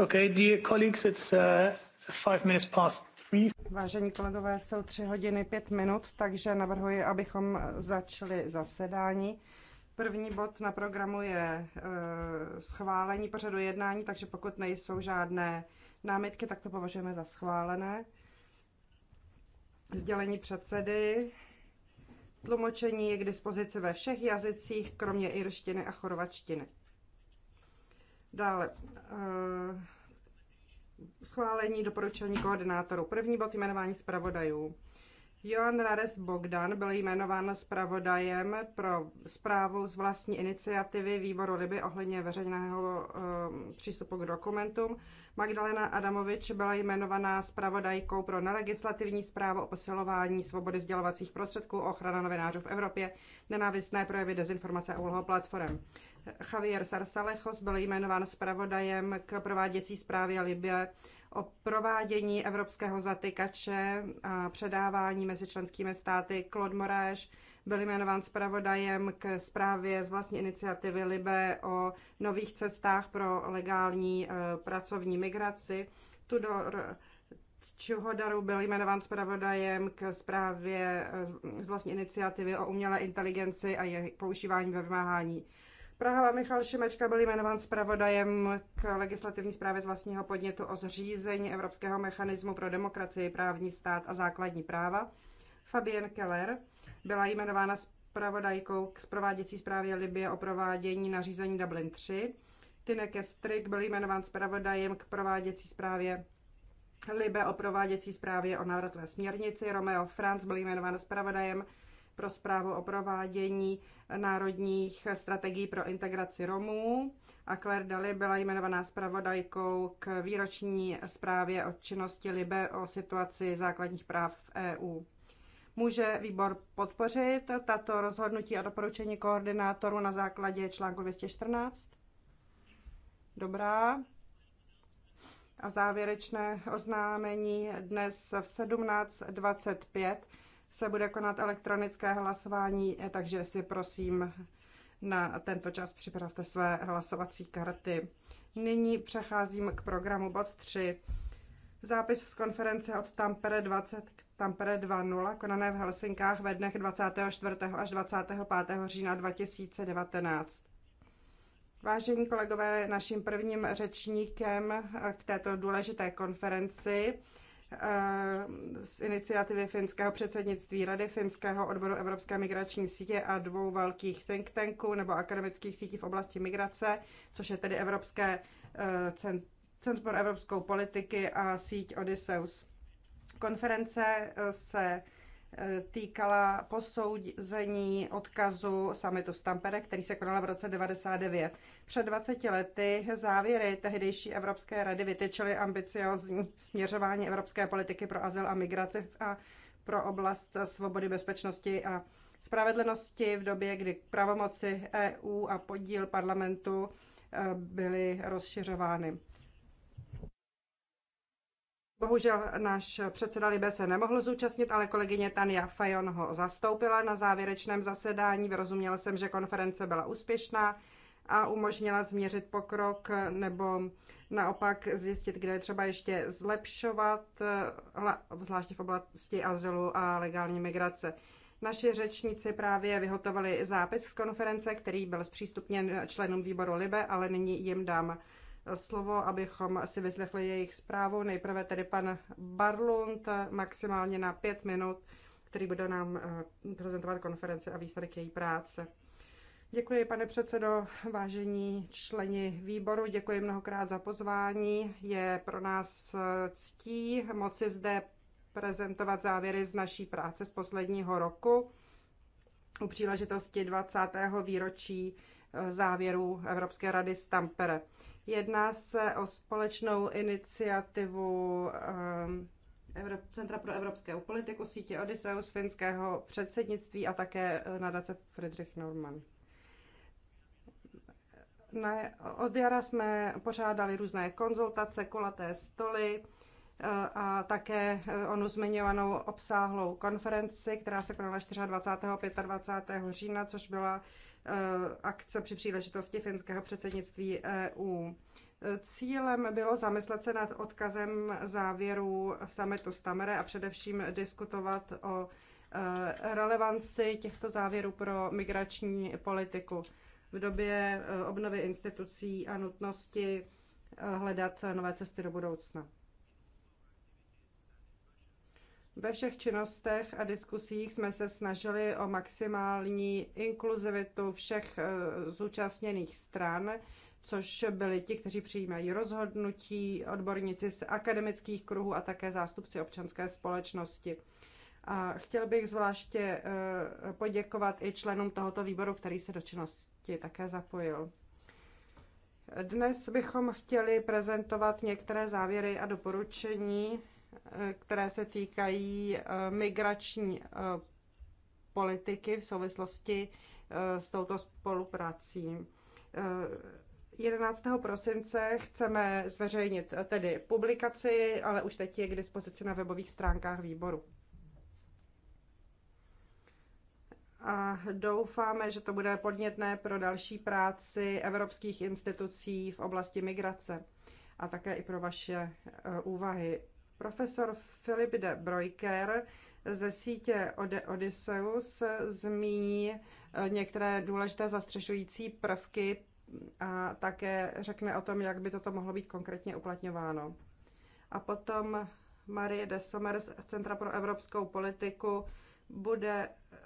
Okay, dear colleagues, it's uh, five minutes past three. Vážení kolegové, jsou tři hodiny pět minut, takže navrhuji, abychom začali zasedání. První bod na programu je uh, schválení pořadu jednání, takže pokud nejsou žádné námitky, tak to považujeme za schválené. Sdělení předsedy. Tlumočení je k dispozici ve všech jazycích, kromě irštiny a chorvačtiny. Dále eh, schválení doporučení koordinátorů. První bod jmenování zpravodajů. Joan Rares Bogdan byl jmenován zpravodajem pro zprávu z vlastní iniciativy výboru Liby ohledně veřejného e, přístupu k dokumentům. Magdalena Adamovič byla jmenovaná zpravodajkou pro nelegislativní zprávu o posilování svobody sdělovacích prostředků, ochrana novinářů v Evropě, nenávistné projevy dezinformace a úloha platform. Javier Sarsalechos byl jmenován zpravodajem k prováděcí zprávě Libie o provádění evropského zatykače a předávání mezi členskými státy. Claude Moraes byl jmenován zpravodajem k zprávě z vlastní iniciativy Libe o nových cestách pro legální eh, pracovní migraci. Tudor Čuhodaru byl jmenován zpravodajem k zprávě eh, z vlastní iniciativy o umělé inteligenci a jejich používání ve vymáhání Praha Michal Šimečka byl jmenován zpravodajem k legislativní zprávě z vlastního podnětu o zřízení Evropského mechanismu pro demokracii, právní stát a základní práva. Fabienne Keller byla jmenována zpravodajkou k prováděcí zprávě Libie o provádění nařízení Dublin 3. Tineke Strik byl jmenován zpravodajem k prováděcí zprávě Libe o prováděcí zprávě o návratové směrnici. Romeo Franz byl jmenován zpravodajem pro zprávu o provádění národních strategií pro integraci Romů a Claire Daly byla jmenovaná zpravodajkou k výroční zprávě o činnosti Libe o situaci základních práv v EU. Může výbor podpořit tato rozhodnutí a doporučení koordinátoru na základě článku 214? Dobrá. A závěrečné oznámení dnes v 17.25 se bude konat elektronické hlasování, eh, takže si prosím na tento čas připravte své hlasovací karty. Nyní přecházím k programu bod 3. Zápis z konference od Tampere 20 k Tampere 2.0, konané v Helsinkách ve dnech 24. až 25. října 2019. Vážení kolegové, naším prvním řečníkem k této důležité konferenci Eh, z iniciativy finského předsednictví Rady finského odboru Evropské migrační sítě a dvou velkých think tanků nebo akademických sítí v oblasti migrace, což je tedy Evropské eh, Centrum pro evropskou politiky a síť Odysseus. Konference eh, se Eh, týkala posouzení odkazu samitu Stampere, který se konal v roce 99. Před 20 lety závěry tehdejší Evropské rady vytyčily ambiciozní směřování evropské politiky pro azyl a migraci a pro oblast svobody, bezpečnosti a spravedlnosti v době, kdy pravomoci EU a podíl parlamentu eh, byly rozšiřovány. Bohužel náš předseda Libe se nemohl zúčastnit, ale kolegyně Tania Fajon ho zastoupila na závěrečném zasedání. Vyrozuměla jsem, že konference byla úspěšná a umožnila změřit pokrok nebo naopak zjistit, kde je třeba ještě zlepšovat, zvláště v oblasti azylu a legální migrace. Naši řečníci právě vyhotovili zápis z konference, který byl zpřístupněn členům výboru Libe, ale nyní jim dám slovo, abychom si vyslechli jejich zprávu. Nejprve tedy pan Barlund, maximálně na pět minut, který bude nám eh, prezentovat konferenci a výsledek její práce. Děkuji, pane předsedo, vážení členi výboru, děkuji mnohokrát za pozvání. Je pro nás eh, ctí moci zde prezentovat závěry z naší práce z posledního roku u příležitosti 20. výročí eh, závěrů Evropské rady z Jedná se o společnou iniciativu ehm, Centra pro evropskou politiku, sítě Odysseus, finského předsednictví a také eh, nadace Friedrich Norman. Na, od jara jsme pořádali různé konzultace, kulaté stoly eh, a také eh, onu zmiňovanou obsáhlou konferenci, která se konala 24. a 25. října, což byla Eh, akce při příležitosti finského předsednictví EU. Cílem bylo zamyslet se nad odkazem závěru sametu Stamere a především diskutovat o eh, relevanci těchto závěrů pro migrační politiku v době eh, obnovy institucí a nutnosti hledat nové cesty do budoucna. Ve všech činnostech a diskusích jsme se snažili o maximální inkluzivitu všech eh, zúčastněných stran, což byli ti, kteří přijímají rozhodnutí, odborníci z akademických kruhů a také zástupci občanské společnosti. A chtěl bych zvláště eh, poděkovat i členům tohoto výboru, který se do činnosti také zapojil. Dnes bychom chtěli prezentovat některé závěry a doporučení které se týkají eh, migrační eh, politiky v souvislosti eh, s touto spoluprací. 11. prosince chceme zveřejnit tedy publikaci, ale už teď je k dispozici na webových stránkách výboru. A doufáme, že to bude podnětné pro další práci evropských institucí v oblasti migrace a také i pro vaše úvahy. Profesor Filip de Brojker ze sítě Odysseus zmíní eh, některé důležité zastřešující prvky a také řekne o tom, jak by toto mohlo být konkrétně uplatňováno. A potom Marie de Sommer z Centra pro evropskou politiku bude eh,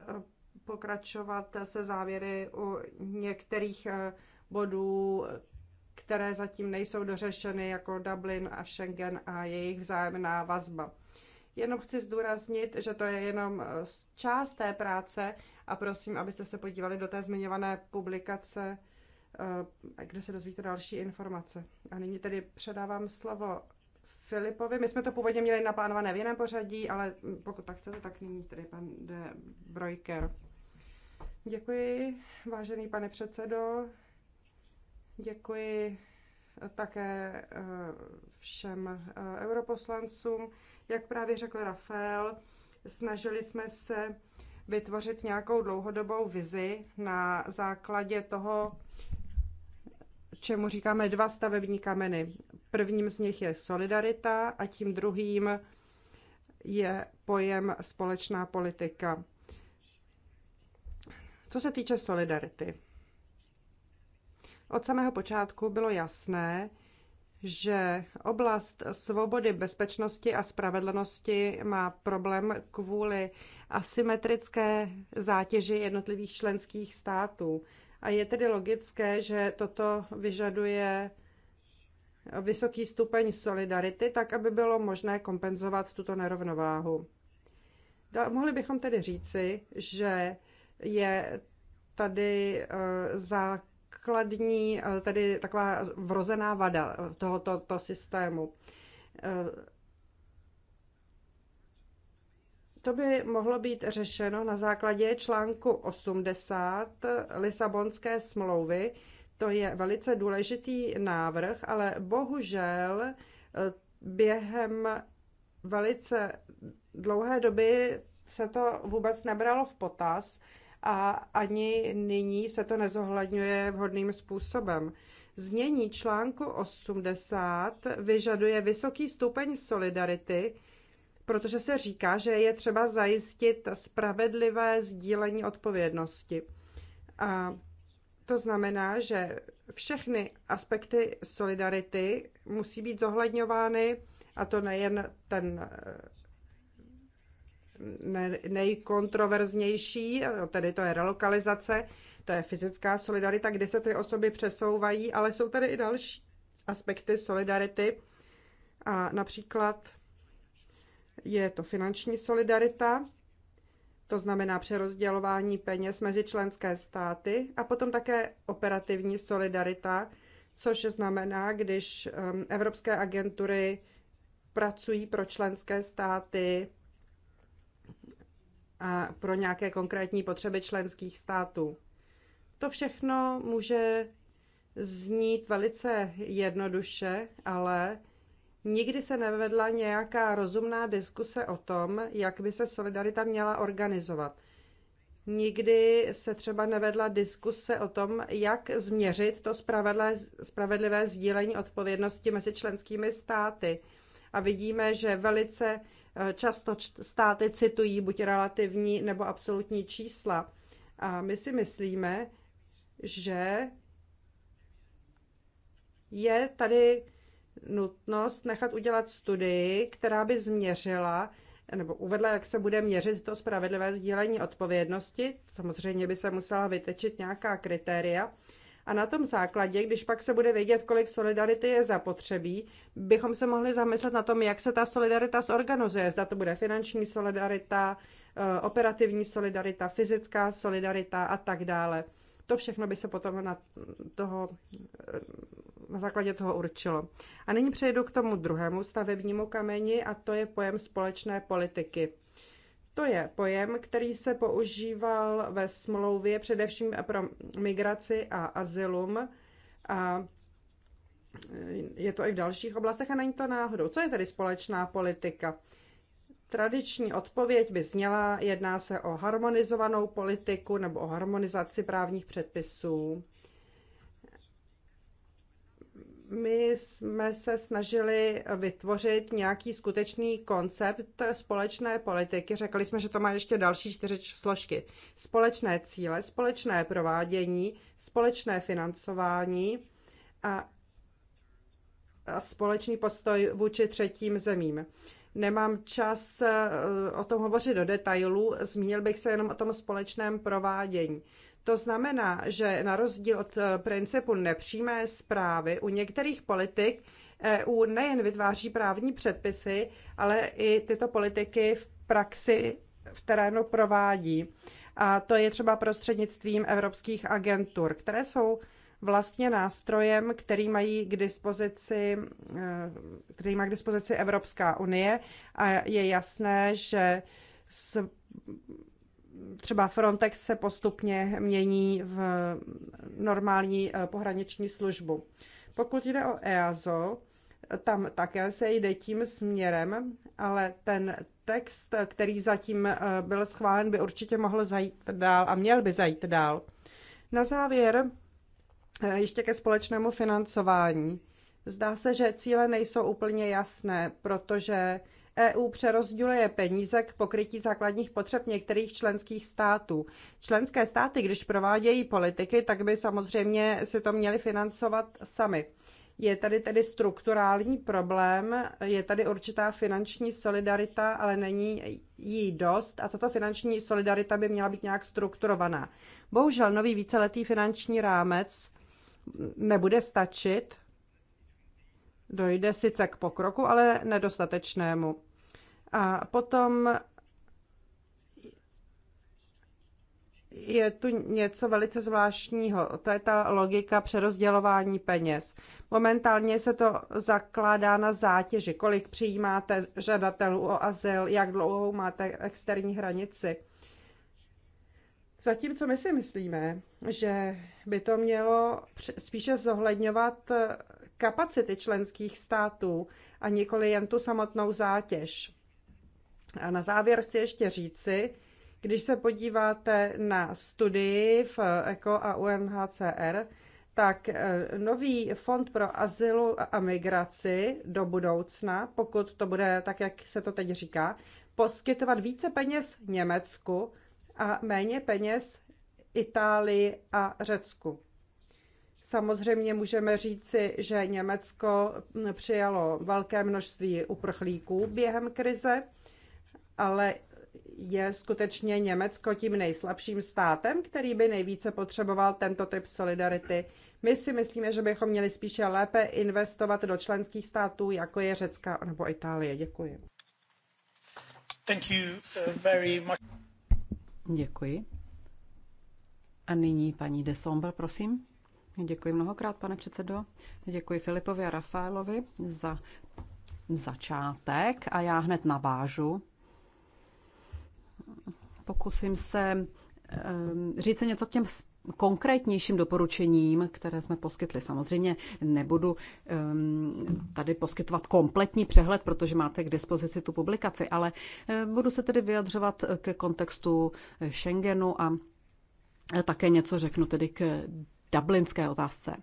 pokračovat se závěry u některých eh, bodů které zatím nejsou dořešeny, jako Dublin a Schengen a jejich vzájemná vazba. Jenom chci zdůraznit, že to je jenom eh, část té práce a prosím, abyste se podívali do té zmiňované publikace, eh, kde se dozvíte další informace. A nyní tedy předávám slovo Filipovi. My jsme to původně měli naplánované v jiném pořadí, ale pokud tak chcete, tak nyní tedy pan de Brojker. Děkuji, vážený pane předsedo, Děkuji eh, také eh, všem eh, europoslancům. Jak právě řekl Rafael, snažili jsme se vytvořit nějakou dlouhodobou vizi na základě toho, čemu říkáme dva stavební kameny. Prvním z nich je solidarita a tím druhým je pojem společná politika. Co se týče solidarity, od samého počátku bylo jasné, že oblast svobody, bezpečnosti a spravedlnosti má problém kvůli asymetrické zátěži jednotlivých členských států. A je tedy logické, že toto vyžaduje vysoký stupeň solidarity, tak aby bylo možné kompenzovat tuto nerovnováhu. Mohli bychom tedy říci, že je tady eh, za základní, eh, tedy taková vrozená vada eh, tohoto to systému. Eh, to by mohlo být řešeno na základě článku 80 Lisabonské smlouvy. To je velice důležitý návrh, ale bohužel během velice dlouhé doby se to vůbec nebralo v potaz a ani nyní se to nezohledňuje vhodným způsobem. Znění článku 80 vyžaduje vysoký stupeň solidarity, protože se říká, že je třeba zajistit spravedlivé sdílení odpovědnosti. A to znamená, že všechny aspekty solidarity musí být zohledňovány, a to nejen ten nejkontroverznější, tedy to je relokalizace, to je fyzická solidarita, kdy se ty osoby přesouvají, ale jsou tady i další aspekty solidarity. A například je to finanční solidarita, to znamená přerozdělování peněz mezi členské státy a potom také operativní solidarita, což znamená, když um, evropské agentury pracují pro členské státy a pro nějaké konkrétní potřeby členských států. To všechno může znít velice jednoduše, ale nikdy se nevedla nějaká rozumná diskuse o tom, jak by se solidarita měla organizovat. Nikdy se třeba nevedla diskuse o tom, jak změřit to spravedlivé, spravedlivé sdílení odpovědnosti mezi členskými státy. A vidíme, že velice Často státy citují buď relativní nebo absolutní čísla. A my si myslíme, že je tady nutnost nechat udělat studii, která by změřila nebo uvedla, jak se bude měřit to spravedlivé sdílení odpovědnosti. Samozřejmě by se musela vytečit nějaká kritéria, a na tom základě, když pak se bude vědět, kolik solidarity je zapotřebí, bychom se mohli zamyslet na tom, jak se ta solidarita zorganizuje. Zda to bude finanční solidarita, eh, operativní solidarita, fyzická solidarita a tak dále. To všechno by se potom na, toho, eh, na základě toho určilo. A nyní přejdu k tomu druhému stavebnímu kameni a to je pojem společné politiky. To je pojem, který se používal ve smlouvě především pro migraci a azylum a e, je to i v dalších oblastech a není to náhodou. Co je tedy společná politika? Tradiční odpověď by zněla, jedná se o harmonizovanou politiku nebo o harmonizaci právních předpisů my jsme se snažili vytvořit nějaký skutečný koncept společné politiky. Řekli jsme, že to má ještě další čtyři složky. Společné cíle, společné provádění, společné financování a, a společný postoj vůči třetím zemím. Nemám čas eh, o tom hovořit do detailů, zmínil bych se jenom o tom společném provádění. To znamená, že na rozdíl od eh, principu nepřímé zprávy u některých politik EU nejen vytváří právní předpisy, ale i tyto politiky v praxi v terénu provádí. A to je třeba prostřednictvím evropských agentur, které jsou vlastně nástrojem, který mají k dispozici, eh, který má k dispozici Evropská unie a je jasné, že s třeba Frontex se postupně mění v normální eh, pohraniční službu. Pokud jde o EASO, tam také se jde tím směrem, ale ten text, který zatím eh, byl schválen, by určitě mohl zajít dál a měl by zajít dál. Na závěr eh, ještě ke společnému financování. Zdá se, že cíle nejsou úplně jasné, protože EU přerozděluje peníze k pokrytí základních potřeb některých členských států. Členské státy, když provádějí politiky, tak by samozřejmě si to měly financovat sami. Je tady tedy strukturální problém, je tady určitá finanční solidarita, ale není jí dost a tato finanční solidarita by měla být nějak strukturovaná. Bohužel nový víceletý finanční rámec nebude stačit, dojde sice k pokroku, ale nedostatečnému. A potom je tu něco velice zvláštního. To je ta logika přerozdělování peněz. Momentálně se to zakládá na zátěži, kolik přijímáte žadatelů o azyl, jak dlouhou máte externí hranici. Zatímco my si myslíme, že by to mělo spíše zohledňovat kapacity členských států a nikoli jen tu samotnou zátěž. A na závěr chci ještě říci, když se podíváte na studii v ECO a UNHCR, tak e, nový fond pro azylu a migraci do budoucna, pokud to bude tak, jak se to teď říká, poskytovat více peněz Německu a méně peněz Itálii a Řecku. Samozřejmě můžeme říci, že Německo přijalo velké množství uprchlíků během krize, ale je skutečně Německo tím nejslabším státem, který by nejvíce potřeboval tento typ solidarity. My si myslíme, že bychom měli spíše lépe investovat do členských států, jako je Řecka nebo Itálie. Děkuji. Thank you uh, very much. Děkuji. A nyní paní Desomber, prosím. Děkuji mnohokrát, pane předsedo. Děkuji Filipovi a Rafaelovi za začátek a já hned navážu Pokusím se ehm, říct se něco k těm konkrétnějším doporučením, které jsme poskytli. Samozřejmě nebudu ehm, tady poskytovat kompletní přehled, protože máte k dispozici tu publikaci, ale ehm, budu se tedy vyjadřovat ke kontextu Schengenu a e, také něco řeknu tedy k dublinské otázce.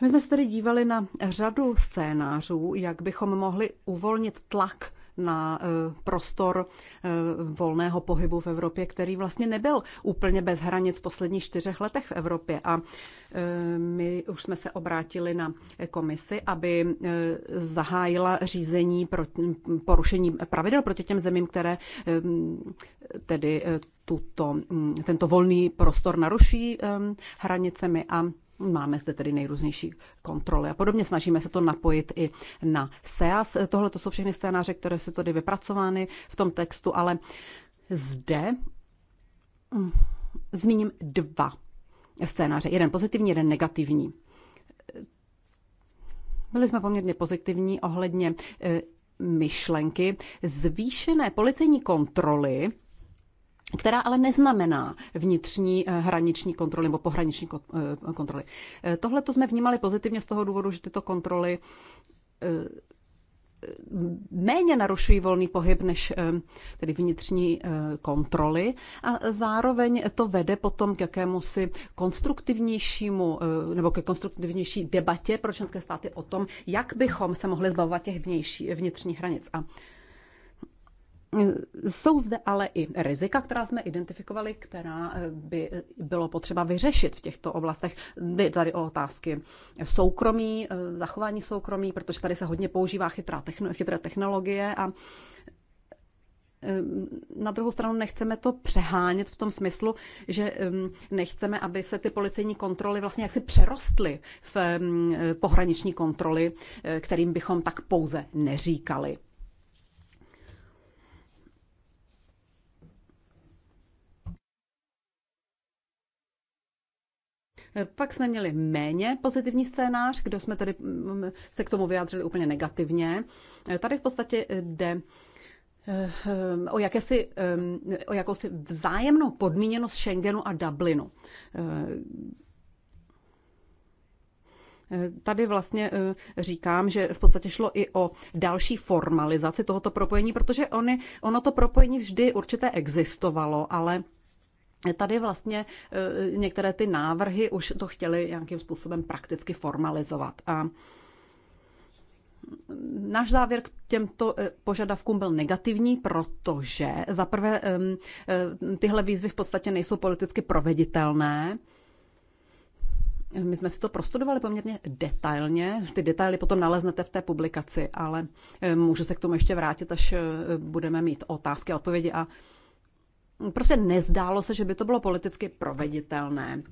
My jsme se tedy dívali na řadu scénářů, jak bychom mohli uvolnit tlak na eh, prostor eh, volného pohybu v Evropě, který vlastně nebyl úplně bez hranic v posledních čtyřech letech v Evropě. A eh, my už jsme se obrátili na komisi, aby zahájila řízení pro porušení pravidel proti těm zemím, které tedy tuto, mm, tento volný prostor naruší hranicemi a Máme zde tedy nejrůznější kontroly a podobně. Snažíme se to napojit i na SEAS. Tohle to jsou všechny scénáře, které jsou tady vypracovány v tom textu, ale zde mm, zmíním dva scénáře. Jeden pozitivní, jeden negativní. Byli jsme poměrně pozitivní ohledně e, myšlenky zvýšené policejní kontroly která ale neznamená vnitřní eh, hraniční kontroly nebo pohraniční eh, kontroly. Eh, tohle to jsme vnímali pozitivně z toho důvodu, že tyto kontroly méně narušují volný pohyb než tedy vnitřní kontroly a zároveň to vede potom k jakémusi konstruktivnějšímu nebo ke konstruktivnější debatě pro členské státy o tom, jak bychom se mohli zbavovat těch vnější, vnitřních hranic. A jsou zde ale i rizika, která jsme identifikovali, která eh, by bylo potřeba vyřešit v těchto oblastech. Jde tady o otázky soukromí, eh, zachování soukromí, protože tady se hodně používá chytrá chytré technologie a eh, na druhou stranu nechceme to přehánět v tom smyslu, že ehm, nechceme, aby se ty policejní kontroly vlastně jaksi přerostly v ehm, pohraniční kontroly, kterým bychom tak pouze neříkali. Pak jsme měli méně pozitivní scénář, kdo jsme tady mm, se k tomu vyjádřili úplně negativně. Tady v podstatě jde eh, o, jakési, eh, o jakousi vzájemnou podmíněnost Schengenu a Dublinu. Eh, tady vlastně říkám, že v podstatě šlo i o další formalizaci tohoto propojení, protože ony, ono to propojení vždy určité existovalo, ale Tady vlastně eh, některé ty návrhy už to chtěly nějakým způsobem prakticky formalizovat. A Náš závěr k těmto eh, požadavkům byl negativní, protože za prvé eh, tyhle výzvy v podstatě nejsou politicky proveditelné. My jsme si to prostudovali poměrně detailně. Ty detaily potom naleznete v té publikaci, ale můžu se k tomu ještě vrátit, až budeme mít otázky a odpovědi a Prostě nezdálo se, že by to bylo politicky proveditelné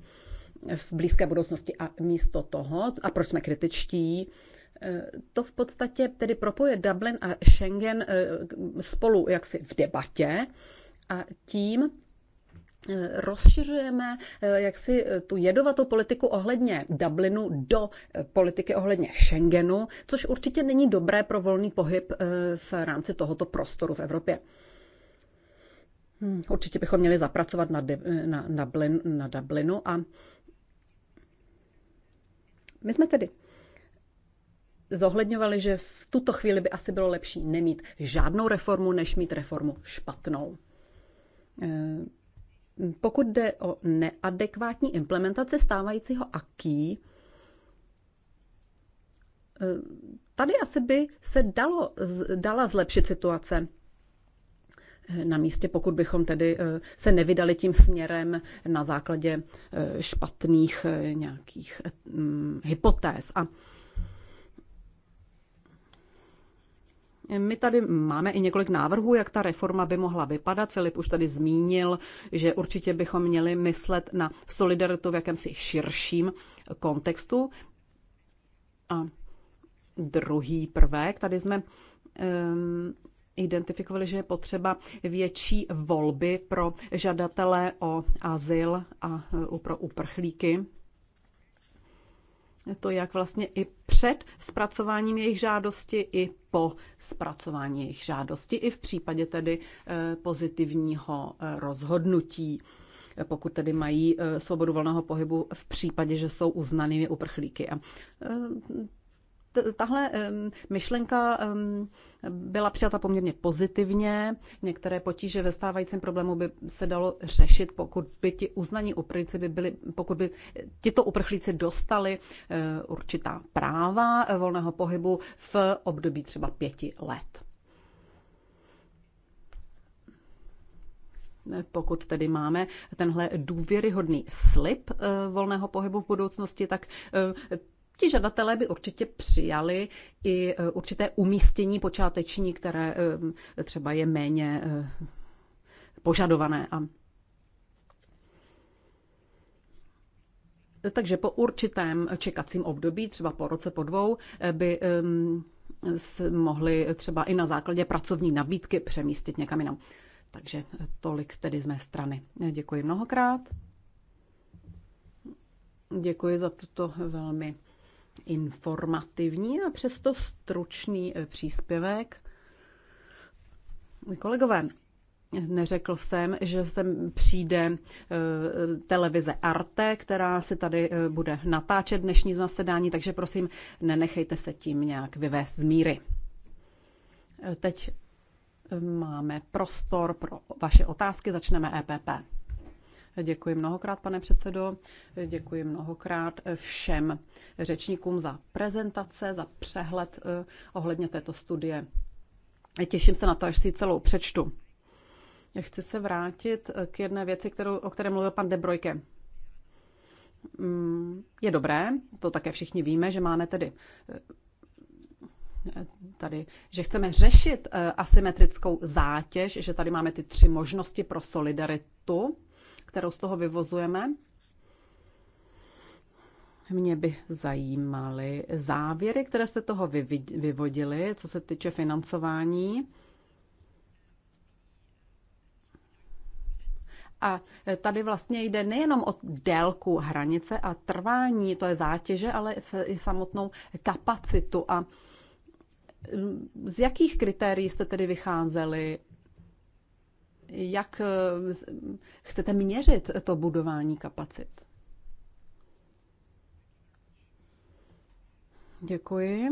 v blízké budoucnosti a místo toho, a proč jsme kritičtí, eh, to v podstatě tedy propoje Dublin a Schengen eh, spolu jaksi v debatě a tím eh, rozšiřujeme jaksi tu jedovatou politiku ohledně Dublinu do politiky ohledně Schengenu, což určitě není dobré pro volný pohyb v rámci tohoto prostoru v Evropě. Hmm, určitě bychom měli zapracovat na, na, na, Blin, na Dublinu a my jsme tedy zohledňovali, že v tuto chvíli by asi bylo lepší nemít žádnou reformu, než mít reformu špatnou. Eh, pokud jde o neadekvátní implementaci stávajícího AKI, eh, tady asi by se dalo, dala zlepšit situace na místě, pokud bychom tedy eh, se nevydali tím směrem na základě eh, špatných eh, nějakých mm, hypotéz. A My tady máme i několik návrhů, jak ta reforma by mohla vypadat. Filip už tady zmínil, že určitě bychom měli myslet na solidaritu v jakémsi širším kontextu. A druhý prvek, tady jsme um, identifikovali, že je potřeba větší volby pro žadatele o azyl a e, pro uprchlíky. To jak vlastně i před zpracováním jejich žádosti, i po zpracování jejich žádosti, i v případě tedy e, pozitivního e, rozhodnutí pokud tedy mají svobodu volného pohybu v případě, že jsou uznanými uprchlíky. A tahle myšlenka byla přijata poměrně pozitivně. Některé potíže ve stávajícím problému by se dalo řešit, pokud by ti uznaní uprchlíci by byli, pokud by tito uprchlíci dostali eh, určitá práva eh, volného pohybu v období třeba pěti let. Pokud tedy máme tenhle důvěryhodný slib eh, volného pohybu v budoucnosti, tak ti žadatelé by určitě přijali i e, určité umístění počáteční, které e, třeba je méně e, požadované. A Takže po určitém čekacím období, třeba po roce, po dvou, by mohli třeba i na základě pracovní nabídky přemístit někam jinam. Takže tolik tedy z mé strany. Děkuji mnohokrát. Děkuji za toto velmi informativní a přesto stručný e, příspěvek. Kolegové, Neřekl jsem, že sem přijde e, televize Arte, která si tady e, bude natáčet dnešní zasedání, takže prosím, nenechejte se tím nějak vyvést z míry. Teď máme prostor pro vaše otázky, začneme EPP. Děkuji mnohokrát, pane předsedo. Děkuji mnohokrát všem řečníkům za prezentace, za přehled eh, ohledně této studie. Těším se na to, až si ji celou přečtu. Chci se vrátit eh, k jedné věci, kterou, o které mluvil pan Debrojke. Mm, je dobré, to také všichni víme, že máme tedy eh, tady, že chceme řešit asymetrickou zátěž, že tady máme ty tři možnosti pro solidaritu kterou z toho vyvozujeme. Mě by zajímaly závěry, které jste toho vyvodili, co se týče financování. A tady vlastně jde nejenom o délku hranice a trvání, to je zátěže, ale i samotnou kapacitu. A mm, z jakých kritérií jste tedy vycházeli jak eh, chcete měřit to budování kapacit? Děkuji.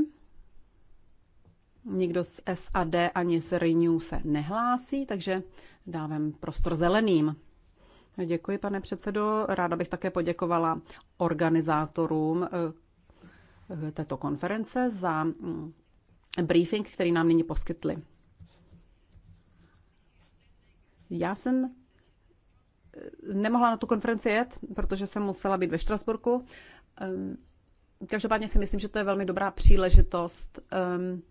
Nikdo z SAD ani z Renew se nehlásí, takže dávám prostor zeleným. Děkuji, pane předsedo. Ráda bych také poděkovala organizátorům eh, této konference za mm, briefing, který nám nyní poskytli. Já jsem eh, nemohla na tu konferenci jet, protože jsem musela být ve Štrasburku. Ehm, každopádně si myslím, že to je velmi dobrá příležitost ehm,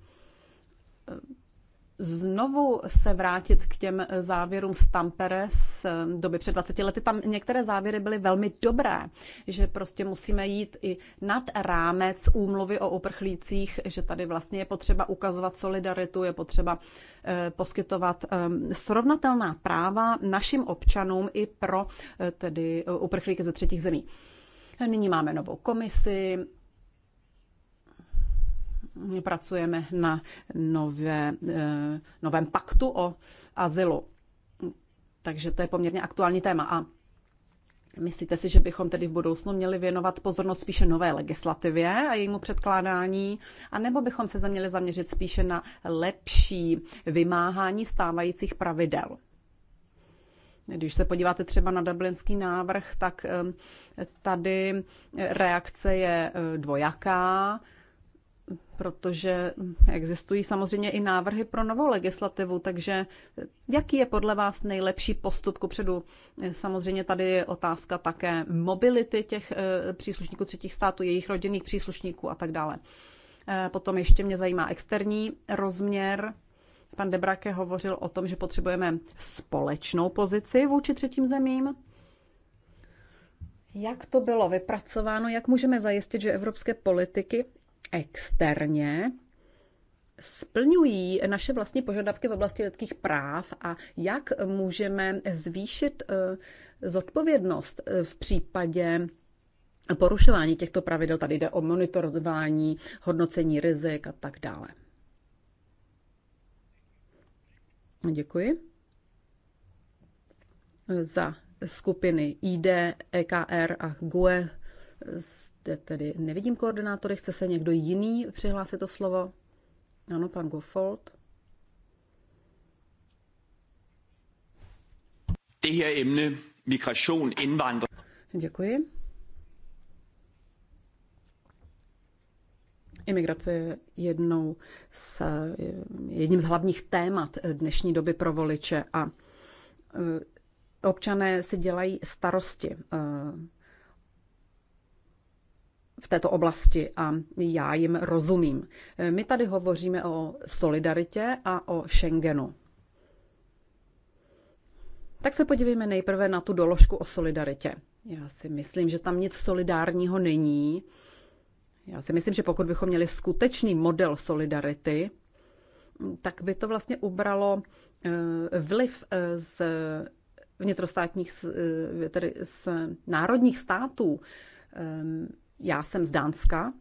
znovu se vrátit k těm závěrům z Tampere z eh, doby před 20 lety. Tam některé závěry byly velmi dobré, že prostě musíme jít i nad rámec úmluvy o uprchlících, že tady vlastně je potřeba ukazovat solidaritu, je potřeba eh, poskytovat eh, srovnatelná práva našim občanům i pro tedy uprchlíky ze třetích zemí. Nyní máme novou komisi, pracujeme na nové, eh, novém paktu o azylu. Takže to je poměrně aktuální téma. A myslíte si, že bychom tedy v budoucnu měli věnovat pozornost spíše nové legislativě a jejímu předkládání, anebo bychom se měli zaměřit spíše na lepší vymáhání stávajících pravidel? Když se podíváte třeba na dublinský návrh, tak eh, tady reakce je eh, dvojaká protože existují samozřejmě i návrhy pro novou legislativu, takže jaký je podle vás nejlepší postup předu? Samozřejmě tady je otázka také mobility těch eh, příslušníků třetích států, jejich rodinných příslušníků a tak dále. Eh, potom ještě mě zajímá externí rozměr. Pan Debrake hovořil o tom, že potřebujeme společnou pozici vůči třetím zemím. Jak to bylo vypracováno, jak můžeme zajistit, že evropské politiky externě splňují naše vlastní požadavky v oblasti lidských práv a jak můžeme zvýšit eh, zodpovědnost eh, v případě porušování těchto pravidel. Tady jde o monitorování, hodnocení rizik a tak dále. Děkuji. Za skupiny ID, EKR a GUE zde tedy nevidím koordinátory. Chce se někdo jiný přihlásit to slovo? Ano, pan Gofold. Děkuji. Imigrace je jednou z, jedním z hlavních témat dnešní doby pro voliče a e, občané si dělají starosti e, v této oblasti a já jim rozumím. My tady hovoříme o solidaritě a o Schengenu. Tak se podívejme nejprve na tu doložku o solidaritě. Já si myslím, že tam nic solidárního není. Já si myslím, že pokud bychom měli skutečný model solidarity, tak by to vlastně ubralo eh, vliv eh, z vnitrostátních, eh, tedy z národních států ehm, já jsem z Dánska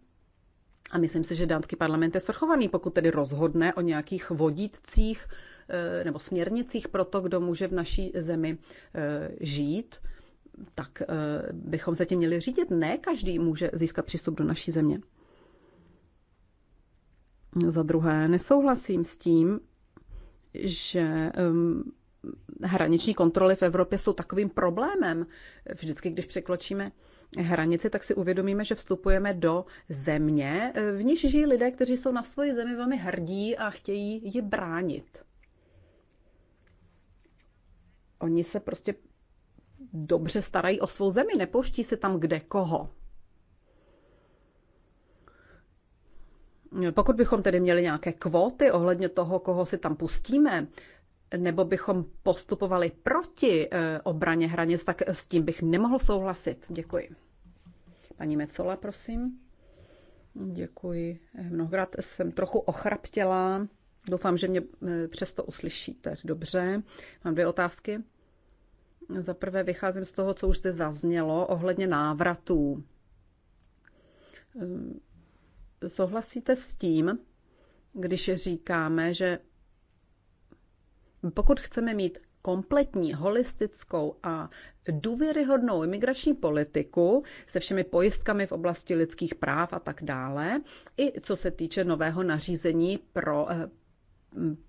a myslím si, že dánský parlament je svrchovaný, pokud tedy rozhodne o nějakých vodítcích eh, nebo směrnicích pro to, kdo může v naší zemi eh, žít, tak eh, bychom se tím měli řídit. Ne každý může získat přístup do naší země. Za druhé, nesouhlasím s tím, že ehm, hraniční kontroly v Evropě jsou takovým problémem. Vždycky, když překločíme hranici, tak si uvědomíme, že vstupujeme do země, v níž žijí lidé, kteří jsou na svoji zemi velmi hrdí a chtějí ji bránit. Oni se prostě dobře starají o svou zemi, nepouští se tam kde koho. Pokud bychom tedy měli nějaké kvóty ohledně toho, koho si tam pustíme, nebo bychom postupovali proti eh, obraně hranic, tak s tím bych nemohl souhlasit. Děkuji. Paní Mecola, prosím. Děkuji. Eh, mnohokrát jsem trochu ochraptěla. Doufám, že mě eh, přesto uslyšíte. Dobře. Mám dvě otázky. Za prvé vycházím z toho, co už zde zaznělo ohledně návratů. Ehm, souhlasíte s tím, když říkáme, že pokud chceme mít kompletní, holistickou a důvěryhodnou imigrační politiku se všemi pojistkami v oblasti lidských práv a tak dále, i co se týče nového nařízení pro eh,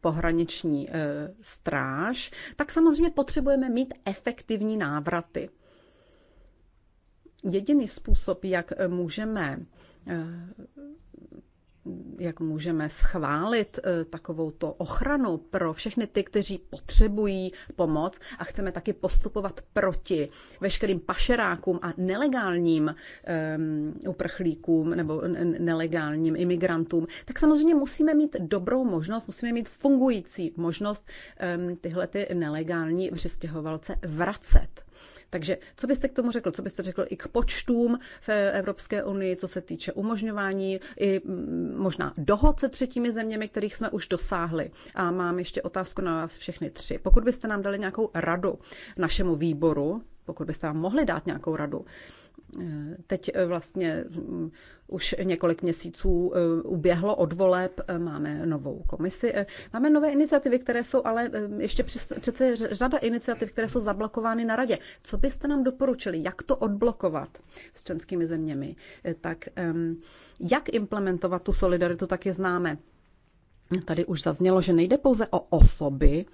pohraniční eh, stráž, tak samozřejmě potřebujeme mít efektivní návraty. Jediný způsob, jak eh, můžeme jak můžeme schválit eh, takovou to ochranu pro všechny ty, kteří potřebují pomoc a chceme taky postupovat proti veškerým pašerákům a nelegálním um, uprchlíkům nebo nelegálním imigrantům, tak samozřejmě musíme mít dobrou možnost, musíme mít fungující možnost um, tyhle ty nelegální přistěhovalce vracet. Takže co byste k tomu řekl? Co byste řekl i k počtům v Evropské unii, co se týče umožňování i mm, možná dohod se třetími zeměmi, kterých jsme už dosáhli? A mám ještě otázku na vás všechny tři. Pokud byste nám dali nějakou radu našemu výboru, pokud byste nám mohli dát nějakou radu, eh, teď eh, vlastně mm, už několik měsíců eh, uběhlo od voleb, eh, máme novou komisi, eh, máme nové iniciativy, které jsou ale ještě přece řada iniciativ, které jsou zablokovány na radě. Co byste nám doporučili, jak to odblokovat s členskými zeměmi? Tak ehm, jak implementovat tu solidaritu, tak je známe. Tady už zaznělo, že nejde pouze o osoby,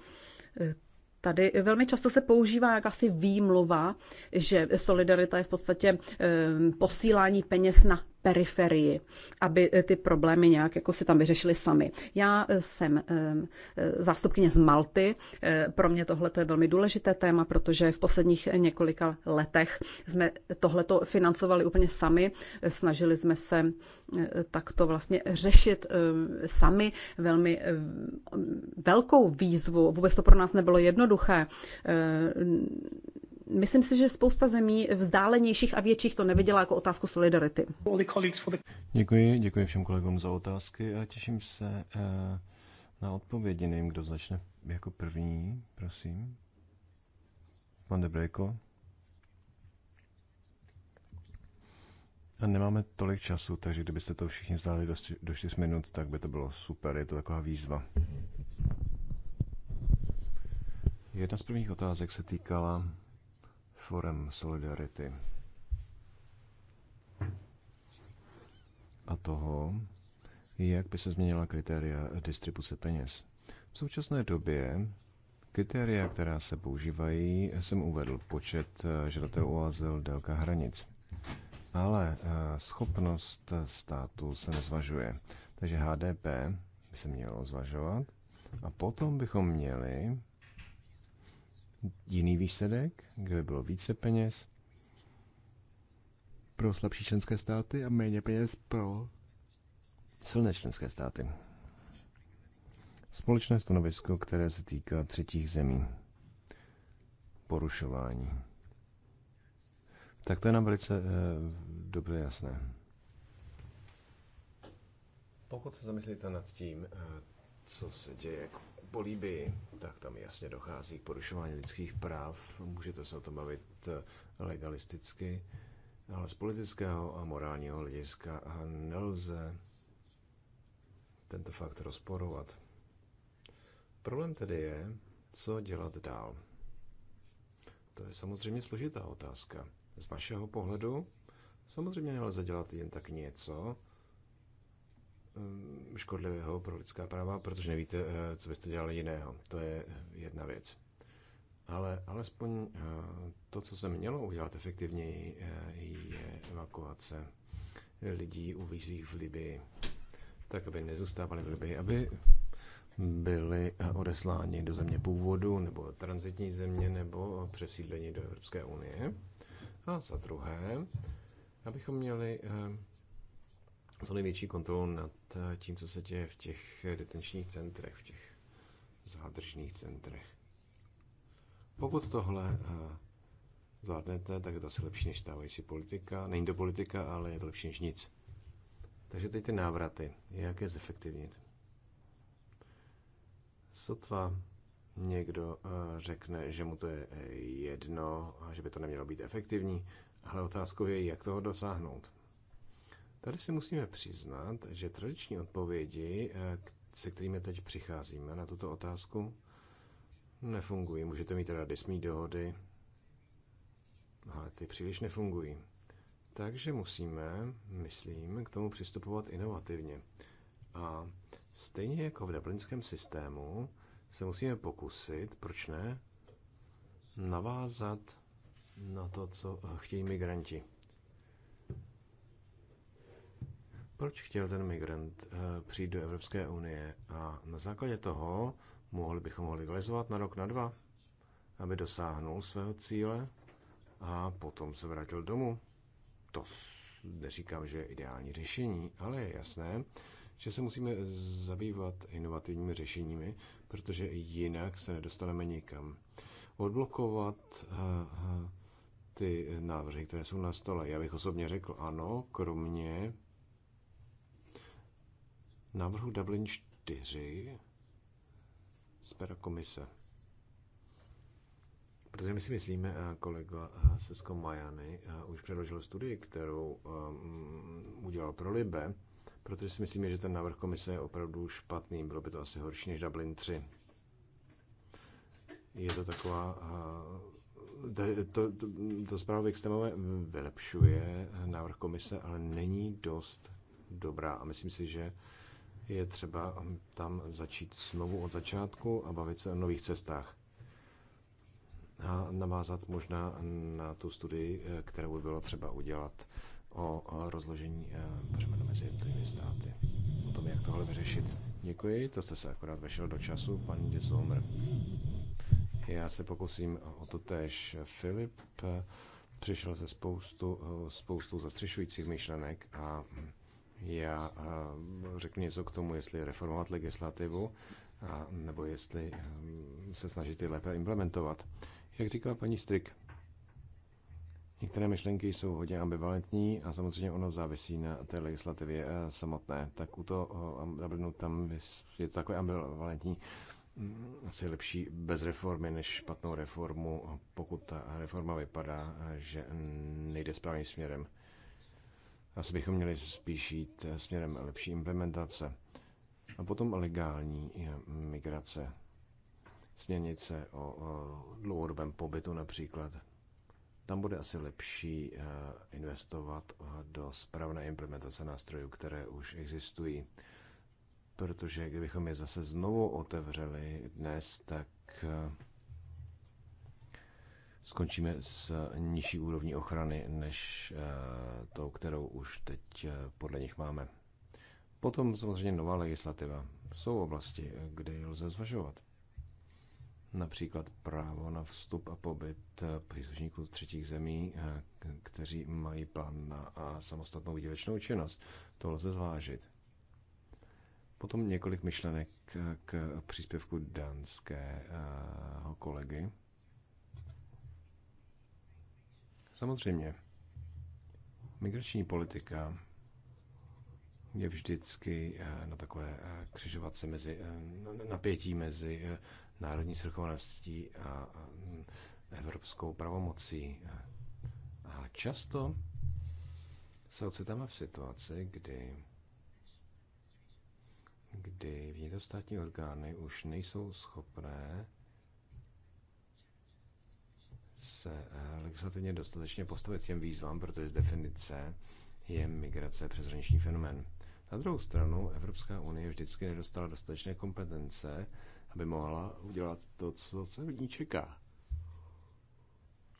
Tady velmi často se používá jakási výmluva, že solidarita je v podstatě ehm, posílání peněz na periferii, aby eh, ty problémy nějak jako si tam vyřešili sami. Já eh, jsem ehm, eh, zástupkyně z Malty. Pro mě tohle je velmi důležité téma, protože v posledních několika letech jsme tohleto financovali úplně sami. Snažili jsme se takto vlastně řešit ehm, sami velmi ehm, velkou výzvu. Vůbec to pro nás nebylo jednoduché Myslím si, že spousta zemí vzdálenějších a větších to neviděla jako otázku solidarity. Děkuji, děkuji všem kolegům za otázky a těším se eh, na odpovědi. Nevím, kdo začne jako první, prosím. Pan Debrejko. A nemáme tolik času, takže kdybyste to všichni zdali do, do 4 minut, tak by to bylo super. Je to taková výzva. Jedna z prvních otázek se týkala forem solidarity a toho, jak by se změnila kritéria distribuce peněz. V současné době kritéria, která se používají, jsem uvedl počet eh, žadatelů o azyl, délka hranic. Ale eh, schopnost státu se nezvažuje. Takže HDP by se mělo zvažovat a potom bychom měli jiný výsledek, kde by bylo více peněz pro slabší členské státy a méně peněz pro silné členské státy. Společné stanovisko, které se týká třetích zemí. Porušování. Tak to je nám velice eh, dobře jasné. Pokud se zamyslíte nad tím, eh, co se děje po Líbii, tak tam jasně dochází k porušování lidských práv. Můžete se o tom bavit eh, legalisticky, ale z politického a morálního hlediska nelze tento fakt rozporovat. Problém tedy je, co dělat dál. To je samozřejmě složitá otázka. Z našeho pohledu samozřejmě nelze dělat jen tak něco, Eh, škodlivého pro lidská práva, protože nevíte, eh, co byste dělali jiného. To je jedna věc. Ale alespoň eh, to, co se mělo udělat efektivněji, je evakuace lidí uvízlých v Libii, tak aby nezůstávali v Libii, aby byli odesláni do země původu nebo transitní země nebo přesídleni do Evropské unie. A za druhé, abychom měli co největší kontrolu nad eh, tím, co se děje v těch detenčních centrech, v těch zádržných centrech. Pokud tohle eh, zvládnete, tak je to asi lepší než stávající politika. Není to politika, ale je to lepší než nic. Takže teď ty návraty. Jak je zefektivnit? Sotva někdo eh, řekne, že mu to je jedno a že by to nemělo být efektivní, ale otázkou je, jak toho dosáhnout. Tady si musíme přiznat, že tradiční odpovědi, eh, se kterými teď přicházíme na tuto otázku, nefungují. Můžete mít teda dismí dohody, ale ty příliš nefungují. Takže musíme, myslím, k tomu přistupovat inovativně. A stejně jako v dublinském systému se musíme pokusit, proč ne, navázat na to, co eh, chtějí migranti. proč chtěl ten migrant eh, přijít do Evropské unie a na základě toho mohli bychom ho legalizovat na rok, na dva, aby dosáhnul svého cíle a potom se vrátil domů. To neříkám, že je ideální řešení, ale je jasné, že se musíme zabývat inovativními řešeními, protože jinak se nedostaneme nikam. Odblokovat eh, eh, ty návrhy, které jsou na stole. Já bych osobně řekl ano, kromě návrhu Dublin 4 z pera komise. Protože my si myslíme, eh, kolega eh, Sesko Majany eh, už předložil studii, kterou mm, udělal pro Libe, protože si myslíme, že ten návrh komise je opravdu špatný. Bylo by to asi horší než Dublin 3. Je to taková to, to, to, to zpráva Vixtemové vylepšuje návrh komise, ale není dost dobrá. A myslím si, že je třeba um, tam začít znovu od začátku a bavit se o nových cestách. A navázat možná na tu studii, eh, kterou by bylo třeba udělat o rozložení eh, břemena mezi jednotlivými státy. O tom, jak tohle vyřešit. Děkuji, to jste se akorát vešel do času, paní Děcoumr. Já se pokusím o to tež. Filip eh, přišel se spoustu, spoustu zastřešujících myšlenek a hm, já eh, řeknu něco k tomu, jestli reformovat legislativu, a, nebo jestli eh, se snažit ji lépe implementovat. Jak říkala paní Strik, Některé myšlenky jsou hodně ambivalentní a samozřejmě ono závisí na té legislativě eh, samotné. Tak u toho Dublinu tam je to takové ambivalentní. Mm, asi lepší bez reformy než špatnou reformu, pokud ta reforma vypadá, že nejde správným směrem. Asi bychom měli spíš jít eh, směrem lepší implementace. A potom legální eh, migrace. Směrnice o dlouhodobém pobytu například. Tam bude asi lepší eh, investovat do správné implementace nástrojů, které už existují. Protože kdybychom je zase znovu otevřeli dnes, tak skončíme s nižší úrovní ochrany než eh, tou, kterou už teď eh, podle nich máme. Potom samozřejmě nová legislativa. Jsou oblasti, kde ji lze zvažovat. Například právo na vstup a pobyt eh, příslušníků z třetích zemí, kteří mají plán na samostatnou výdělečnou činnost. To lze zvážit. Potom několik myšlenek k příspěvku dánského kolegy Samozřejmě, migrační politika je vždycky eh, na takové eh, křižovatce mezi eh, napětí mezi národní svrchovaností a mm, evropskou pravomocí. A často se ocitáme v situaci, kdy kdy vnitrostátní orgány už nejsou schopné se eh, legislativně dostatečně postavit těm výzvám, protože z definice je migrace přeshraniční fenomén. Na druhou stranu Evropská unie vždycky nedostala dostatečné kompetence, aby mohla udělat to, co se od ní čeká.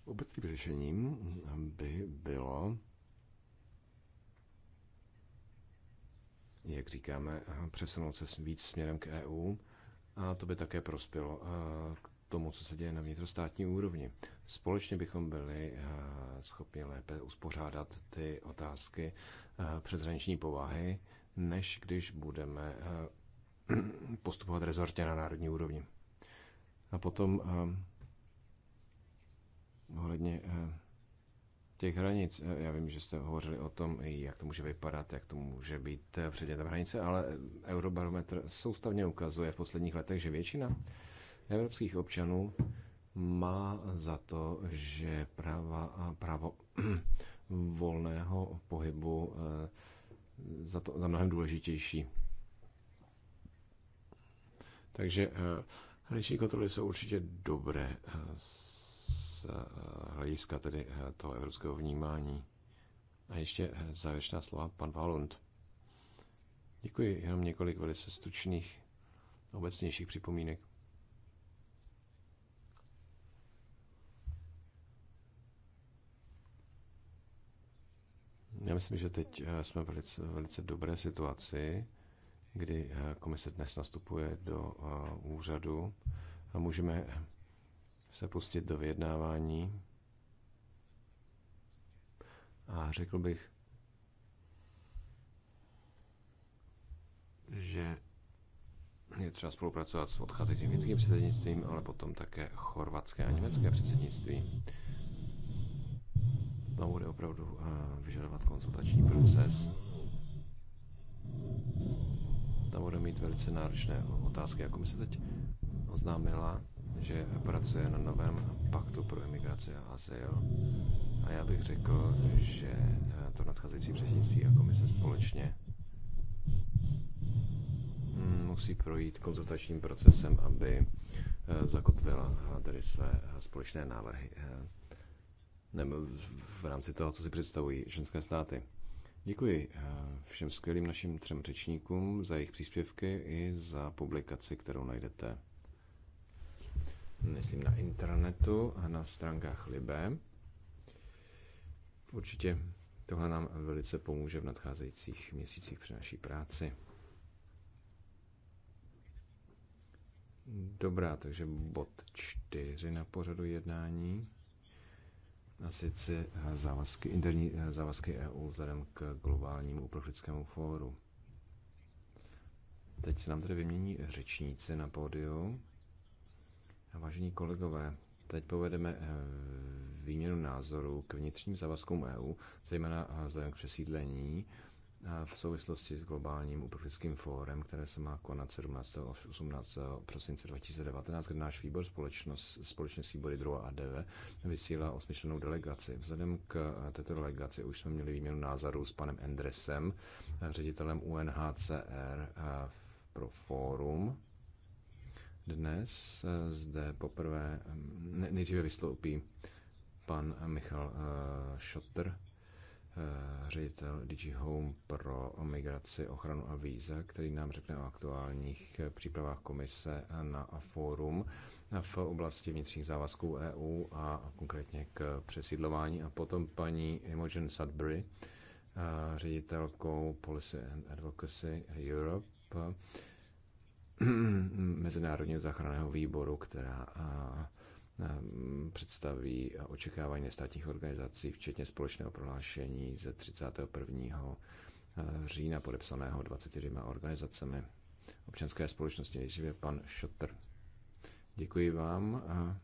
Obecným řešením by bylo, jak říkáme, eh, přesunout se víc směrem k EU a to by také prospělo eh, k tomu, co se děje na vnitrostátní úrovni. Společně bychom byli eh, schopni lépe uspořádat ty otázky eh, přeshraniční povahy, než když budeme eh, postupovat rezortně na národní úrovni. A potom ohledně těch hranic. Já vím, že jste hovořili o tom, jak to může vypadat, jak to může být předmětem hranice, ale Eurobarometr soustavně ukazuje v posledních letech, že většina evropských občanů má za to, že práva a právo volného pohybu eh, za, to, za mnohem důležitější. Takže eh, hraniční kontroly jsou určitě dobré eh, z hlediska tedy toho evropského vnímání. A ještě závěrečná slova pan Valund. Děkuji, jenom několik velice stručných obecnějších připomínek. Já myslím, že teď eh, jsme v velice, velice dobré situaci, kdy eh, komise dnes nastupuje do eh, úřadu a můžeme se pustit do vyjednávání. A řekl bych, že je třeba spolupracovat s odcházejícím finským předsednictvím, ale potom také chorvatské a německé předsednictví. To no, bude opravdu eh, vyžadovat konzultační proces. Tam bude mít velice náročné otázky. Jako mi se teď oznámila, že pracuje na novém paktu pro imigraci a azyl. A já bych řekl, že eh, to nadcházející předsednictví a komise společně hm, musí projít konzultačním procesem, aby eh, zakotvila tedy své společné návrhy nebo v rámci toho, co si představují členské státy. Děkuji eh, všem skvělým našim třem řečníkům za jejich příspěvky i za publikaci, kterou najdete myslím na internetu a na stránkách Libe. Určitě tohle nám velice pomůže v nadcházejících měsících při naší práci. Dobrá, takže bod čtyři na pořadu jednání a sice eh, závazky, interní eh, závazky EU vzhledem k globálnímu uprchlickému fóru. Teď se nám tedy vymění řečníci na pódiu. A vážení kolegové, teď povedeme eh, výměnu názorů k vnitřním závazkům EU, zejména vzhledem k přesídlení v souvislosti s globálním uprchlickým fórem, které se má konat 17. až 18. prosince 2019, kde náš výbor společnost, společně s výbory 2 a 9 vysílá osmičlenou delegaci. Vzhledem k této delegaci už jsme měli výměnu názorů s panem Endresem, ředitelem UNHCR pro fórum. Dnes e, zde poprvé nejdříve vystoupí pan Michal e, Šotr, Eh, ředitel DG Home pro migraci, ochranu a víza, který nám řekne o aktuálních eh, přípravách komise eh, na fórum v oblasti vnitřních závazků EU a konkrétně k přesídlování. A potom paní Imogen Sudbury, ředitelkou Policy and Advocacy Europe, Mezinárodního záchranného výboru, která Ehm, představí očekávání nestátních organizací, včetně společného prohlášení ze 31. Eh, října podepsaného 24 organizacemi občanské společnosti. Nejdříve pan Šotr. Děkuji vám eh,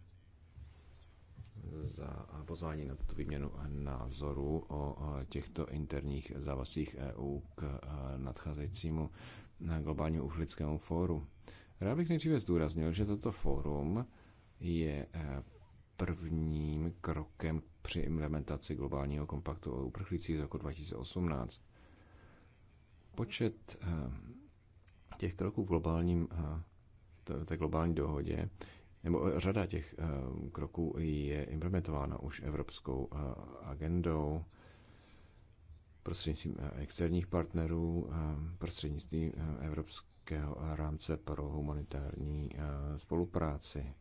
za pozvání na tuto výměnu názorů o těchto interních závazcích EU k eh, nadcházejícímu globálnímu uchlickému fóru. Rád bych nejdříve zdůraznil, že toto fórum je eh, prvním krokem při implementaci globálního kompaktu o uprchlících z roku 2018. Počet eh, těch kroků v globálním, eh, té globální dohodě, nebo řada těch kroků je implementována už evropskou agendou, prostřednictvím externích partnerů, prostřednictvím Evropského rámce pro humanitární spolupráci.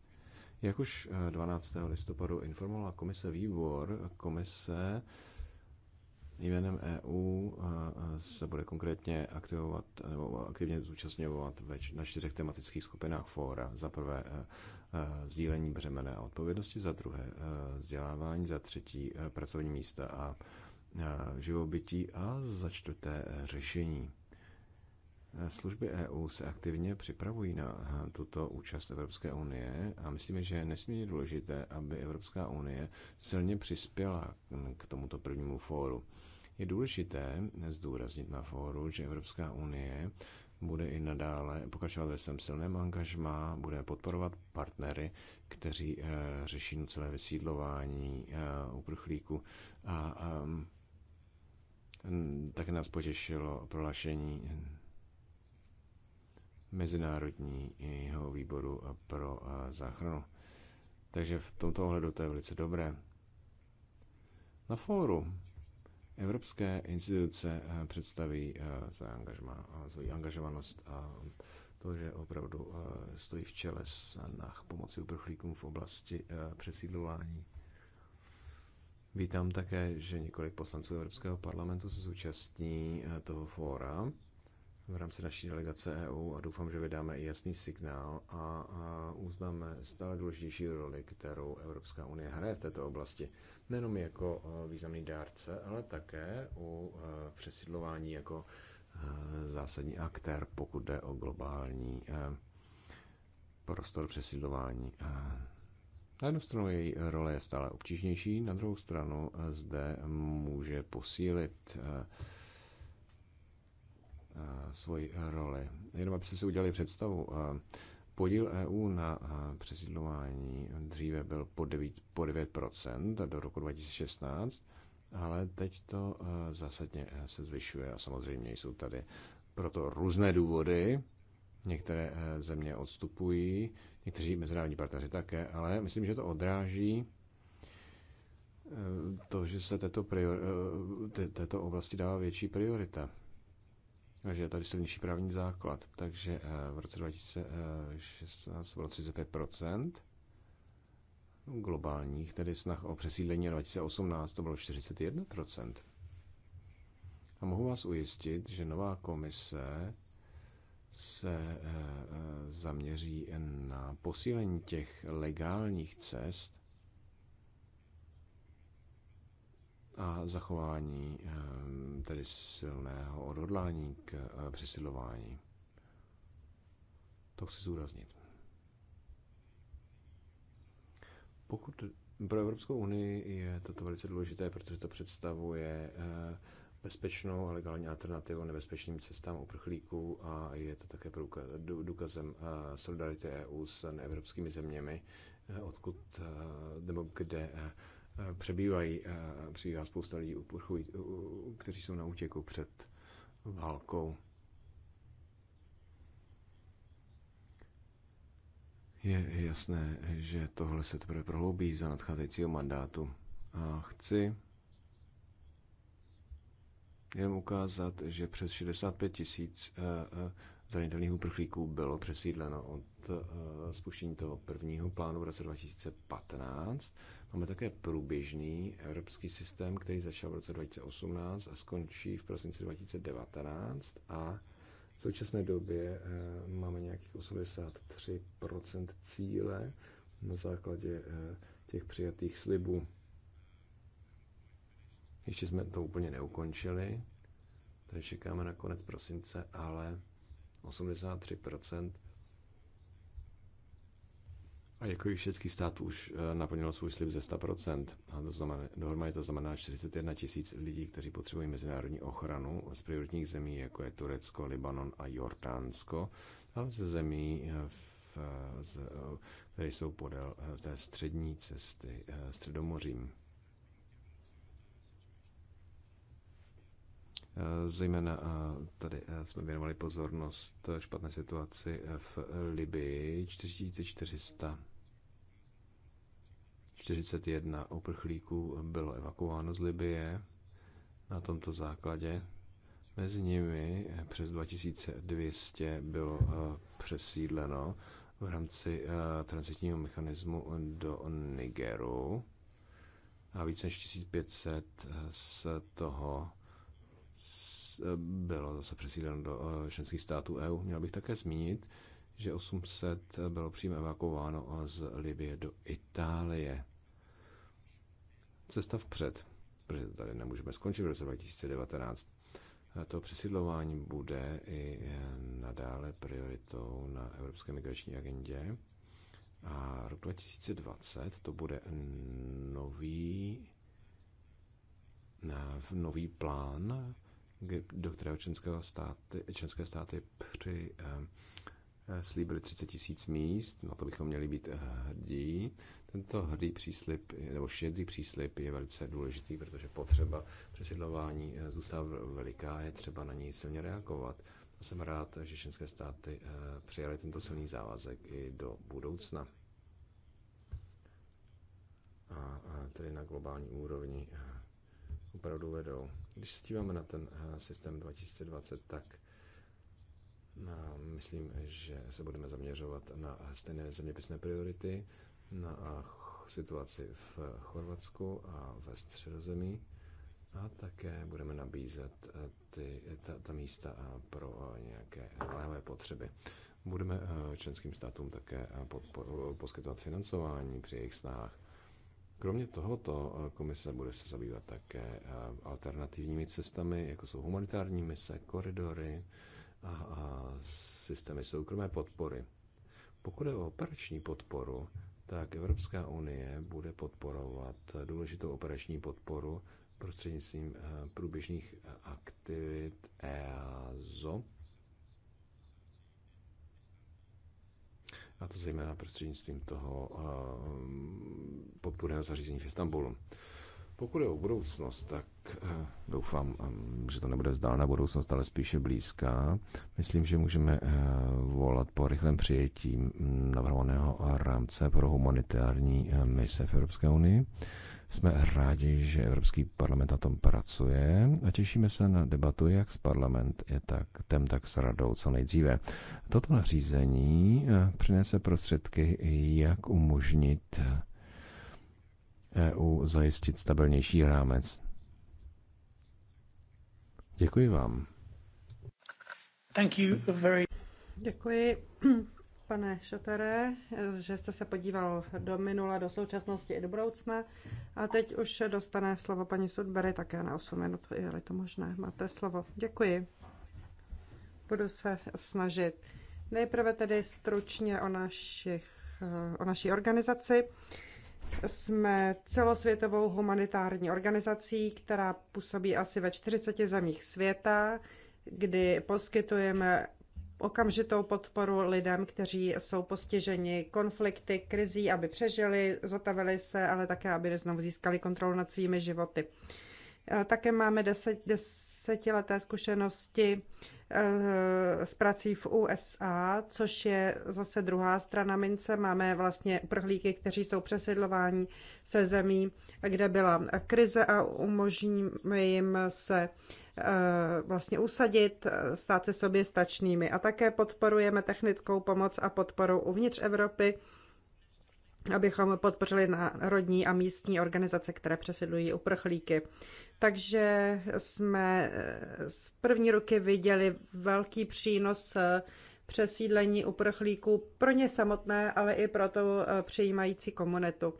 Jak už 12. Eh, listopadu informovala komise výbor, komise jménem EU eh, eh, se bude konkrétně aktivovat nebo aktivně zúčastňovat na čtyřech tematických skupinách fóra. Za prvé sdílení břemene a odpovědnosti, za druhé vzdělávání, za třetí pracovní místa a živobytí a za čtvrté řešení. Služby EU se aktivně připravují na tuto účast Evropské unie a myslíme, že je nesmírně důležité, aby Evropská unie silně přispěla k tomuto prvnímu fóru. Je důležité zdůraznit na fóru, že Evropská unie bude i nadále pokračovat ve svém silném angažmá, bude podporovat partnery, kteří eh, řeší nucené vysídlování eh, uprchlíků a ehm, také nás potěšilo prohlášení Mezinárodního výboru pro záchranu. Takže v tomto ohledu to je velice dobré. Na fóru evropské instituce eh, představí eh, eh, svoji angažovanost a to, že opravdu stojí v čele s nách pomoci uprchlíkům v oblasti přesídlování. Vítám také, že několik poslanců Evropského parlamentu se zúčastní toho fóra v rámci naší delegace EU a doufám, že vydáme i jasný signál a, a uznáme stále důležitější roli, kterou Evropská unie hraje v této oblasti. Nejenom jako e, významný dárce, ale také u e, přesídlování jako e, zásadní aktér, pokud jde o globální prostor přesídlování. Na jednu stranu její role je stále obtížnější, na druhou stranu zde může posílit Eh, svoji roli. Jenom abyste si udělali představu, eh, podíl EU na eh, přesídlování dříve byl po 9, po 9% do roku 2016, ale teď to zásadně se zvyšuje a samozřejmě jsou tady proto různé důvody. Některé země odstupují, někteří mezinárodní partneři také, ale myslím, že to odráží to, že se této, priori, této oblasti dává větší priorita že je tady silnější právní základ. Takže eh, v roce 2016 bylo 35% globálních, tedy snah o přesídlení 2018 to bylo 41%. A mohu vás ujistit, že nová komise se eh, eh, zaměří na posílení těch legálních cest a zachování ehm, tedy silného odhodlání k eh, přesilování. To chci zúraznit. Pokud pro Evropskou unii je toto velice důležité, protože to představuje eh, bezpečnou a legální alternativu nebezpečným cestám uprchlíků a je to také důkazem eh, solidarity EU s evropskými zeměmi, odkud nebo kde přebývají, přibývá spousta lidí, uprchují, kteří jsou na útěku před válkou. Je jasné, že tohle se teprve prohloubí za nadcházejícího mandátu. A chci jenom ukázat, že přes 65 tisíc eh, eh, zranitelných uprchlíků bylo přesídleno od eh, spuštění toho prvního plánu v roce 2015 Máme také průběžný evropský systém, který začal v roce 2018 a skončí v prosinci 2019 a v současné době eh, máme nějakých 83% cíle na základě eh, těch přijatých slibů. Ještě jsme to úplně neukončili, takže čekáme na konec prosince, ale 83% a jako i všechny stát už eh, naplnilo svůj slib ze 100%, a to znamená, dohromady to znamená 41 tisíc lidí, kteří potřebují mezinárodní ochranu z prioritních zemí, jako je Turecko, Libanon a Jordánsko, ale ze zemí, eh, v, eh, z, které jsou podél z té střední cesty středomořím. Zejména tady jsme věnovali pozornost špatné situaci v Libii 4400 41 uprchlíků bylo evakuováno z Libie na tomto základě. Mezi nimi přes 2200 bylo eh, přesídleno v rámci eh, transitního mechanismu do Nigeru a více než 1500 eh, z toho bylo zase přesídleno do členských států EU. Měl bych také zmínit, že 800 bylo přímo evakuováno z Libie do Itálie cesta vpřed, protože tady nemůžeme skončit v roce 2019. To přesídlování bude i nadále prioritou na Evropské migrační agendě. A rok 2020 to bude nový, nový plán, do kterého členského státy, členské státy při eh, eh, slíbili 30 tisíc míst, na to bychom měli být eh, hrdí. Tento hrdý příslip, nebo šedý příslip je velice důležitý, protože potřeba přesidlování eh, zůstává veliká, je třeba na něj silně reagovat. A jsem rád, že členské státy eh, přijaly tento silný závazek i do budoucna. A tedy na globální úrovni eh, opravdu vedou. Když se díváme na ten systém 2020, tak myslím, že se budeme zaměřovat na stejné zeměpisné priority, na situaci v eh, Chorvatsku a ve Středozemí. A také budeme nabízet eh, ty, eh, ta, ta místa pro nějaké léhové potřeby. Budeme členským státům také poskytovat financování při jejich snahách. Kromě tohoto komise bude se zabývat také alternativními cestami, jako jsou humanitární mise, koridory a, a systémy soukromé podpory. Pokud je o operační podporu, tak Evropská unie bude podporovat důležitou operační podporu prostřednictvím eh, průběžných aktivit EASO. A to zejména prostřednictvím toho eh, podpůrného zařízení v Istanbulu. Pokud je o budoucnost, tak eh, doufám, eh, že to nebude vzdálená budoucnost, ale spíše blízká. Myslím, že můžeme eh, volat po rychlém přijetí mm, navrhovaného rámce pro humanitární mise v Evropské unii. Jsme rádi, že Evropský parlament na tom pracuje a těšíme se na debatu jak s parlament, je tak, tem, tak s radou co nejdříve. Toto nařízení přinese prostředky, jak umožnit EU zajistit stabilnější rámec. Děkuji vám. Thank you very... Děkuji, pane Šotere, že jste se podíval do minula, do současnosti i do budoucna. A teď už dostane slovo paní Sudbery také na 8 minut, je to možné. Máte slovo. Děkuji. Budu se snažit. Nejprve tedy stručně o, našich, o naší organizaci jsme celosvětovou humanitární organizací, která působí asi ve 40 zemích světa, kdy poskytujeme okamžitou podporu lidem, kteří jsou postiženi konflikty, krizí, aby přežili, zotavili se, ale také, aby znovu získali kontrolu nad svými životy. Také máme 10, 10 desetileté zkušenosti eh, s prací v USA, což je zase druhá strana mince. Máme vlastně uprchlíky, kteří jsou přesidlováni se zemí, kde byla krize a umožníme jim se eh, vlastně usadit, stát se sobě stačnými. A také podporujeme technickou pomoc a podporu uvnitř Evropy, abychom podpořili národní a místní organizace, které přesedlují uprchlíky. Takže jsme eh, z první ruky viděli velký přínos eh, přesídlení uprchlíků pro ně samotné, ale i pro tu eh, přijímající komunitu.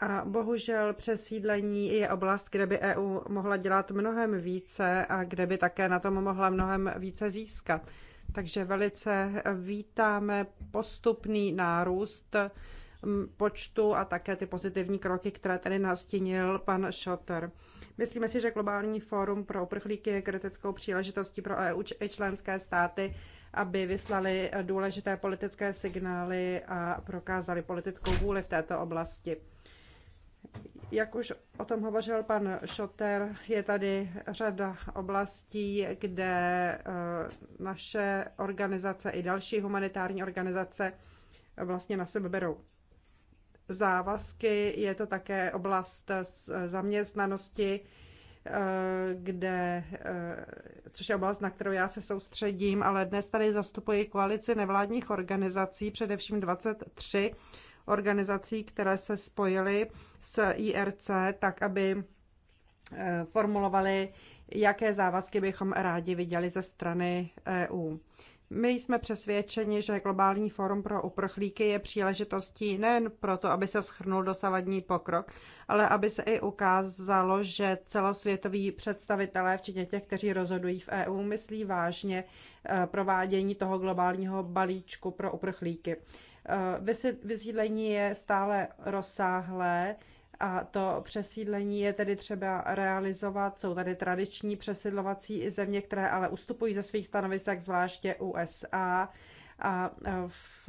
A bohužel přesídlení je oblast, kde by EU mohla dělat mnohem více a kde by také na tom mohla mnohem více získat. Takže velice vítáme postupný nárůst počtu a také ty pozitivní kroky, které tady nastínil pan Schotter. Myslíme si, že globální fórum pro uprchlíky je kritickou příležitostí pro EU i členské státy, aby vyslali důležité politické signály a prokázali politickou vůli v této oblasti. Jak už o tom hovořil pan Šoter, je tady řada oblastí, kde e, naše organizace i další humanitární organizace vlastně na sebe berou závazky. Je to také oblast eh, zaměstnanosti, eh, kde, eh, což je oblast, na kterou já se soustředím, ale dnes tady zastupuji koalici nevládních organizací, především 23 organizací, které se spojily s IRC, tak aby formulovali, jaké závazky bychom rádi viděli ze strany EU. My jsme přesvědčeni, že globální fórum pro uprchlíky je příležitostí nejen proto, aby se schrnul dosavadní pokrok, ale aby se i ukázalo, že celosvětoví představitelé, včetně těch, kteří rozhodují v EU, myslí vážně eh, provádění toho globálního balíčku pro uprchlíky. Eh, vysídlení je stále rozsáhlé, a to přesídlení je tedy třeba realizovat. Jsou tady tradiční přesidlovací země, které ale ustupují ze svých stanovisek, zvláště USA. A e, v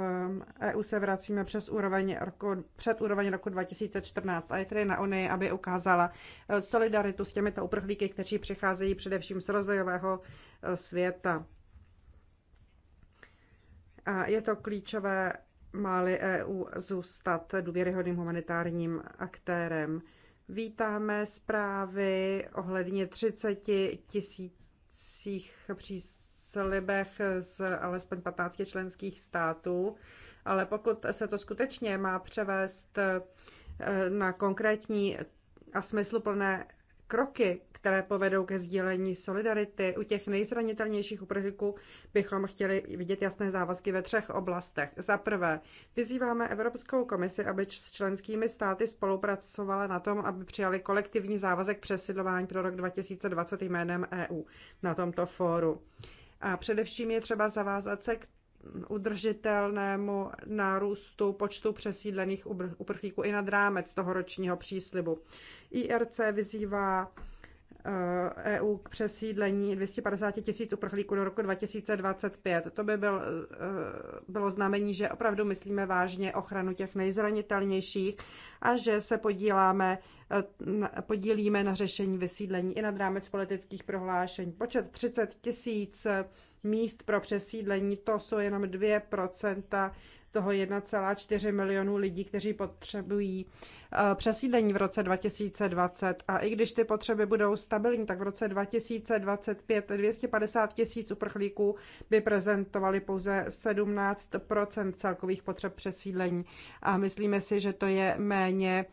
EU e se vracíme přes úroveň roku, před úroveň roku 2014. A je tedy na Unii, aby ukázala e, solidaritu s těmito uprchlíky, kteří přicházejí především z rozvojového světa. A je to klíčové máli EU zůstat důvěryhodným humanitárním aktérem. Vítáme zprávy ohledně 30 tisících příslibech z alespoň 15 členských států, ale pokud se to skutečně má převést eh, na konkrétní a smysluplné kroky, které povedou ke sdílení solidarity. U těch nejzranitelnějších uprchlíků bychom chtěli vidět jasné závazky ve třech oblastech. Za prvé, vyzýváme Evropskou komisi, aby s členskými státy spolupracovala na tom, aby přijali kolektivní závazek přesidlování pro rok 2020 jménem EU na tomto fóru. A především je třeba zavázat se k udržitelnému nárůstu počtu přesídlených uprchlíků i nad rámec toho ročního příslibu. IRC vyzývá EU eh, e k přesídlení 250 tisíc uprchlíků do roku 2025. To by byl, eh, bylo znamení, že opravdu myslíme vážně ochranu těch nejzranitelnějších a že se podíláme, eh, podílíme na řešení vysídlení i nad rámec politických prohlášení. Počet 30 tisíc míst pro přesídlení, to jsou jenom 2 toho 1,4 milionu lidí, kteří potřebují eh, přesídlení v roce 2020. A i když ty potřeby budou stabilní, tak v roce 2025 250 tisíc uprchlíků by prezentovali pouze 17 celkových potřeb přesídlení. A myslíme si, že to je méně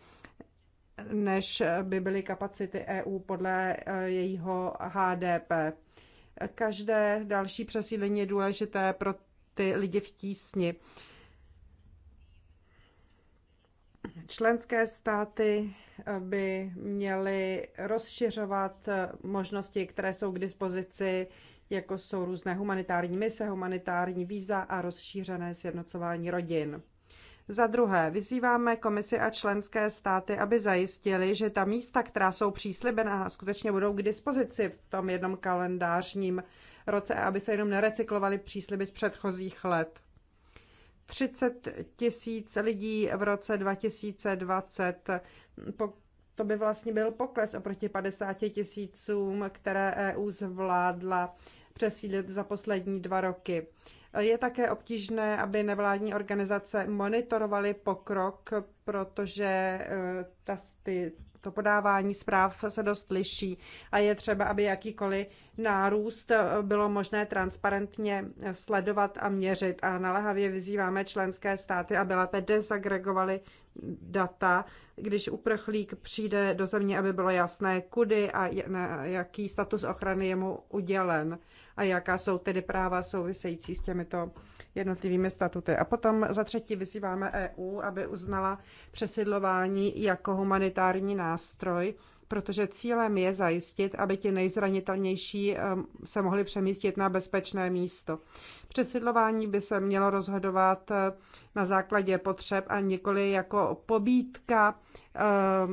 než by byly kapacity EU podle eh, jejího HDP. Každé další přesídlení je důležité pro ty lidi v tísni. Členské státy eh, by měly rozšiřovat eh, možnosti, které jsou k dispozici, jako jsou různé humanitární mise, humanitární víza a rozšířené sjednocování rodin. Za druhé, vyzýváme komisi a členské státy, aby zajistili, že ta místa, která jsou příslibená, skutečně budou k dispozici v tom jednom kalendářním roce, aby se jenom nerecyklovaly přísliby z předchozích let. 30 tisíc lidí v roce 2020. To by vlastně byl pokles oproti 50 tisícům, které EU zvládla přesídlit za poslední dva roky. Je také obtížné, aby nevládní organizace monitorovaly pokrok, protože eh, ta, ty, to podávání zpráv se dost liší a je třeba, aby jakýkoliv nárůst eh, bylo možné transparentně sledovat a měřit. A naléhavě vyzýváme členské státy, aby lépe dezagregovaly data, když uprchlík přijde do země, aby bylo jasné, kudy a jaký status ochrany je mu udělen a jaká jsou tedy práva související s těmito jednotlivými statuty. A potom za třetí vyzýváme EU, aby uznala přesidlování jako humanitární nástroj, protože cílem je zajistit, aby ti nejzranitelnější eh, se mohli přemístit na bezpečné místo. Přesidlování by se mělo rozhodovat eh, na základě potřeb a nikoli jako pobítka eh,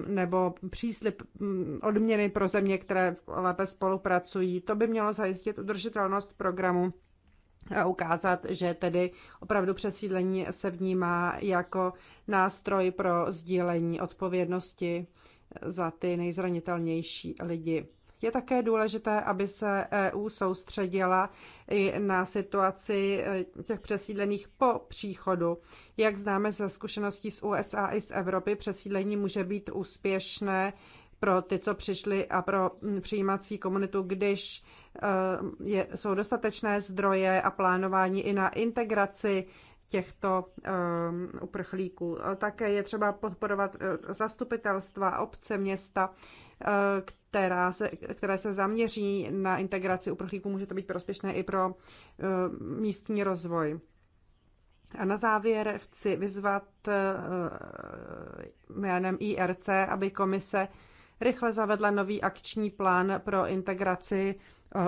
nebo příslip mm, odměny pro země, které lépe spolupracují. To by mělo zajistit udržitelnost programu a ukázat, že tedy opravdu přesídlení se vnímá jako nástroj pro sdílení odpovědnosti za ty nejzranitelnější lidi. Je také důležité, aby se EU soustředila i na situaci eh, těch přesídlených po příchodu. Jak známe ze zkušeností z USA i z Evropy, přesídlení může být úspěšné pro ty, co přišli a pro hm, přijímací komunitu, když eh, je, jsou dostatečné zdroje a plánování i na integraci těchto ehm, uprchlíků. Také je třeba podporovat e, zastupitelstva, obce, města, e, která se, které se zaměří na integraci uprchlíků. Může to být prospěšné i pro e, místní rozvoj. A na závěr chci vyzvat jménem IRC, aby komise rychle zavedla nový akční plán pro integraci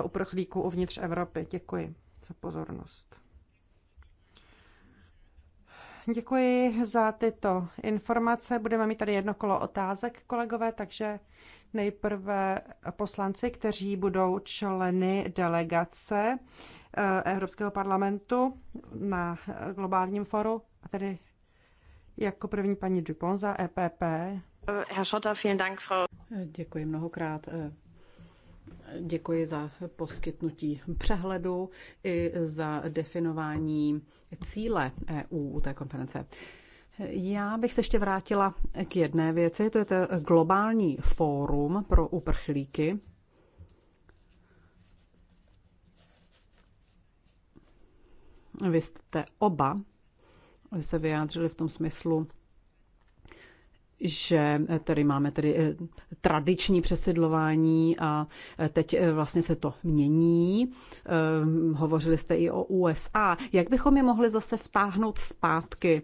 uprchlíků uvnitř Evropy. Děkuji za pozornost. Děkuji za tyto informace. Budeme mít tady jedno kolo otázek, kolegové, takže nejprve poslanci, kteří budou členy delegace eh, Evropského parlamentu na globálním foru, a tedy jako první paní Dupont za EPP. Eh, Herr Schotter, vielen Dank, Frau. Eh, děkuji mnohokrát, Děkuji za poskytnutí přehledu i za definování cíle EU u té konference. Já bych se ještě vrátila k jedné věci, to je to globální fórum pro uprchlíky. Vy jste oba se vyjádřili v tom smyslu, že tady máme tedy eh, tradiční přesidlování a eh, teď eh, vlastně se to mění. Hovořili jste i o USA. Jak bychom je mohli zase vtáhnout zpátky,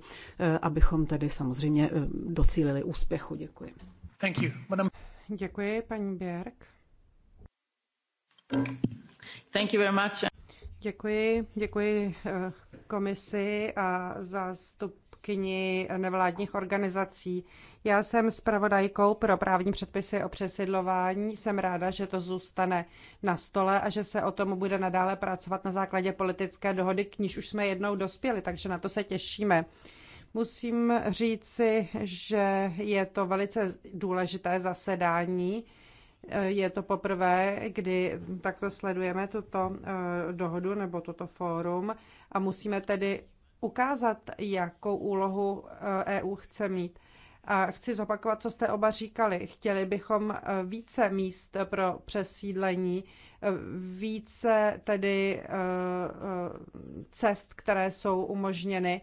abychom tedy samozřejmě docílili úspěchu? Děkuji. Thank you. Madam. Děkuji, paní Běrk. Thank you very much. Děkuji, děkuji komisi a zástup zástupkyni nevládních organizací. Já jsem zpravodajkou pro právní předpisy o přesidlování. Jsem ráda, že to zůstane na stole a že se o tom bude nadále pracovat na základě politické dohody, k níž už jsme jednou dospěli, takže na to se těšíme. Musím říci, že je to velice důležité zasedání. Je to poprvé, kdy takto sledujeme tuto eh, dohodu nebo toto fórum a musíme tedy ukázat, jakou úlohu EU eh, e chce mít. A chci zopakovat, co jste oba říkali. Chtěli bychom eh, více míst pro přesídlení, eh, více tedy cest, které jsou umožněny.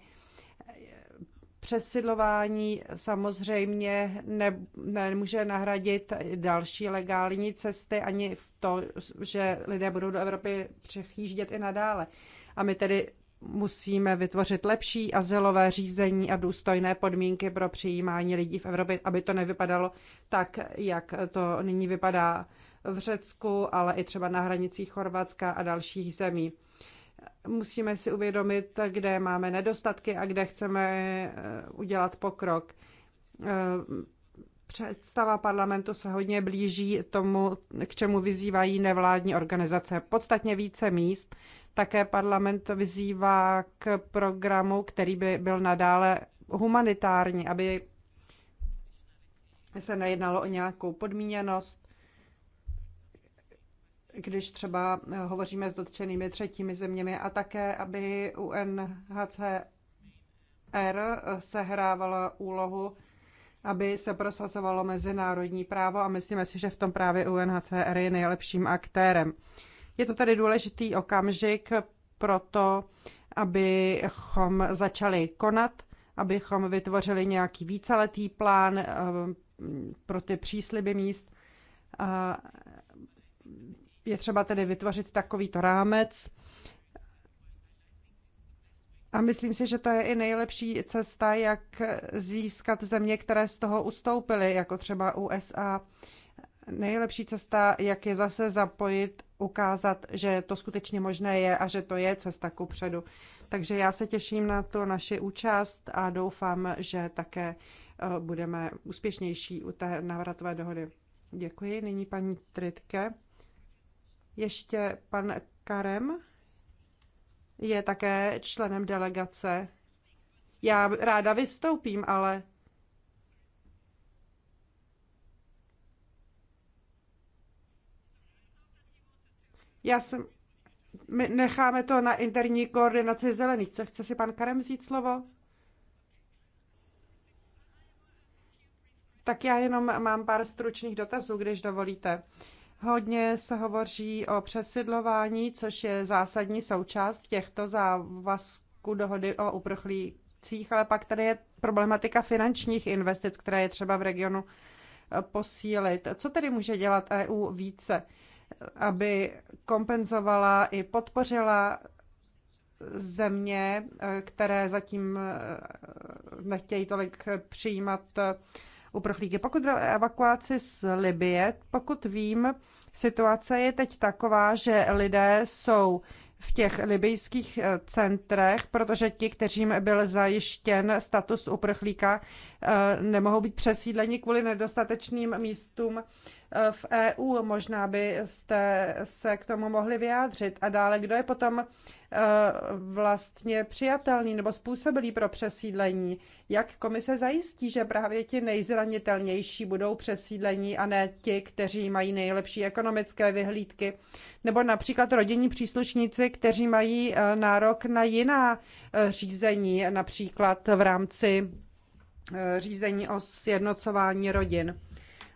Přesidlování samozřejmě ne, nemůže nahradit další legální cesty ani v to, že lidé budou do Evropy přechýždět i nadále. A my tedy musíme vytvořit lepší azylové řízení a důstojné podmínky pro přijímání lidí v Evropě, aby to nevypadalo tak, jak to nyní vypadá v Řecku, ale i třeba na hranicích Chorvatska a dalších zemí. Musíme si uvědomit, kde máme nedostatky a kde chceme eh, udělat pokrok. Eh, představa parlamentu se hodně blíží tomu, k čemu vyzývají nevládní organizace. Podstatně více míst také parlament vyzývá k programu, který by byl nadále humanitární, aby se nejednalo o nějakou podmíněnost, když třeba hovoříme s dotčenými třetími zeměmi a také, aby UNHCR sehrávala úlohu, aby se prosazovalo mezinárodní právo a myslíme si, že v tom právě UNHCR je nejlepším aktérem. Je to tady důležitý okamžik pro to, abychom začali konat, abychom vytvořili nějaký víceletý plán eh, pro ty přísliby míst. je třeba tedy vytvořit takovýto rámec. A myslím si, že to je i nejlepší cesta, jak získat země, které z toho ustoupily, jako třeba USA. Nejlepší cesta, jak je zase zapojit ukázat, že to skutečně možné je a že to je cesta ku předu. Takže já se těším na to naši účast a doufám, že také eh, budeme úspěšnější u té navratové dohody. Děkuji. Nyní paní Tritke. Ještě pan Karem je také členem delegace. Já ráda vystoupím, ale Já jsem... My necháme to na interní koordinaci zelených. Co chce si pan Karem vzít slovo? Tak já jenom mám pár stručných dotazů, když dovolíte. Hodně se hovoří o přesidlování, což je zásadní součást těchto závazků dohody o uprchlících, ale pak tady je problematika finančních investic, které je třeba v regionu posílit. Co tedy může dělat EU více? aby kompenzovala i podpořila země, které zatím eh, nechtějí tolik přijímat eh, uprchlíky. Pokud jde o evakuaci z Libie, pokud vím, situace je teď taková, že lidé jsou v těch libijských eh, centrech, protože ti, kteřím byl zajištěn status uprchlíka, Eh, nemohou být přesídleni kvůli nedostatečným místům eh, v EU. Možná byste se k tomu mohli vyjádřit. A dále, kdo je potom eh, vlastně přijatelný nebo způsobilý pro přesídlení? Jak komise zajistí, že právě ti nejzranitelnější budou přesídlení a ne ti, kteří mají nejlepší ekonomické vyhlídky? Nebo například rodinní příslušníci, kteří mají nárok na jiná řízení, například v rámci Eh, řízení o sjednocování rodin.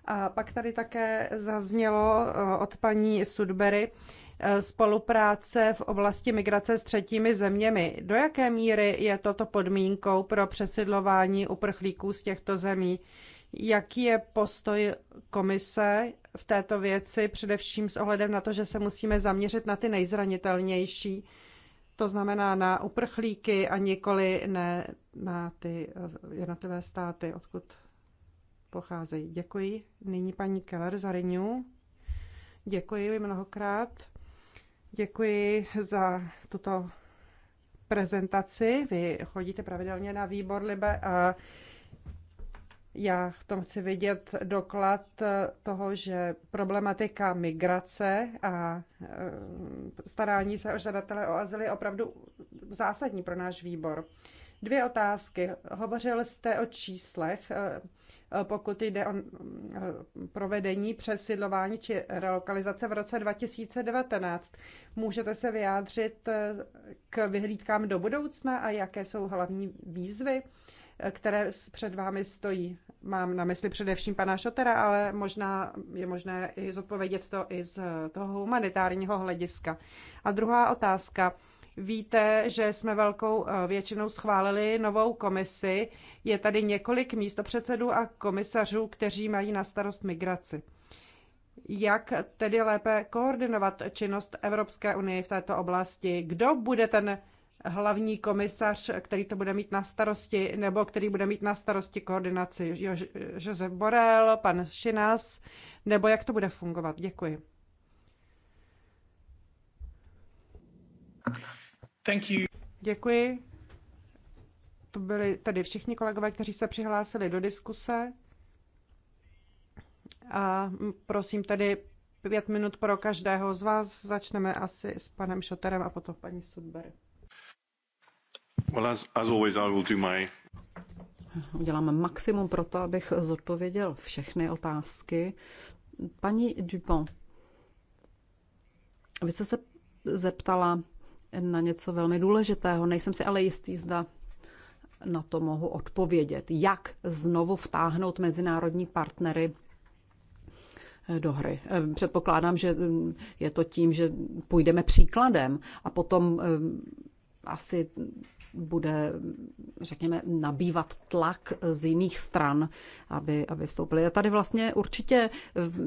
A pak tady také zaznělo eh, od paní Sudbery eh, spolupráce v oblasti migrace s třetími zeměmi. Do jaké míry je toto podmínkou pro přesidlování uprchlíků z těchto zemí? Jaký je postoj komise v této věci, především s ohledem na to, že se musíme zaměřit na ty nejzranitelnější? to znamená na uprchlíky a nikoli ne na ty jednotlivé státy, odkud pocházejí. Děkuji. Nyní paní Keller za Renew. Děkuji mnohokrát. Děkuji za tuto prezentaci. Vy chodíte pravidelně na výbor Libe a já v tom chci vidět doklad eh, toho, že problematika migrace a eh, starání se o žadatele o azyl je opravdu zásadní pro náš výbor. Dvě otázky. Hovořil jste o číslech, eh, pokud jde o provedení přesidlování či relokalizace v roce 2019. Můžete se vyjádřit k vyhlídkám do budoucna a jaké jsou hlavní výzvy? které před vámi stojí. Mám na mysli především pana Šotera, ale možná je možné i zodpovědět to i z toho humanitárního hlediska. A druhá otázka. Víte, že jsme velkou eh, většinou schválili novou komisi. Je tady několik místopředsedů a komisařů, kteří mají na starost migraci. Jak tedy lépe koordinovat činnost Evropské unie v této oblasti? Kdo bude ten hlavní komisař, který to bude mít na starosti, nebo který bude mít na starosti koordinaci jo, Josef Borel, pan Šinas, nebo jak to bude fungovat? Děkuji. Thank you. Děkuji. To byli tady všichni kolegové, kteří se přihlásili do diskuse. A prosím tedy pět minut pro každého z vás. Začneme asi s panem Šoterem a potom paní Sudbery. Well, as, as always, I will do my... Udělám maximum pro to, abych zodpověděl všechny otázky. Paní Dupont, vy jste se zeptala na něco velmi důležitého, nejsem si ale jistý, zda na to mohu odpovědět. Jak znovu vtáhnout mezinárodní partnery do hry. Předpokládám, že je to tím, že půjdeme příkladem a potom eh, asi bude, řekněme, nabývat tlak z jiných stran, aby, aby vstoupili. A tady vlastně určitě,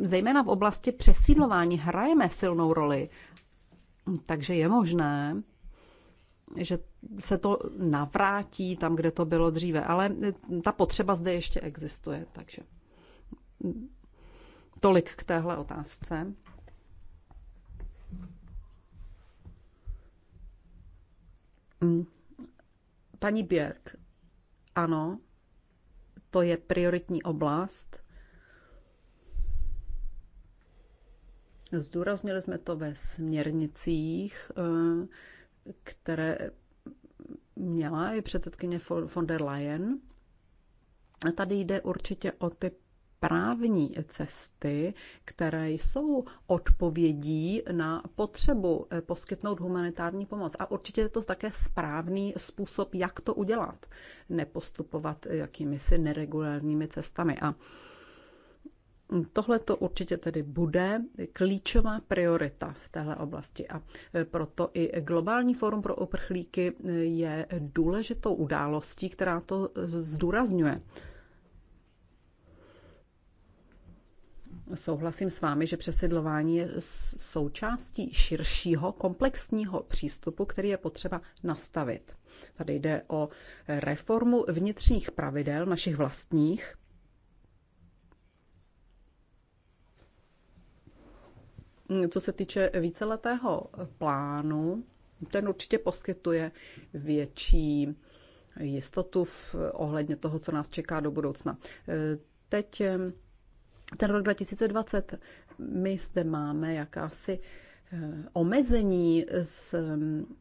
zejména v oblasti přesídlování, hrajeme silnou roli. Takže je možné, že se to navrátí tam, kde to bylo dříve. Ale ta potřeba zde ještě existuje. Takže tolik k téhle otázce. Mm. Paní Björk, ano, to je prioritní oblast. Zdůraznili jsme to ve směrnicích, eh, které měla i předsedkyně von der Leyen. Tady jde určitě o ty právní cesty, které jsou odpovědí na potřebu eh, poskytnout humanitární pomoc. A určitě je to také správný způsob, jak to udělat. Nepostupovat jakými si neregulárními cestami. A Tohle to určitě tedy bude klíčová priorita v téhle oblasti a eh, proto i Globální fórum pro uprchlíky eh, je důležitou událostí, která to zdůrazňuje. Souhlasím s vámi, že přesedlování je součástí širšího komplexního přístupu, který je potřeba nastavit. Tady jde o reformu vnitřních pravidel našich vlastních. Co se týče víceletého plánu, ten určitě poskytuje větší jistotu v ohledně toho, co nás čeká do budoucna. Teď ten rok 2020. My zde máme jakási eh, omezení, z, mm,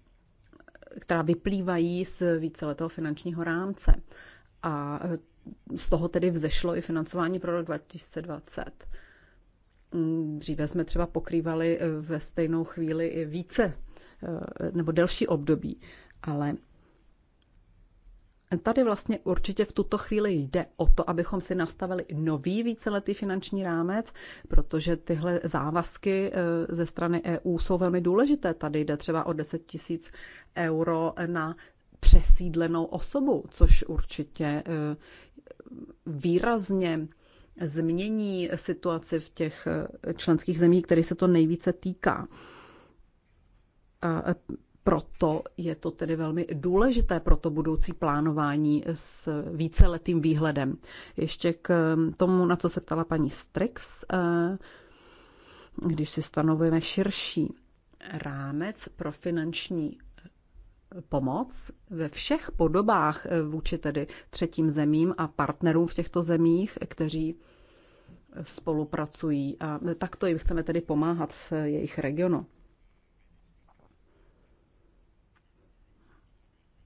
která vyplývají z víceletého finančního rámce. A eh, z toho tedy vzešlo i financování pro rok 2020. Mm, dříve jsme třeba pokrývali eh, ve stejnou chvíli i více nebo delší období, ale Tady vlastně určitě v tuto chvíli jde o to, abychom si nastavili nový víceletý finanční rámec, protože tyhle závazky eh, ze strany EU jsou velmi důležité. Tady jde třeba o 10 tisíc euro na přesídlenou osobu, což určitě eh, výrazně změní situaci v těch eh, členských zemích, které se to nejvíce týká proto je to tedy velmi důležité pro to budoucí plánování s víceletým výhledem. Ještě k tomu, na co se ptala paní Strix, eh, když si stanovujeme širší rámec pro finanční pomoc ve všech podobách eh, vůči tedy třetím zemím a partnerům v těchto zemích, kteří spolupracují a takto jim chceme tedy pomáhat v jejich regionu.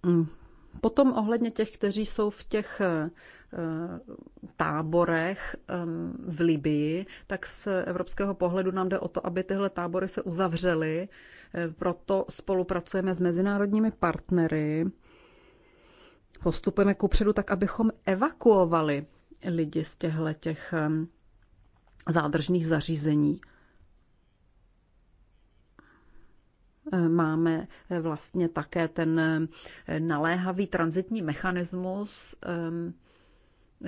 Mm. Potom ohledně těch, kteří jsou v těch eh, táborech ehm, v Libii, tak z evropského pohledu nám jde o to, aby tyhle tábory se uzavřely. Eh, proto spolupracujeme s mezinárodními partnery, postupujeme kupředu tak, abychom evakuovali lidi z těchto těch ehm, zádržných zařízení. Máme eh, vlastně také ten eh, naléhavý transitní mechanismus. Ehm,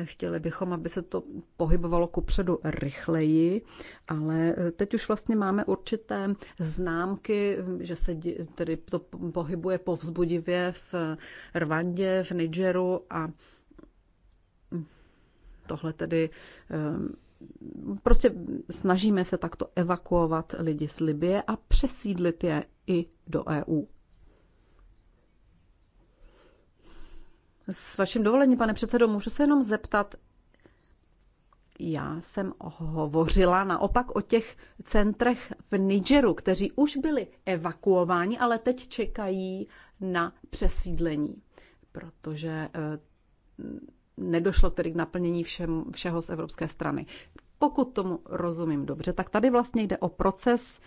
chtěli bychom, aby se to pohybovalo kupředu rychleji, ale eh, teď už vlastně máme určité známky, ehm, že se tedy to pohybuje povzbudivě v Rwandě, v Nigeru a hm, tohle tedy ehm, prostě snažíme se takto evakuovat lidi z Libie a přesídlit je i do EU. S vaším dovolením, pane předsedo, můžu se jenom zeptat, já jsem hovořila naopak o těch centrech v Nigeru, kteří už byli evakuováni, ale teď čekají na přesídlení, protože eh, nedošlo tedy k naplnění všem, všeho z evropské strany. Pokud tomu rozumím dobře, tak tady vlastně jde o proces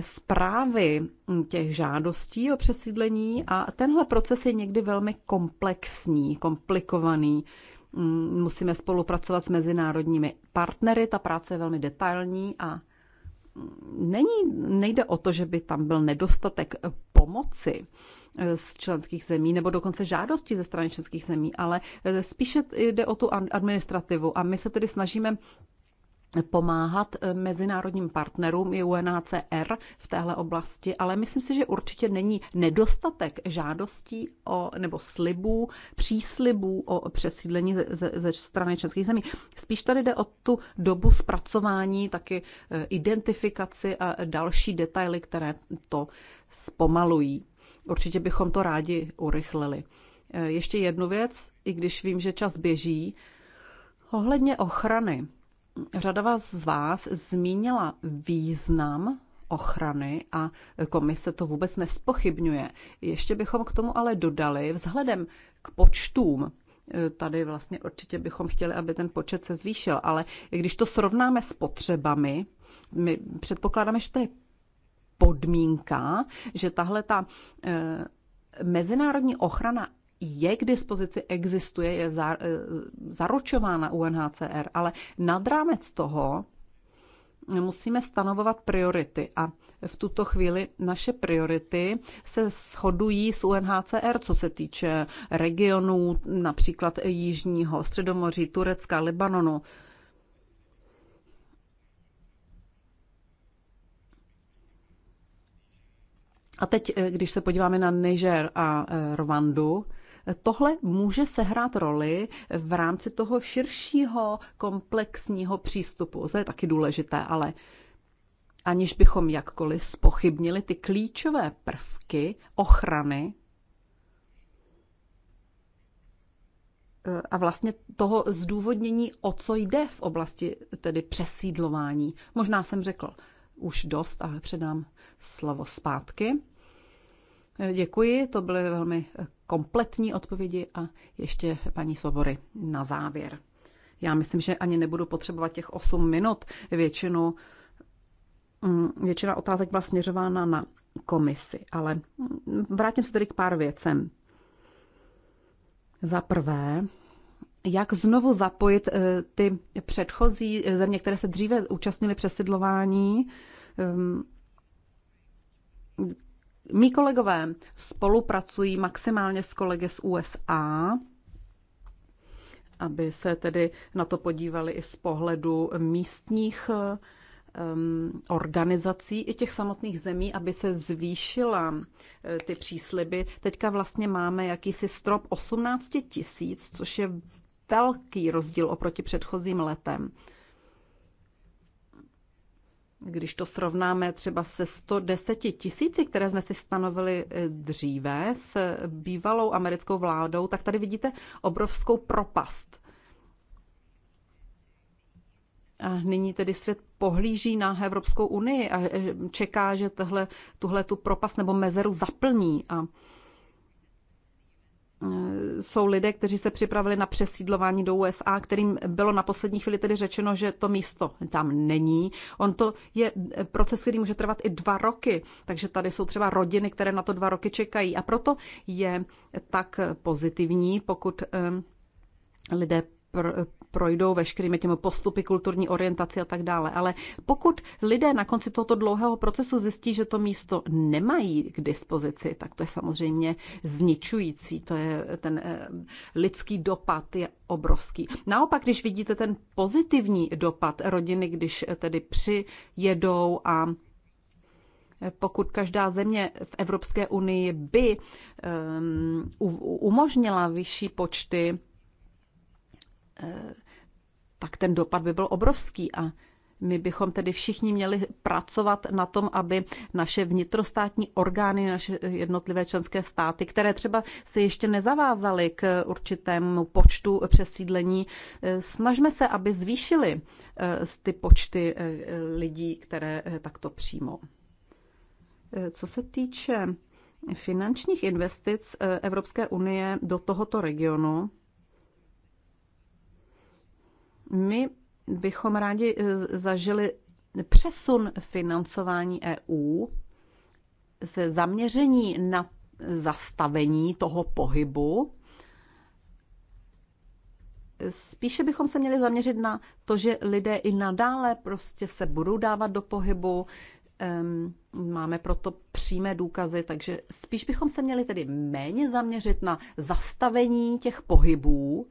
zprávy těch žádostí o přesídlení a tenhle proces je někdy velmi komplexní, komplikovaný. Mm, musíme spolupracovat s mezinárodními partnery, ta práce je velmi detailní a není, nejde o to, že by tam byl nedostatek pomoci eh, z členských zemí nebo dokonce žádosti ze strany členských zemí, ale eh, spíše jde o tu administrativu a my se tedy snažíme pomáhat eh, mezinárodním partnerům i UNHCR v téhle oblasti, ale myslím si, že určitě není nedostatek žádostí o, nebo slibů, příslibů o přesídlení ze, ze, ze strany českých zemí. Spíš tady jde o tu dobu zpracování, taky eh, identifikaci a další detaily, které to zpomalují. Určitě bychom to rádi urychlili. Eh, ještě jednu věc, i když vím, že čas běží, ohledně ochrany řada vás z vás zmínila význam ochrany a komise to vůbec nespochybňuje. Ještě bychom k tomu ale dodali vzhledem k počtům. E, tady vlastně určitě bychom chtěli, aby ten počet se zvýšil, ale když to srovnáme s potřebami, my předpokládáme, že to je podmínka, že tahle ta e, mezinárodní ochrana je k dispozici, existuje, je za, eh, zaručována UNHCR, ale nad rámec toho musíme stanovovat priority a v tuto chvíli naše priority se shodují s UNHCR, co se týče regionů, například Jižního Středomoří, Turecka, Libanonu. A teď, eh, když se podíváme na Niger a eh, Rwandu, Tohle může sehrát roli v rámci toho širšího komplexního přístupu. To je taky důležité, ale aniž bychom jakkoliv spochybnili ty klíčové prvky ochrany eh, a vlastně toho zdůvodnění, o co jde v oblasti tedy přesídlování. Možná jsem řekl už dost, ale předám slovo zpátky. Děkuji, to byly velmi kompletní odpovědi a ještě paní Sobory na závěr. Já myslím, že ani nebudu potřebovat těch 8 minut. Většinu, mm, většina otázek byla směřována na komisi, ale vrátím se tedy k pár věcem. Za prvé, jak znovu zapojit eh, ty předchozí eh, země, které se dříve účastnily přesidlování, ehm, Mí kolegové spolupracují maximálně s kolegy z USA, aby se tedy na to podívali i z pohledu místních um, organizací i těch samotných zemí, aby se zvýšila eh, ty přísliby. Teďka vlastně máme jakýsi strop 18 tisíc, což je velký rozdíl oproti předchozím letem. Když to srovnáme třeba se 110 tisíci, které jsme si stanovili eh, dříve s bývalou americkou vládou, tak tady vidíte obrovskou propast. A nyní tedy svět pohlíží na Evropskou unii a eh, čeká, že tuhle tu propast nebo mezeru zaplní. A Eh, jsou lidé, kteří se připravili na přesídlování do USA, kterým bylo na poslední chvíli tedy řečeno, že to místo tam není. On to je eh, proces, který může trvat i dva roky, takže tady jsou třeba rodiny, které na to dva roky čekají. A proto je tak pozitivní, pokud eh, lidé projdou veškerými těmi postupy, kulturní orientaci a tak dále. Ale pokud lidé na konci tohoto dlouhého procesu zjistí, že to místo nemají k dispozici, tak to je samozřejmě zničující. To je ten eh, lidský dopad je obrovský. Naopak, když vidíte ten pozitivní dopad rodiny, když eh, tedy přijedou a eh, pokud každá země v Evropské unii by um, umožnila vyšší počty Eh, tak ten dopad by byl obrovský a my bychom tedy všichni měli pracovat na tom, aby naše vnitrostátní orgány, naše jednotlivé členské státy, které třeba se ještě nezavázaly k určitému počtu přesídlení, eh, snažme se, aby zvýšili eh, ty počty lidí, které takto přijmou. Co se týče finančních investic Evropské unie do tohoto regionu, my bychom rádi eh, zažili přesun financování EU se zaměření na zastavení toho pohybu. Spíše bychom se měli zaměřit na to, že lidé i nadále prostě se budou dávat do pohybu. Máme proto přímé důkazy, takže spíš bychom se měli tedy méně zaměřit na zastavení těch pohybů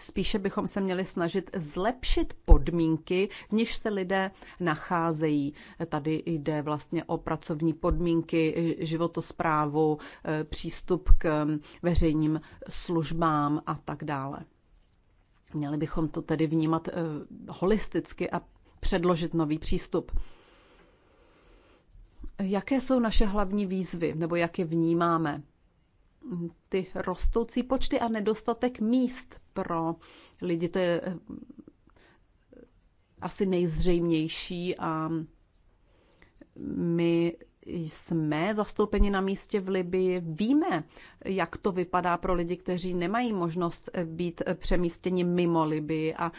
Spíše bychom se měli snažit zlepšit podmínky, v nichž se lidé nacházejí. Tady jde vlastně o pracovní podmínky, životosprávu, eh, přístup k veřejným službám a tak dále. Měli bychom to tedy vnímat eh, holisticky a předložit nový přístup. Jaké jsou naše hlavní výzvy, nebo jak je vnímáme? Ty rostoucí počty a nedostatek míst pro lidi to je eh, asi nejzřejmější a my jsme zastoupeni na místě v Libii, víme, jak to vypadá pro lidi, kteří nemají možnost eh, být přemístěni mimo Libii a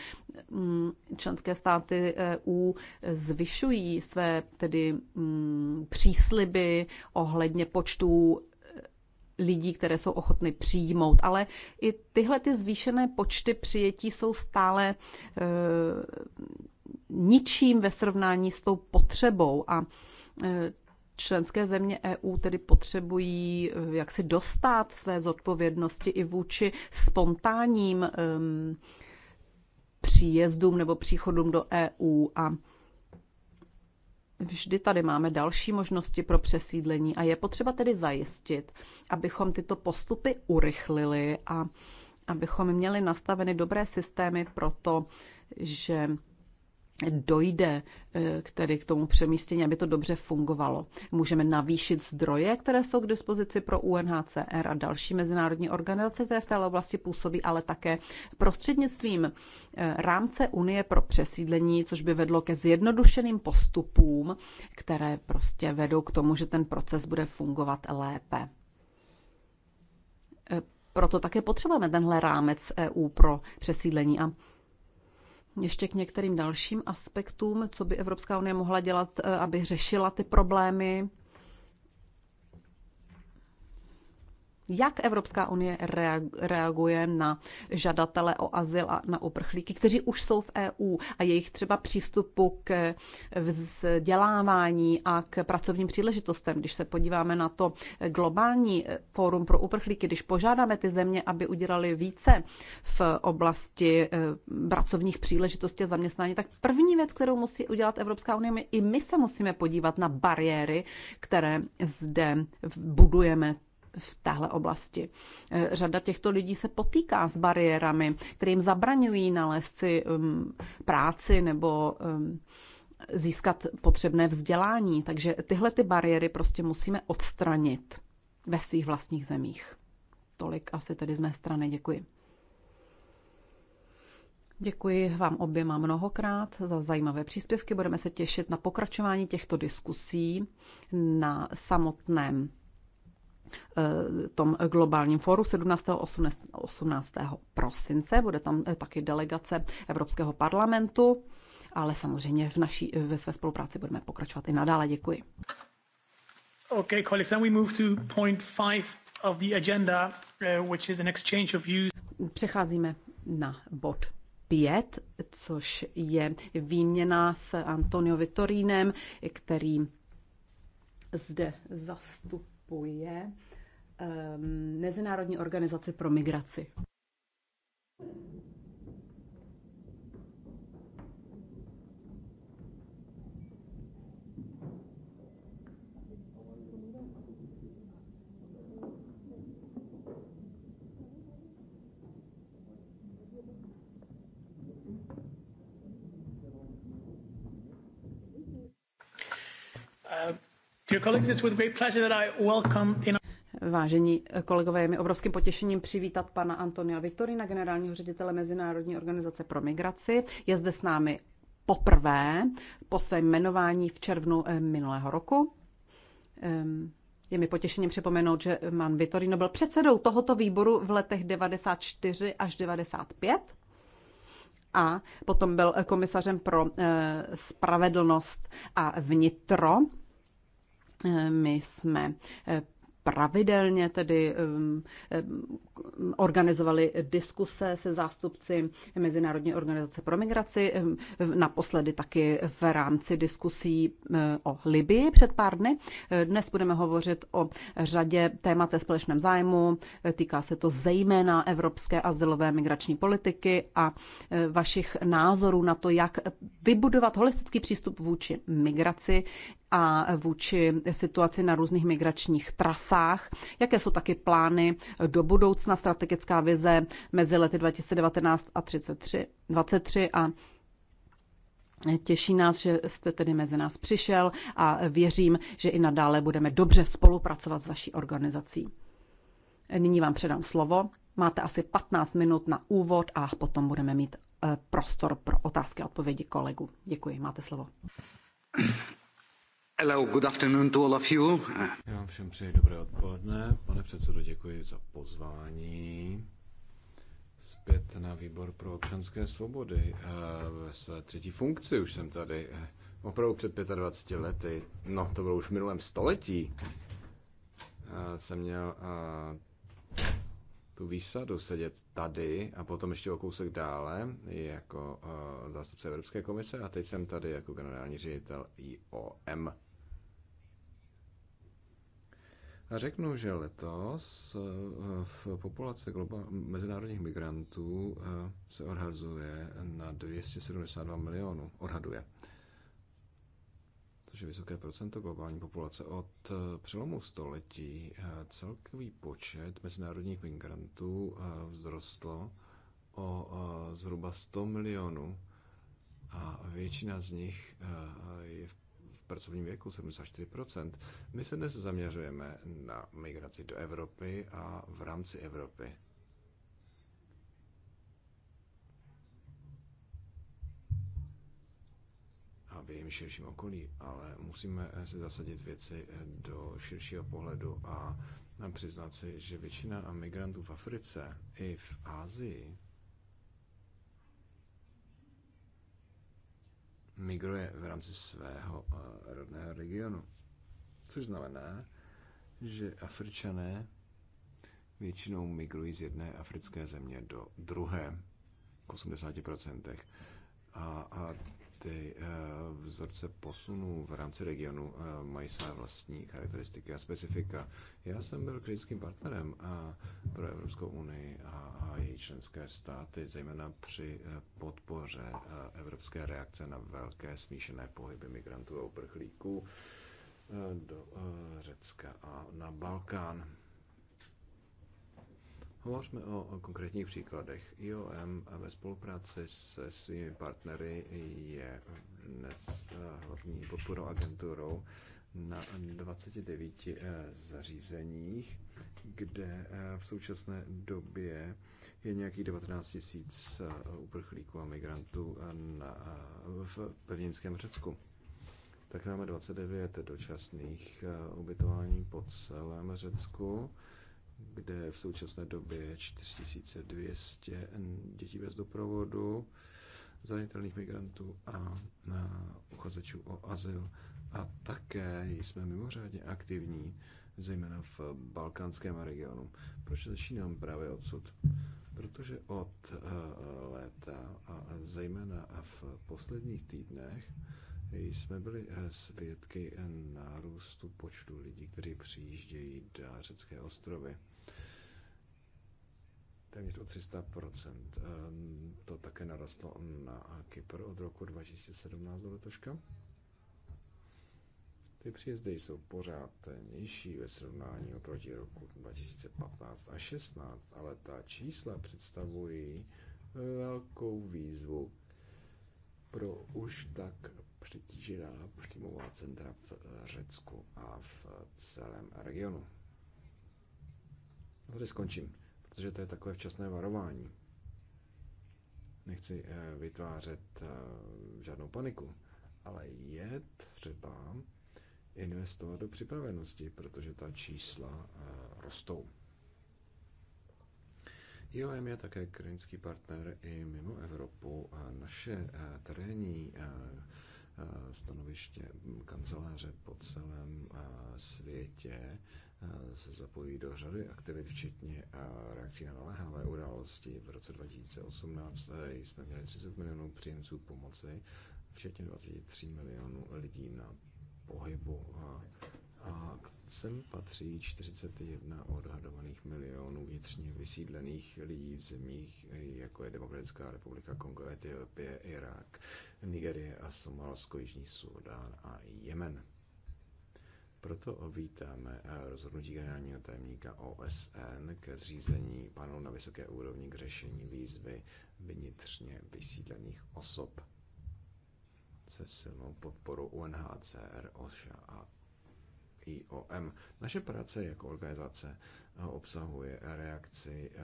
mm, členské státy EU zvyšují své tedy mm, přísliby ohledně počtu lidí, které jsou ochotny přijmout. Ale i tyhle ty zvýšené počty přijetí jsou stále e, ničím ve srovnání s tou potřebou a e, členské země EU tedy potřebují e, jaksi dostat své zodpovědnosti i vůči spontánním e, příjezdům nebo příchodům do EU a Vždy tady máme další možnosti pro přesídlení a je potřeba tedy zajistit, abychom tyto postupy urychlili a abychom měli nastaveny dobré systémy pro to, že dojde eh, k, tedy k tomu přemístění, aby to dobře fungovalo. Můžeme navýšit zdroje, které jsou k dispozici pro UNHCR a další mezinárodní organizace, které v této oblasti působí, ale také prostřednictvím eh, rámce Unie pro přesídlení, což by vedlo ke zjednodušeným postupům, které prostě vedou k tomu, že ten proces bude fungovat lépe. Eh, proto také potřebujeme tenhle rámec EU pro přesídlení a ještě k některým dalším aspektům, co by Evropská unie mohla dělat, eh, aby řešila ty problémy jak Evropská unie reaguje na žadatele o azyl a na uprchlíky, kteří už jsou v EU a jejich třeba přístupu k vzdělávání a k pracovním příležitostem. Když se podíváme na to globální eh, fórum pro uprchlíky, když požádáme ty země, aby udělali více v oblasti eh, pracovních příležitostí a zaměstnání, tak první věc, kterou musí udělat Evropská unie, my, i my se musíme podívat na bariéry, které zde budujeme v téhle oblasti. Eh, řada těchto lidí se potýká s bariérami, kterým zabraňují nalézt si práci nebo získat potřebné vzdělání. Takže tyhle ty bariéry prostě musíme odstranit ve svých vlastních zemích. Tolik asi tedy z mé strany. Děkuji. Děkuji vám oběma mnohokrát za zajímavé příspěvky. Budeme se těšit na pokračování těchto diskusí na samotném Eh, tom globálním fóru 17. 18. 18. prosince. Bude tam eh, taky delegace Evropského parlamentu, ale samozřejmě v naší, ve své spolupráci budeme pokračovat i nadále. Děkuji. Okay, colleagues, then we move to point five of the agenda, uh, which is an exchange of views. Přecházíme na bod pět, což je výměna s Antonio Vitorínem, který zde zastupuje zastupuje ehm, Mezinárodní organizaci pro migraci. Vážení kolegové, je mi obrovským potěšením přivítat pana Antonia Vitorina, generálního ředitele Mezinárodní organizace pro migraci. Je zde s námi poprvé po svém jmenování v červnu eh, minulého roku. Ehm, je mi potěšením připomenout, že man Vitorino byl předsedou tohoto výboru v letech 94 až 95 a potom byl komisařem pro eh, spravedlnost a vnitro Eh, my jsme eh, pravidelně tedy eh, organizovali diskuse se zástupci Mezinárodní organizace pro migraci, ehm, naposledy taky v rámci diskusí ehm, o Libii před pár dny. Dnes budeme hovořit o řadě témat ve společném zájmu, týká se to zejména evropské azylové migrační politiky a ehm, vašich názorů na to, jak vybudovat holistický přístup vůči migraci a vůči situaci na různých migračních trasách, jaké jsou taky plány do budoucna, budoucna strategická vize mezi lety 2019 a 33, 23 a Těší nás, že jste tedy mezi nás přišel a věřím, že i nadále budeme dobře spolupracovat s vaší organizací. Nyní vám předám slovo. Máte asi 15 minut na úvod a potom budeme mít eh, prostor pro otázky a odpovědi kolegu. Děkuji, máte slovo. Hello, good afternoon to all of you. Já vám všem přeji dobré odpoledne. Pane předsedo, děkuji za pozvání zpět na výbor pro občanské svobody. Eh, ve své třetí funkci už jsem tady eh, opravdu před 25 lety, no to bylo už v minulém století, eh, jsem měl tu výsadu sedět tady a potom ještě o kousek dále jako zástupce Evropské komise a teď jsem tady jako generální ředitel IOM. Řeknu, že letos eh, v populace mezinárodních migrantů eh, se odhazuje na 272 milionů. Odhaduje. Což je vysoké procento globální populace. Od eh, přelomu století celkový počet mezinárodních migrantů vzrostl o zhruba 100 milionů a většina z nich je v pracovním věku, 74%. My se dnes zaměřujeme na migraci do Evropy a v rámci Evropy. A v jejím širším okolí, ale musíme si zasadit věci do širšího pohledu a přiznat si, že většina migrantů v Africe i v Ázii migruje v rámci svého eh, rodného regionu. Což znamená, že Afričané většinou migrují z jedné africké země do druhé, v 80%. A, a ty eh, vzorce posunů v rámci regionu eh, mají své vlastní charakteristiky a specifika. Já jsem byl kritickým partnerem eh, pro Evropskou unii a její členské státy, zejména při podpoře evropské reakce na velké smíšené pohyby migrantů a uprchlíků do Řecka a na Balkán. Hovořme o konkrétních příkladech. IOM ve spolupráci se svými partnery je dnes eh, hlavní podporou agenturou na 29 eh, zařízeních, kde eh, v současné době je nějakých 19 tisíc uprchlíků a migrantů na, v pevninském Řecku. Tak máme 29 dočasných ubytování po celém Řecku kde v současné době je 4200 dětí bez doprovodu, zranitelných migrantů a uchazečů o azyl. A také jsme mimořádně aktivní, zejména v balkánském regionu. Proč začínám právě odsud? Protože od eh, léta a zejména v posledních týdnech jsme byli eh, svědky nárůstu počtu lidí, kteří přijíždějí na řecké ostrovy téměř o 300%. Eh, to také narostlo na Kypr od roku 2017 do letoška. Ty příjezdy jsou pořád nižší ve srovnání oproti roku 2015 a 16, ale ta čísla představují eh, velkou výzvu pro už tak přetížená příjmová centra v eh, Řecku a v celém regionu. Tady skončím protože to je takové včasné varování. Nechci eh, vytvářet eh, žádnou paniku, ale je třeba investovat do připravenosti, protože ta čísla eh, rostou. IOM je také krajinský partner i mimo Evropu a naše terénní stanoviště kanceláře po celém světě Eh, se zapojí do řady aktivit, včetně eh, reakcí na naléhavé události. V roce 2018 eh, jsme měli 30 milionů příjemců pomoci, včetně 23 milionů lidí na pohybu a, a sem patří 41 odhadovaných milionů vnitřně vysídlených lidí v zemích, jako je Demokratická republika Kongo, Etiopie, Irák, Nigerie a Somálsko, Jižní Sudán a Jemen. Proto vítáme eh, rozhodnutí generálního tajemníka OSN ke zřízení panelu na vysoké úrovni k řešení výzvy vnitřně vysídlených osob se silnou podporou UNHCR, OSHA a IOM. Naše práce jako organizace eh, obsahuje reakci eh,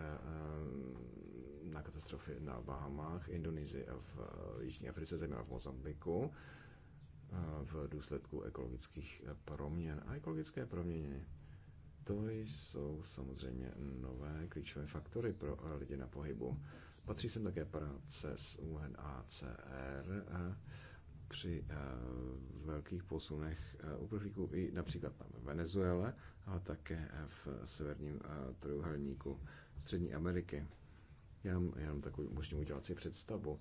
na katastrofy na Bahamách, Indonésii a v Jižní Africe, zejména v Mozambiku, v důsledku ekologických proměn. A ekologické proměny, to jsou samozřejmě nové klíčové faktory pro lidi na pohybu. Patří sem také práce s UNACR při eh, velkých posunech eh, uprchlíků i například tam v Venezuele, ale také eh, v severním trojuhelníku Střední Ameriky. Já mám jenom takovou možná udělat si představu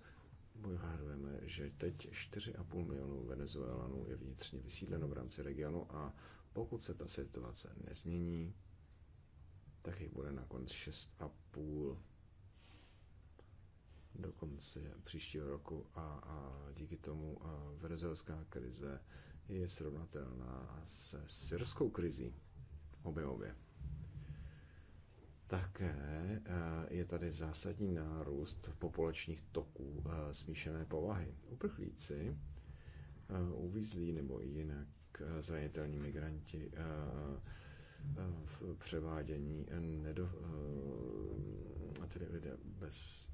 odhadujeme, že teď 4,5 milionů Venezuelanů je vnitřně vysídleno v rámci regionu a pokud se ta situace nezmění, tak jich bude nakonec 6,5 do konce příštího roku a, a díky tomu venezuelská krize je srovnatelná se syrskou krizí objemově. Obě. Také eh, je tady zásadní nárůst populačních toků eh, smíšené povahy. Uprchlíci, eh, uvízlí nebo jinak zranitelní migranti, v převádění nedo, tedy lidé bez,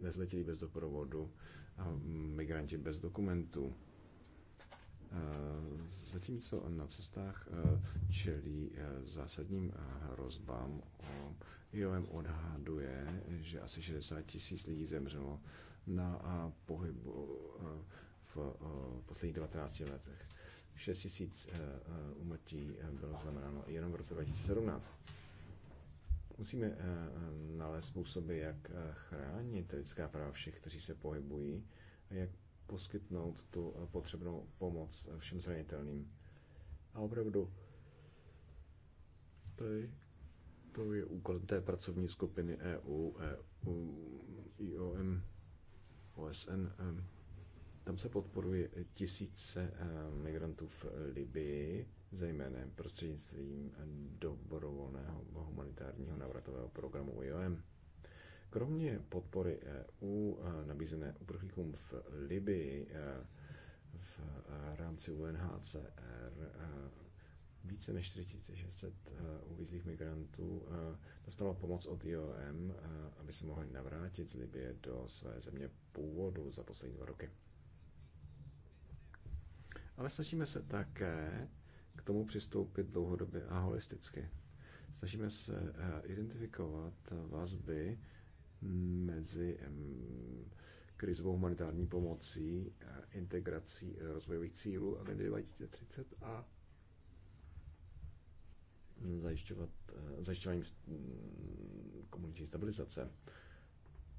nezletilí bez doprovodu a migranti bez dokumentů zatímco na cestách eh, čelí eh, zásadním eh, hrozbám. IOM odhaduje, že asi 60 tisíc lidí zemřelo na pohybu v posledních 19 letech. 6 tisíc umrtí bylo znamenáno jenom v roce 2017. Musíme nalézt způsoby, jak chránit lidská práva všech, kteří se pohybují, a jak poskytnout tu eh, potřebnou pomoc eh, všem zranitelným. A opravdu je, to je úkol té pracovní skupiny EU, EU IOM, OSN. Eh, tam se podporuje tisíce migrantů v Libii, zejména prostřednictvím dobrovolného humanitárního navratového programu IOM. Kromě podpory EU eh, nabízené uprchlíkům v Libii eh, v eh, rámci UNHCR více než 4600 uvízlých migrantů dostalo pomoc od IOM, aby se mohli navrátit z Libie do své země původu za poslední dva roky. Ale snažíme se také k tomu přistoupit dlouhodobě a holisticky. Snažíme se identifikovat vazby mezi krizovou humanitární pomocí, integrací eh, rozvojových cílů agendy 2030 a zajišťovat, eh, zajišťováním mm, komunitní stabilizace.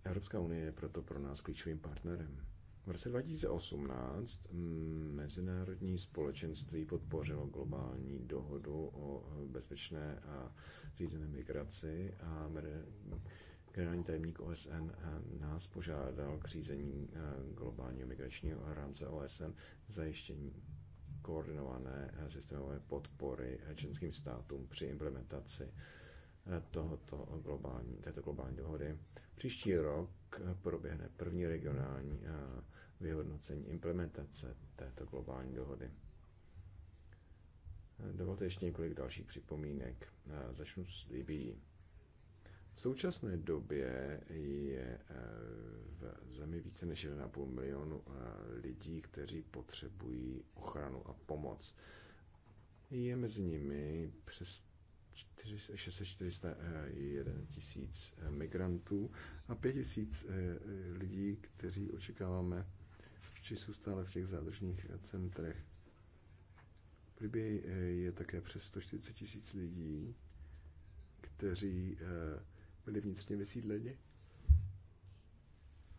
Evropská unie je proto pro nás klíčovým partnerem. V roce 2018 mm, mezinárodní společenství podpořilo globální dohodu o eh, bezpečné a řízené migraci a generální tajemník OSN eh, nás požádal k řízení eh, globálního migračního rámce OSN zajištění koordinované eh, systémové podpory členským státům při implementaci tohoto globální, této globální dohody. Příští rok proběhne první regionální vyhodnocení implementace této globální dohody. Dovolte ještě několik dalších připomínek. Začnu s Libií. V současné době je eh, v zemi více než 1,5 milionu eh, lidí, kteří potřebují ochranu a pomoc. Je mezi nimi přes 641 eh, tisíc migrantů a 5 tisíc lidí, kteří očekáváme, či jsou stále v těch zádržních centrech. V Libii je také přes 140 tisíc lidí, kteří byli vnitřně vysídleni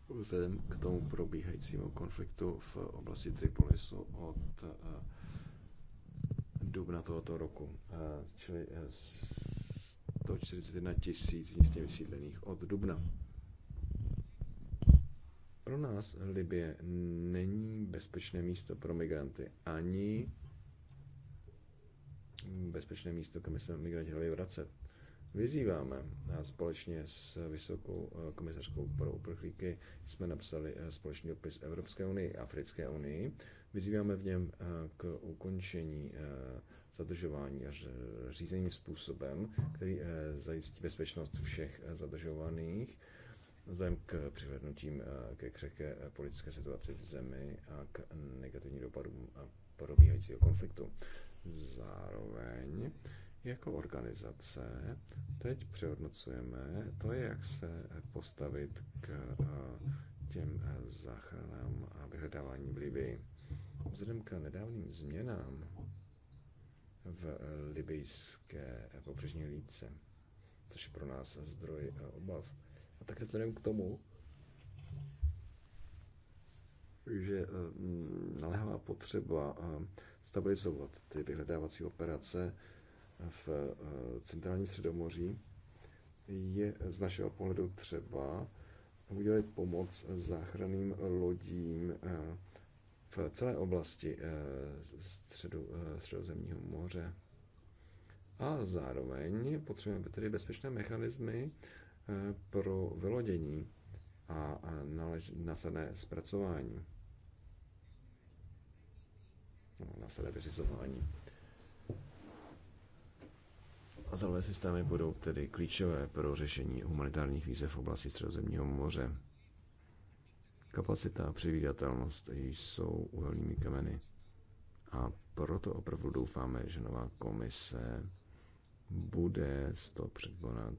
vzhledem k tomu probíhajícímu konfliktu v oblasti Tripolisu od eh, dubna tohoto roku, eh, čili 141 eh, tisíc vnitřně vysídlených od dubna. Pro nás Libie není bezpečné místo pro migranty ani bezpečné místo, kam se migranti hledají vracet. Vyzýváme a společně s Vysokou eh, komisařkou pro uprchlíky jsme napsali eh, společný dopis Evropské unii a Africké unii. Vyzýváme v něm eh, k ukončení zadržování a řízením způsobem, který zajistí bezpečnost všech zadržovaných vzhledem k přihlednutím ke křehké politické situaci v zemi a k negativním dopadům probíhajícího konfliktu. Zároveň jako organizace teď přehodnocujeme to, je, jak se postavit k eh, těm eh, záchranám a vyhledávání v Libii. Vzhledem k nedávným změnám v libijské pobřežní líce, což je pro nás zdroj eh, obav, a také vzhledem k tomu, že naléhá potřeba stabilizovat ty vyhledávací operace v eh, centrální středomoří, je z našeho pohledu třeba udělat pomoc záchranným lodím eh, v celé oblasti eh, středu, středozemního moře. A zároveň potřebujeme tedy bezpečné mechanismy pro vylodění a nalež, nasadné zpracování. No, nasadné vyřizování. Azylové systémy budou tedy klíčové pro řešení humanitárních výzev v oblasti Středozemního moře. Kapacita a přivídatelnost jsou uhelnými kameny. A proto opravdu doufáme, že nová komise bude z toho překonat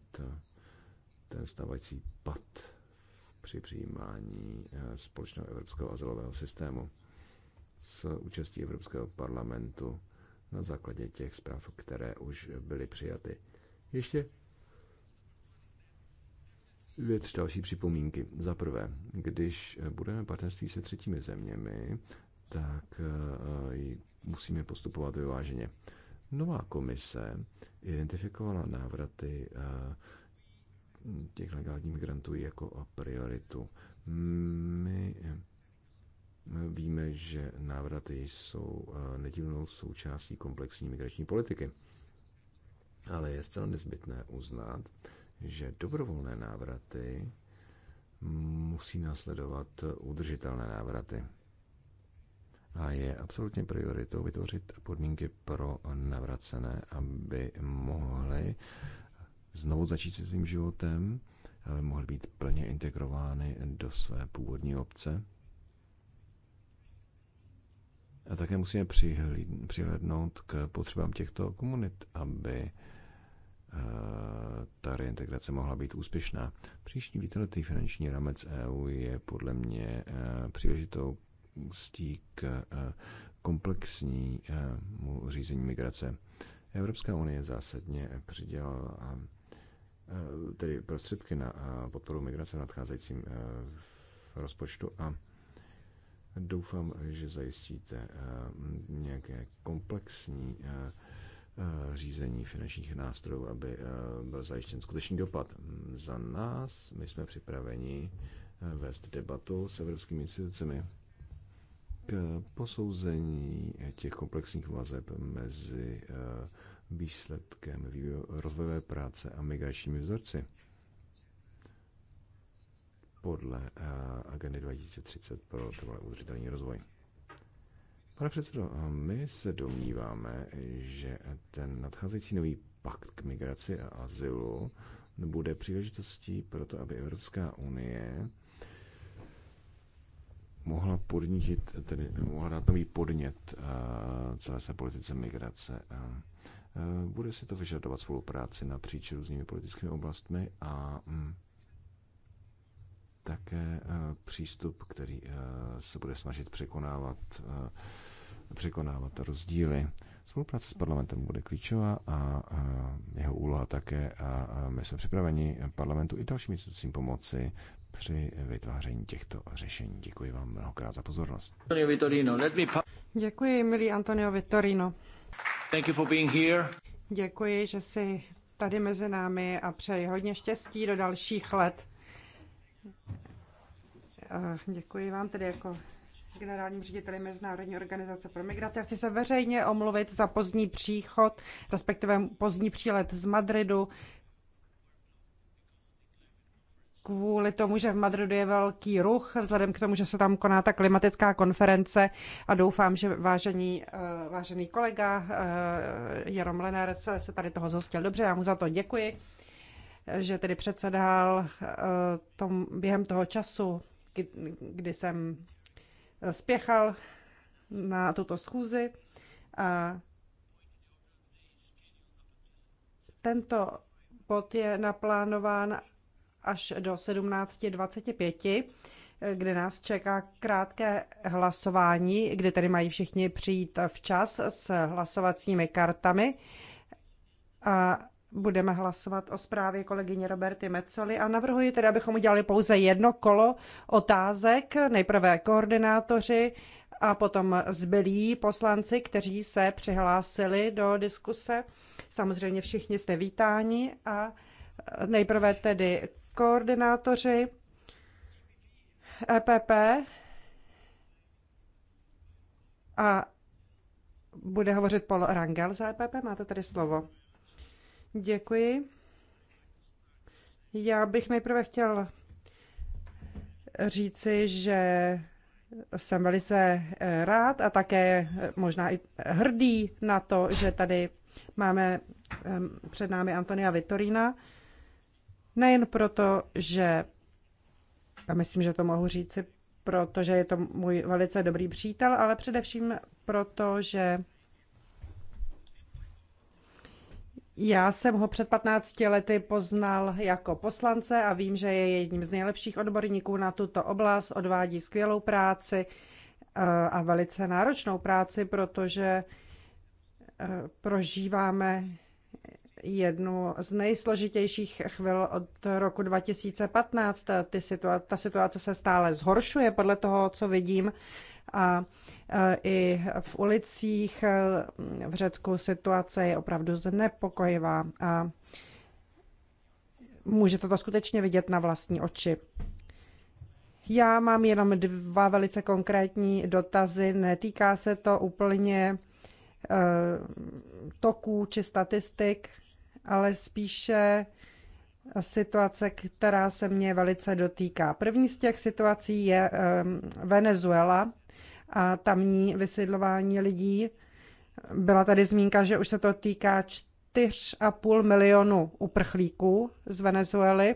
ten stávající pad při přijímání eh, společného evropského azylového systému s účastí Evropského parlamentu na základě těch zpráv, které už byly přijaty. Ještě tři další připomínky. Za prvé, když budeme partnerství se třetími zeměmi, tak eh, musíme postupovat vyváženě. Nová komise identifikovala návraty eh, těch legálních migrantů jako prioritu. My Víme, že návraty jsou eh, nedílnou součástí komplexní migrační politiky. Ale je zcela nezbytné uznat, že dobrovolné návraty musí následovat udržitelné návraty. A je absolutně prioritou vytvořit podmínky pro navracené, aby mohli znovu začít se svým životem, aby mohly být plně integrovány do své původní obce a také musíme přihlednout k potřebám těchto komunit, aby eh, ta reintegrace mohla být úspěšná. Příští víteletý finanční rámec EU je podle mě eh, příležitou k eh, komplexnímu řízení migrace. Evropská unie zásadně přidělala tedy prostředky na podporu migrace v nadcházejícím rozpočtu a Doufám, že zajistíte eh, nějaké komplexní eh, eh, řízení finančních nástrojů, aby byl zajištěn skutečný dopad. Mm, za nás my jsme připraveni vést debatu s evropskými institucemi k posouzení těch komplexních vazeb mezi výsledkem rozvojové práce a migračními vzorci podle eh, agendy 2030 pro trvalý udržitelný rozvoj. Pane předsedo, my se domníváme, že ten nadcházející nový pakt k migraci a azylu bude příležitostí pro to, aby Evropská unie mohla podnítit, tedy mohla dát nový podnět eh, celé své politice migrace. Eh, bude si to vyžadovat spolupráci napříč různými politickými oblastmi a mm, také eh, přístup, který eh, se bude snažit překonávat, eh, překonávat rozdíly. Spolupráce s parlamentem bude klíčová a jeho úloha také a my jsme připraveni parlamentu i dalším institucím pomoci při vytváření těchto řešení. Děkuji vám mnohokrát za pozornost. Děkuji, milý Antonio Vittorino. Thank you for being here. Děkuji, že jsi tady mezi námi a přeji hodně štěstí do dalších let. Děkuji vám tedy jako generálním řediteli Mezinárodní organizace pro migraci. Chci se veřejně omluvit za pozdní příchod, respektive pozdní přílet z Madridu, kvůli tomu, že v Madridu je velký ruch, vzhledem k tomu, že se tam koná ta klimatická konference a doufám, že vážení, eh, vážený kolega eh, Jarom Lenár se, se tady toho zhostil dobře, já mu za to děkuji že tedy předsedal eh, tom, během toho času, kdy, jsem eh, spěchal na tuto schůzi. A tento bod je naplánován až do 17.25, eh, kde nás čeká krátké hlasování, kde tedy mají všichni přijít včas s hlasovacími kartami. A budeme hlasovat o zprávě kolegyně Roberty Mecoli a navrhuji tedy, abychom udělali pouze jedno kolo otázek, nejprve koordinátoři a potom zbylí poslanci, kteří se přihlásili do diskuse. Samozřejmě všichni jste vítáni a e, nejprve tedy koordinátoři EPP a bude hovořit Paul Rangel za EPP, máte tady slovo. Děkuji. Já bych nejprve chtěl říci, že jsem velice eh, rád a také eh, možná i hrdý na to, že tady máme ehm, před námi Antonia Vitorína. Nejen proto, že, a myslím, že to mohu říci, protože je to můj velice dobrý přítel, ale především proto, že Já jsem ho před 15 lety poznal jako poslance a vím, že je jedním z nejlepších odborníků na tuto oblast, odvádí skvělou práci eh, a velice náročnou práci, protože eh, prožíváme jednu z nejsložitějších chvil od roku 2015. ta situace se stále zhoršuje podle toho, co vidím a e, i v ulicích e, v Řecku situace je opravdu znepokojivá a můžete to skutečně vidět na vlastní oči. Já mám jenom dva velice konkrétní dotazy. Netýká se to úplně e, toků či statistik, ale spíše situace, která se mě velice dotýká. První z těch situací je Venezuela, a tamní vysídlování lidí. Byla tady zmínka, že už se to týká 4,5 milionu uprchlíků z Venezuely.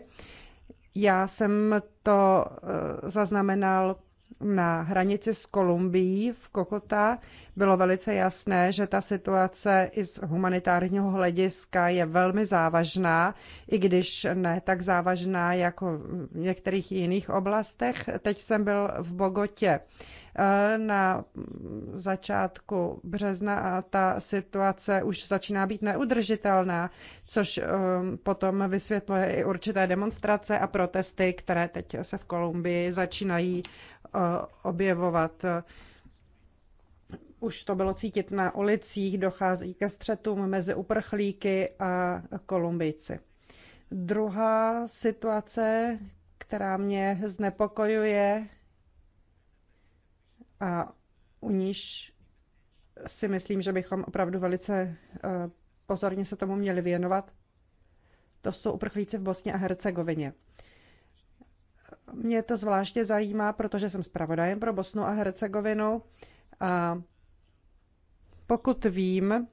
Já jsem to eh, zaznamenal na hranici s Kolumbií v Kokota bylo velice jasné, že ta situace i z humanitárního hlediska je velmi závažná, i když ne tak závažná jako v některých jiných oblastech. Teď jsem byl v Bogotě Eh, na začátku března a ta situace už začíná být neudržitelná, což ehm, potom vysvětluje i určité demonstrace a protesty, které teď se v Kolumbii začínají eh, objevovat. Už to bylo cítit na ulicích, dochází ke střetům mezi uprchlíky a kolumbijci. Druhá situace, která mě znepokojuje, a u níž si myslím, že bychom opravdu velice eh, pozorně se tomu měli věnovat. To jsou uprchlíci v Bosně a Hercegovině. Mě to zvláště zajímá, protože jsem zpravodajem pro Bosnu a Hercegovinu a pokud vím,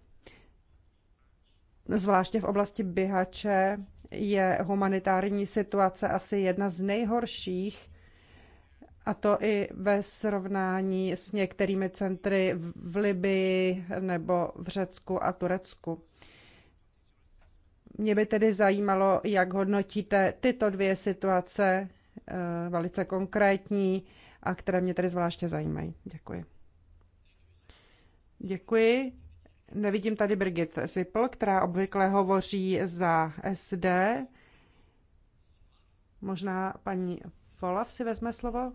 zvláště v oblasti Bihače je humanitární situace asi jedna z nejhorších a to i ve srovnání s některými centry v Libii nebo v Řecku a Turecku. Mě by tedy zajímalo, jak hodnotíte tyto dvě situace, eh, velice konkrétní, a které mě tedy zvláště zajímají. Děkuji. Děkuji. Nevidím tady Brigit Sipl, která obvykle hovoří za SD. Možná paní Folav si vezme slovo?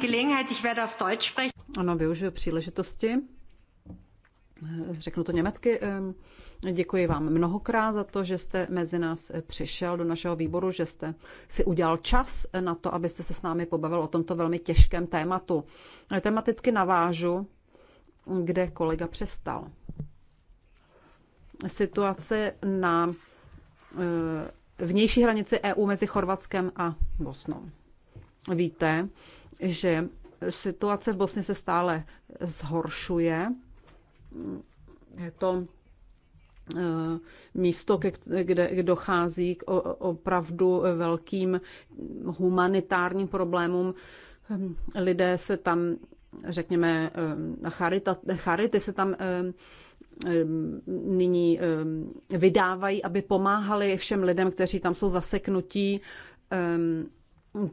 Gelegenheit, ich werde auf Deutsch sprechen. Ano, využiju příležitosti. Řeknu to německy. Děkuji vám mnohokrát za to, že jste mezi nás přišel do našeho výboru, že jste si udělal čas na to, abyste se s námi pobavil o tomto velmi těžkém tématu. Tematicky navážu, kde kolega přestal. Situace na eh, vnější hranici EU mezi Chorvatskem a Bosnou. Víte, že situace v Bosně se stále zhoršuje. Je to eh, místo, kde dochází k opravdu velkým humanitárním problémům. Lidé se tam, řekněme, eh, charita, charity se tam eh, nyní vydávají, aby pomáhali všem lidem, kteří tam jsou zaseknutí ehm,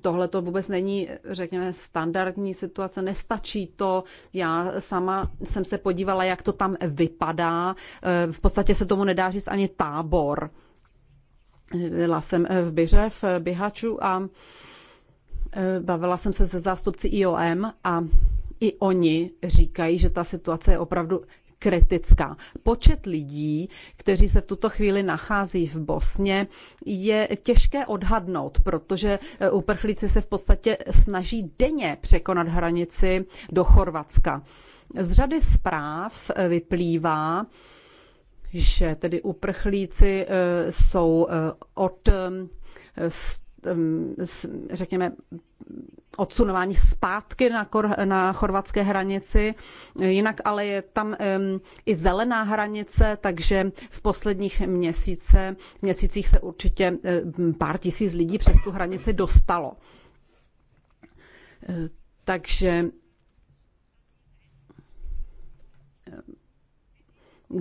tohle to vůbec není, řekněme, standardní situace, nestačí to. Já sama jsem se podívala, jak to tam vypadá. Eh, v podstatě se tomu nedá říct ani tábor. Byla jsem eh, v Byře, eh, v Běhaču a bavila jsem se se zástupci IOM a i oni říkají, že ta situace je opravdu kritická. Počet lidí, kteří se v tuto chvíli nachází v Bosně, je těžké odhadnout, protože eh, uprchlíci se v podstatě snaží denně překonat hranici do Chorvatska. Z řady zpráv eh, vyplývá, že tedy uprchlíci eh, jsou od mm, řekněme, odsunování zpátky na, kor, na chorvatské hranici. Jinak ale je tam um, i zelená hranice, takže v posledních měsíce, měsících se určitě um, pár tisíc lidí přes tu hranici dostalo. E, takže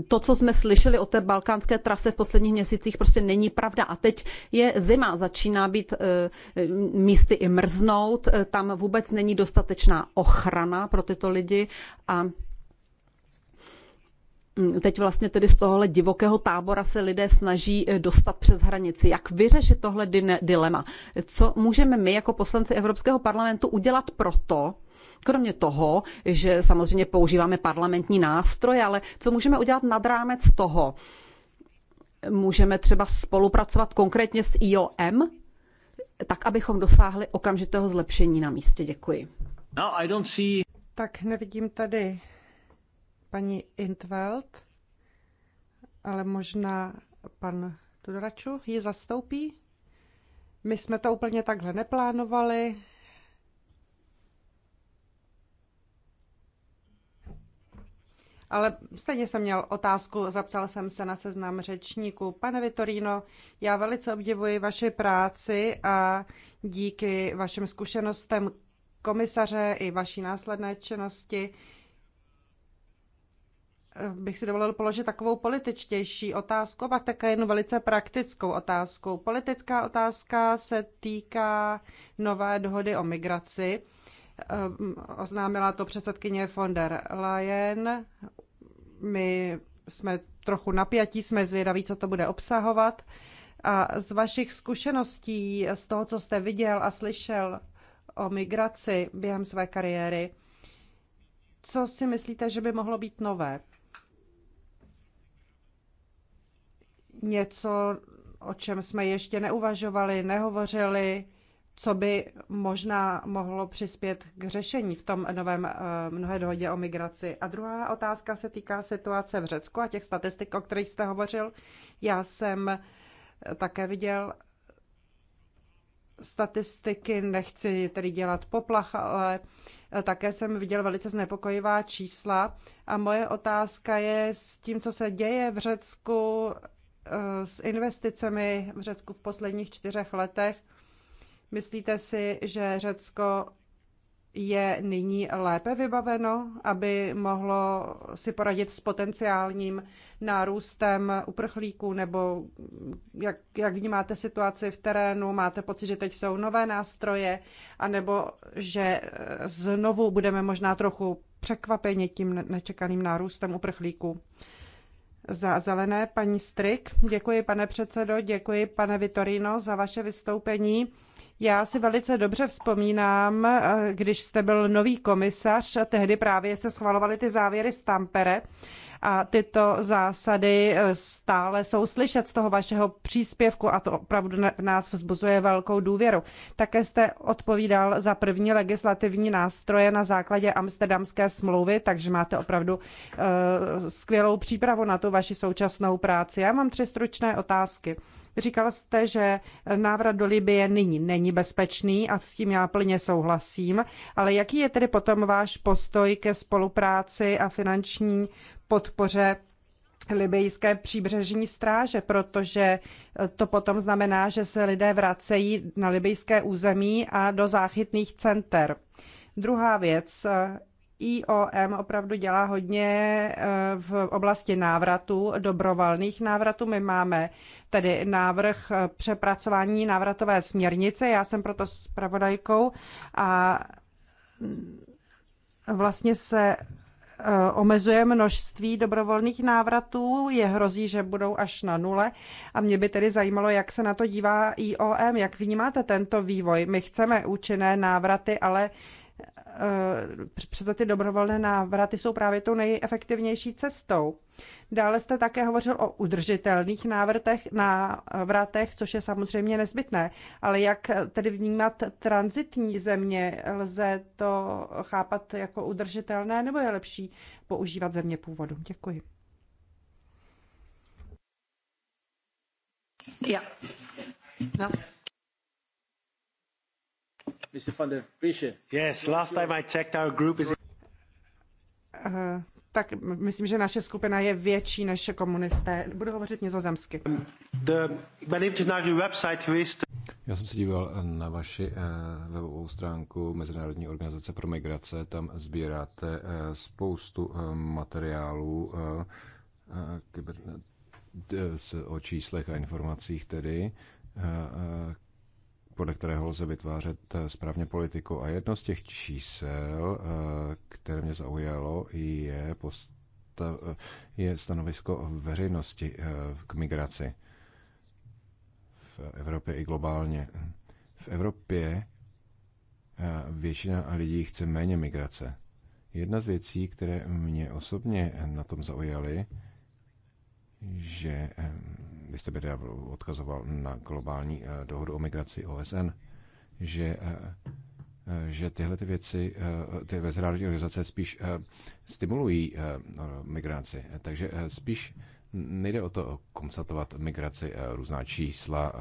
to, co jsme slyšeli o té balkánské trase v posledních měsících, prostě není pravda. A teď je zima, začíná být e, e, místy i mrznout, e, tam vůbec není dostatečná ochrana pro tyto lidi a mm, Teď vlastně tedy z tohohle divokého tábora se lidé snaží dostat přes hranici. Jak vyřešit tohle dilema? Co můžeme my jako poslanci Evropského parlamentu udělat proto, Kromě toho, že samozřejmě používáme parlamentní nástroje, ale co můžeme udělat nad rámec toho? Můžeme třeba spolupracovat konkrétně s IOM, tak abychom dosáhli okamžitého zlepšení na místě. Děkuji. No, I don't see... Tak nevidím tady paní Intveld, ale možná pan Tudoraču ji zastoupí. My jsme to úplně takhle neplánovali. ale stejně jsem měl otázku, zapsal jsem se na seznam řečníků. Pane Vitorino, já velice obdivuji vaši práci a díky vašim zkušenostem komisaře i vaší následné činnosti eh, bych si dovolil položit takovou političtější otázku, a pak také jednu velice praktickou otázku. Politická otázka se týká nové dohody o migraci. Eh, oznámila to předsedkyně von der Leyen. My jsme trochu napjatí, jsme zvědaví, co to bude obsahovat. A z vašich zkušeností, z toho, co jste viděl a slyšel o migraci během své kariéry, co si myslíte, že by mohlo být nové? Něco, o čem jsme ještě neuvažovali, nehovořili, co by možná mohlo přispět k řešení v tom novém eh, mnohé dohodě o migraci. A druhá otázka se týká situace v Řecku a těch statistik, o kterých jste hovořil. Já jsem eh, také viděl statistiky, nechci tedy dělat poplach, ale eh, také jsem viděl velice znepokojivá čísla. A moje otázka je s tím, co se děje v Řecku, s investicemi v Řecku v posledních čtyřech letech, Myslíte si, že Řecko je nyní lépe vybaveno, aby mohlo si poradit s potenciálním nárůstem uprchlíků, nebo jak, jak vnímáte situaci v terénu, máte pocit, že teď jsou nové nástroje, anebo že eh, znovu budeme možná trochu překvapeni tím nečekaným nárůstem uprchlíků. Za zelené paní Strik, děkuji pane předsedo, děkuji pane Vitorino za vaše vystoupení. Já si velice dobře vzpomínám, eh, když jste byl nový komisař, tehdy právě se schvalovaly ty závěry z Tampere a tyto zásady eh, stále jsou slyšet z toho vašeho příspěvku a to opravdu v nás vzbuzuje velkou důvěru. Také jste odpovídal za první legislativní nástroje na základě amsterdamské smlouvy, takže máte opravdu uh, skvělou přípravu na tu vaši současnou práci. Já mám tři stručné otázky. Říkala jste, že návrat do Libie nyní není bezpečný a s tím já plně souhlasím, ale jaký je tedy potom váš postoj ke spolupráci a finanční podpoře libijské příbřežní stráže, protože to potom znamená, že se lidé vracejí na libijské území a do záchytných center. Druhá věc, IOM opravdu dělá hodně eh, v oblasti návratu, dobrovolných návratů. My máme tedy návrh eh, přepracování návratové směrnice, já jsem proto zpravodajkou a mm, vlastně se eh, omezuje množství dobrovolných návratů, je hrozí, že budou až na nule. A mě by tedy zajímalo, jak se na to dívá IOM, jak vnímáte tento vývoj. My chceme účinné návraty, ale Eh, přece ty dobrovolné návraty jsou právě tou nejefektivnější cestou. Dále jste také hovořil o udržitelných návrtech, návratech, což je samozřejmě nezbytné, ale jak tedy vnímat transitní země? Lze to chápat jako udržitelné nebo je lepší používat země původu? Děkuji. Ja. No. Mr. van der Yes, last time I checked our group is... Uh, tak myslím, že naše skupina je větší než komunisté. Budu hovořit nizozemsky. Já jsem se díval na vaši eh, webovou stránku Mezinárodní organizace pro migrace. Tam sbíráte eh, spoustu materiálů o číslech a informacích tedy, podle kterého lze vytvářet eh, správně politiku. A jedno z těch čísel, eh, které mě zaujalo, je, postav, eh, je stanovisko veřejnosti k migraci v Evropě i globálně. V Evropě většina lidí chce méně migrace. Jedna z věcí, které mě osobně na tom zaujaly, že eh, vy jste teda odkazoval na globální eh, dohodu o migraci OSN, že eh, že tyhle ty věci, ty mezinárodní organizace spíš stimulují migraci. Takže spíš nejde o to konstatovat migraci, různá čísla,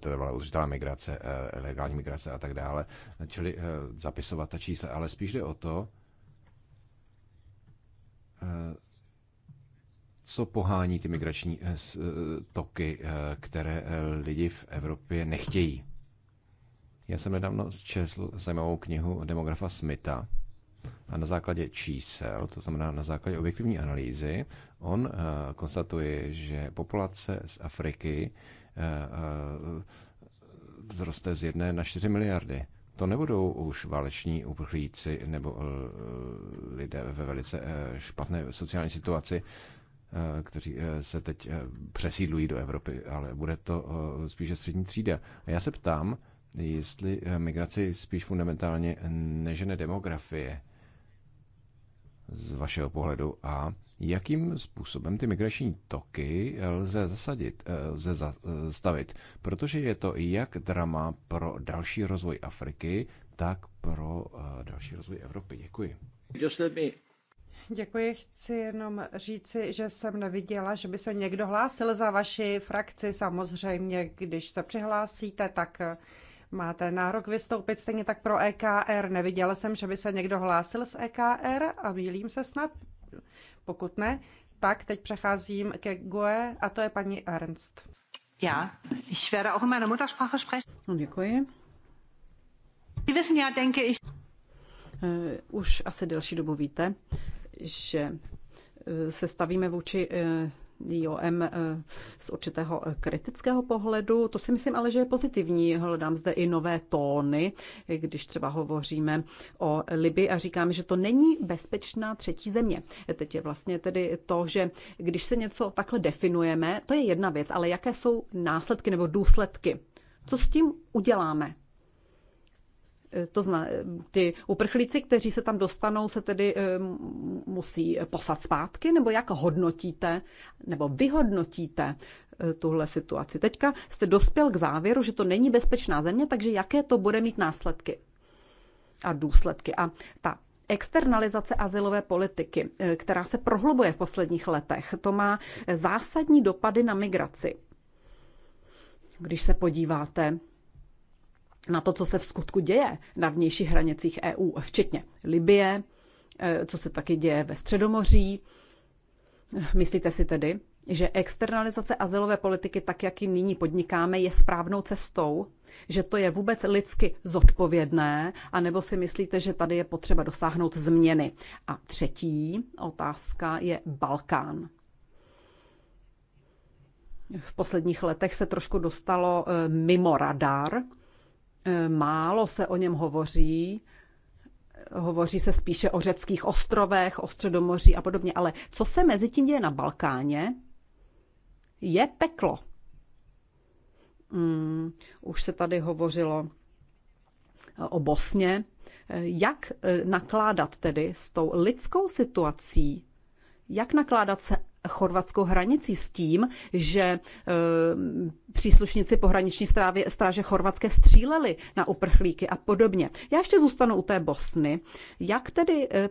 trvalá určitá migrace, legální migrace a tak dále, čili zapisovat ta čísla, ale spíš jde o to, co pohání ty migrační eh, eh, toky, eh, které lidi v Evropě nechtějí. Já jsem nedávno zčetl zajímavou knihu demografa Smitha a na základě čísel, to znamená na základě objektivní analýzy, on konstatuje, že populace z Afriky vzroste z jedné na 4 miliardy. To nebudou už váleční uprchlíci nebo lidé ve velice špatné sociální situaci. Eh, kteří eh, se teď eh, přesídlují do Evropy, ale bude to spíše střední třída. A já se ptám, jestli migraci spíš fundamentálně nežene demografie z vašeho pohledu a jakým způsobem ty migrační toky lze zasadit, lze zastavit, protože je to jak drama pro další rozvoj Afriky, tak pro další rozvoj Evropy. Děkuji. Just let me Děkuji. Chci jenom říci, že jsem neviděla, že by se někdo hlásil za vaši frakci. Samozřejmě, když se přihlásíte, tak eh, máte nárok vystoupit stejně tak pro EKR. Neviděla jsem, že by se někdo hlásil z EKR a mýlím se snad. Pokud ne, tak teď přecházím ke GUE a to je paní Ernst. Já, ich werde auch in meiner Muttersprache sprechen. No, děkuji. Sie wissen ja, denke ich. Eh, už asi delší dobu víte, že e, se stavíme vůči IOM e, e, z určitého kritického pohledu. To si myslím ale, že je pozitivní. Hledám zde i nové tóny, když třeba hovoříme o Liby a říkáme, že to není bezpečná třetí země. Teď je vlastně tedy to, že když se něco takhle definujeme, to je jedna věc, ale jaké jsou následky nebo důsledky? Co s tím uděláme? Eh, to zna, eh, ty uprchlíci, kteří se tam dostanou, se tedy eh, musí posat zpátky, nebo jak hodnotíte, nebo vyhodnotíte tuhle situaci. Teďka jste dospěl k závěru, že to není bezpečná země, takže jaké to bude mít následky a důsledky. A ta externalizace asilové politiky, která se prohlubuje v posledních letech, to má zásadní dopady na migraci. Když se podíváte na to, co se v skutku děje na vnějších hranicích EU, včetně Libie, eh, co se taky děje ve Středomoří. Myslíte si tedy, že externalizace azylové politiky, tak jak ji nyní podnikáme, je správnou cestou? Že to je vůbec lidsky zodpovědné? A nebo si myslíte, že tady je potřeba dosáhnout změny? A třetí otázka je Balkán. V posledních letech se trošku dostalo eh, mimo radar Eh, málo se o něm hovoří, eh, hovoří se spíše o řeckých ostrovech, o středomoří a podobně, ale co se mezi tím děje na Balkáně, je peklo. Mm, už se tady hovořilo eh, o Bosně. Jak nakládat tedy s tou lidskou situací? Jak nakládat se chorvatskou hranicí s tím, že eh, příslušníci pohraniční strávě, stráže chorvatské stříleli na uprchlíky a podobně. Já ještě zůstanu u té Bosny. Jak tedy eh,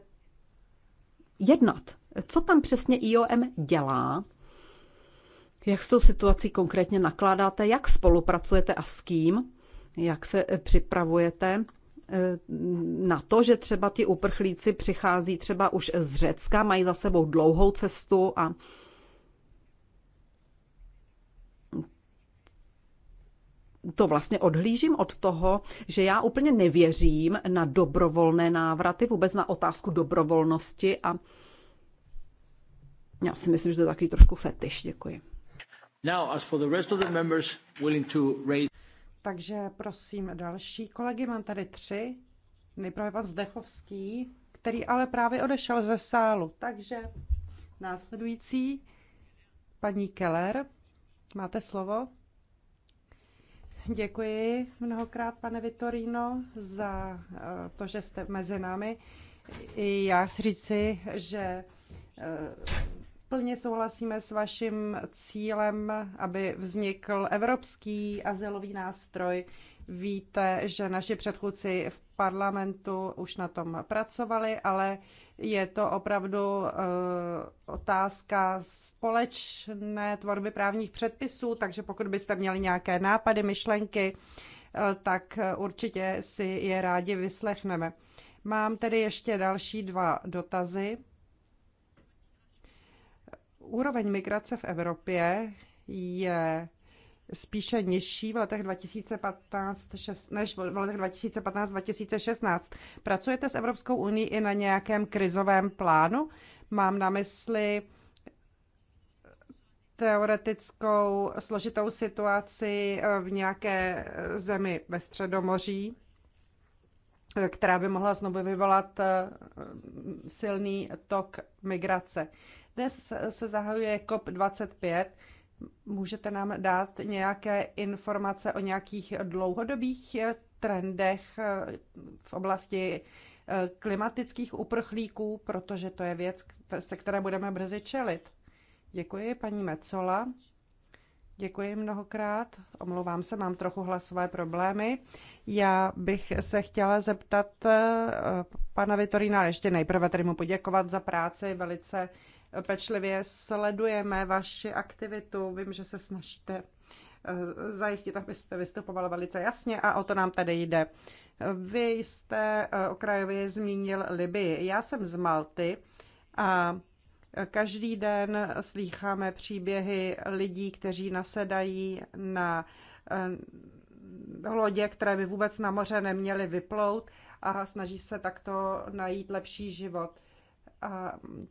jednat? Co tam přesně IOM dělá? Jak s tou situací konkrétně nakládáte? Jak spolupracujete a s kým? Jak se eh, připravujete? na to, že třeba ti uprchlíci přichází třeba už z Řecka, mají za sebou dlouhou cestu a to vlastně odhlížím od toho, že já úplně nevěřím na dobrovolné návraty, vůbec na otázku dobrovolnosti a já si myslím, že to je takový trošku fetiš. Děkuji. Now, as for the rest of the members willing to raise... Takže prosím další kolegy, mám tady tři. Nejprve pan Zdechovský, který ale právě odešel ze sálu. Takže následující paní Keller, máte slovo. Děkuji mnohokrát, pane Vitorino, za eh, to, že jste mezi námi. I já chci říci, že eh, Plně souhlasíme s vaším cílem, aby vznikl evropský azylový nástroj. Víte, že naši předchůdci v parlamentu už na tom pracovali, ale je to opravdu eh, otázka společné tvorby právních předpisů, takže pokud byste měli nějaké nápady, myšlenky, eh, tak eh, určitě si je rádi vyslechneme. Mám tedy ještě další dva dotazy úroveň migrace v Evropě je spíše nižší v letech 2015 šest, než v letech 2015-2016. Pracujete s Evropskou unii i na nějakém krizovém plánu? Mám na mysli teoretickou složitou situaci eh, v nějaké eh, zemi ve Středomoří, eh, která by mohla znovu vyvolat silný tok migrace. Dnes se zahajuje COP25. Můžete nám dát nějaké informace o nějakých dlouhodobých eh, trendech eh, v oblasti eh, klimatických uprchlíků, protože to je věc, se které budeme brzy čelit. Děkuji, paní Mecola. Děkuji mnohokrát. Omlouvám se, mám trochu hlasové problémy. Já bych se chtěla zeptat pana Vitorína ještě nejprve tedy mu poděkovat za práci velice pečlivě sledujeme vaši aktivitu. Vím, že se snažíte eh, zajistit, abyste vystupovala velice jasně a o to nám tady jde. Vy jste eh, okrajově zmínil Libii. Já jsem z Malty a každý den slýcháme příběhy lidí, kteří nasedají na eh, lodě, které by vůbec na moře neměly vyplout a snaží se takto najít lepší život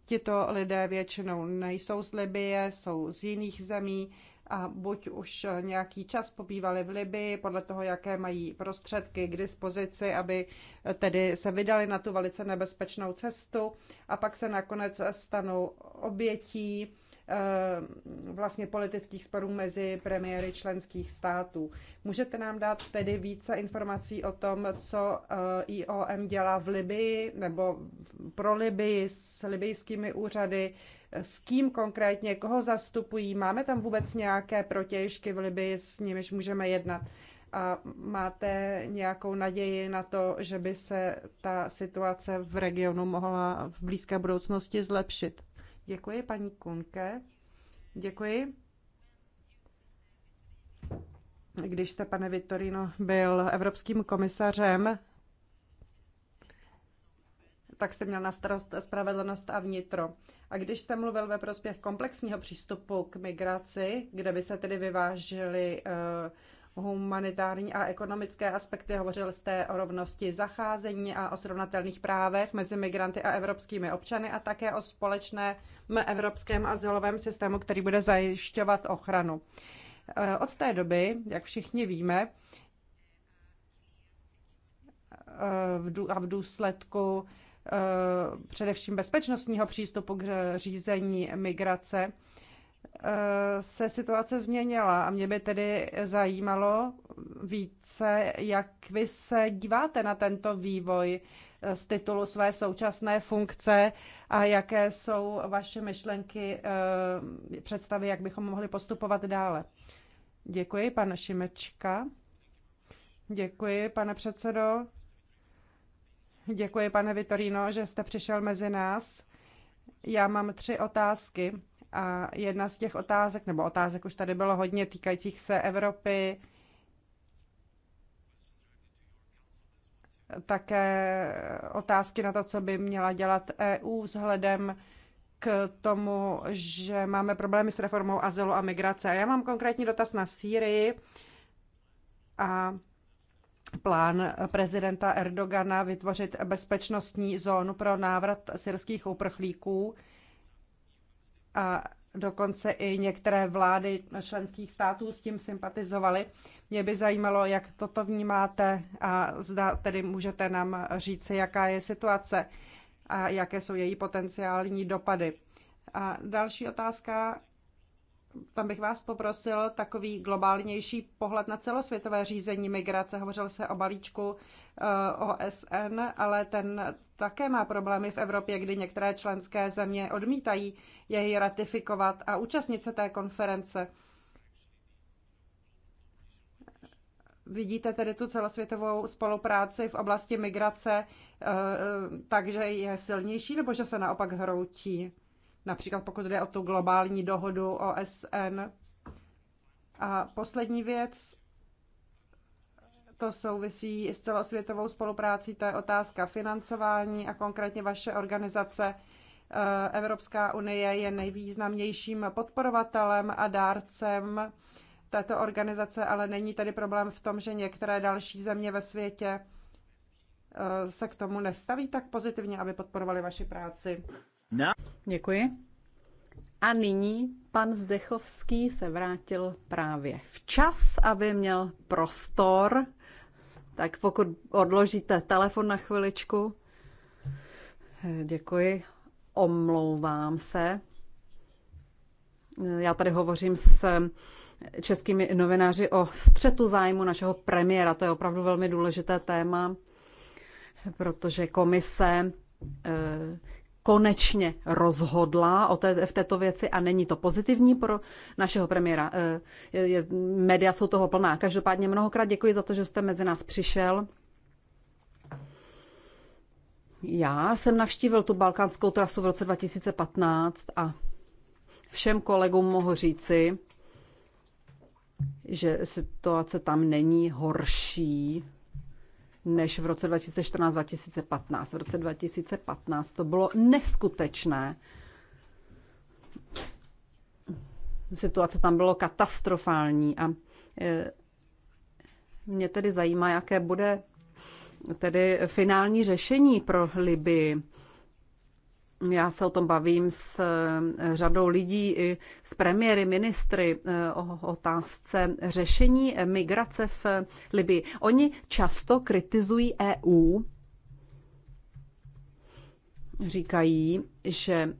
tito lidé většinou nejsou z Libie, jsou z jiných zemí, a buď už nějaký čas pobývali v Libii, podle toho, jaké mají prostředky k dispozici, aby tedy se vydali na tu velice nebezpečnou cestu a pak se nakonec stanou obětí eh, vlastně politických sporů mezi premiéry členských států. Můžete nám dát tedy více informací o tom, co eh, IOM dělá v Libii nebo pro Libii s libijskými úřady, s kým konkrétně, koho zastupují, máme tam vůbec nějaké protějšky v Libii, s nimiž můžeme jednat. A máte nějakou naději na to, že by se ta situace v regionu mohla v blízké budoucnosti zlepšit? Děkuji, paní Kunke. Děkuji. Když jste, pane Vittorino, byl evropským komisařem, tak jste měl na starost spravedlnost a vnitro. A když jste mluvil ve prospěch komplexního přístupu k migraci, kde by se tedy vyvážely eh, humanitární a ekonomické aspekty, hovořil jste o rovnosti zacházení a o srovnatelných právech mezi migranty a evropskými občany a také o společném evropském azylovém systému, který bude zajišťovat ochranu. Eh, od té doby, jak všichni víme, eh, a v důsledku Eh, především bezpečnostního přístupu k řízení migrace, eh, se situace změnila a mě by tedy zajímalo více, jak vy se díváte na tento vývoj eh, z titulu své současné funkce a jaké jsou vaše myšlenky, představy, jak bychom mohli postupovat dále. Děkuji, pane Šimečka. Děkuji, pane předsedo. Děkuji, pane Vitorino, že jste přišel mezi nás. Já mám tři otázky a jedna z těch otázek, nebo otázek už tady bylo hodně týkajících se Evropy, také otázky na to, co by měla dělat EU vzhledem k tomu, že máme problémy s reformou azylu a migrace. A já mám konkrétní dotaz na Sýrii a plán prezidenta Erdogana vytvořit bezpečnostní zónu pro návrat syrských uprchlíků a dokonce i některé vlády členských států s tím sympatizovaly. Mě by zajímalo, jak toto vnímáte a zda tedy můžete nám říci, jaká je situace a jaké jsou její potenciální dopady. A další otázka tam bych vás poprosil takový globálnější pohled na celosvětové řízení migrace. Hovořil se o balíčku eh, OSN, ale ten také má problémy v Evropě, kdy některé členské země odmítají jej ratifikovat a účastnit se té konference. Vidíte tedy tu celosvětovou spolupráci v oblasti migrace, eh, eh, takže je silnější nebo že se naopak hroutí? například pokud jde o tu globální dohodu OSN. A poslední věc, to souvisí s celosvětovou spoluprácí, to je otázka financování a konkrétně vaše organizace. Eh, Evropská unie je nejvýznamnějším podporovatelem a dárcem této organizace, ale není tady problém v tom, že některé další země ve světě eh, se k tomu nestaví tak pozitivně, aby podporovali vaši práci. No. Děkuji. A nyní pan Zdechovský se vrátil právě včas, aby měl prostor. Tak pokud odložíte telefon na chviličku. Děkuji. Omlouvám se. Já tady hovořím s českými novináři o střetu zájmu našeho premiéra. To je opravdu velmi důležité téma, protože komise eh, konečně rozhodla o té, v této věci a není to pozitivní pro našeho premiéra. Eh, je, je, media jsou toho plná. Každopádně mnohokrát děkuji za to, že jste mezi nás přišel. Já jsem navštívil tu balkánskou trasu v roce 2015 a všem kolegům mohu říci, že situace tam není horší než v roce 2014-2015. V roce 2015 to bylo neskutečné. Situace tam bylo katastrofální a e, mě tedy zajímá, jaké bude tedy finální řešení pro Libii já se o tom bavím s eh, řadou lidí, i s premiéry, ministry eh, o otázce řešení migrace v eh, Libii. Oni často kritizují EU, říkají, že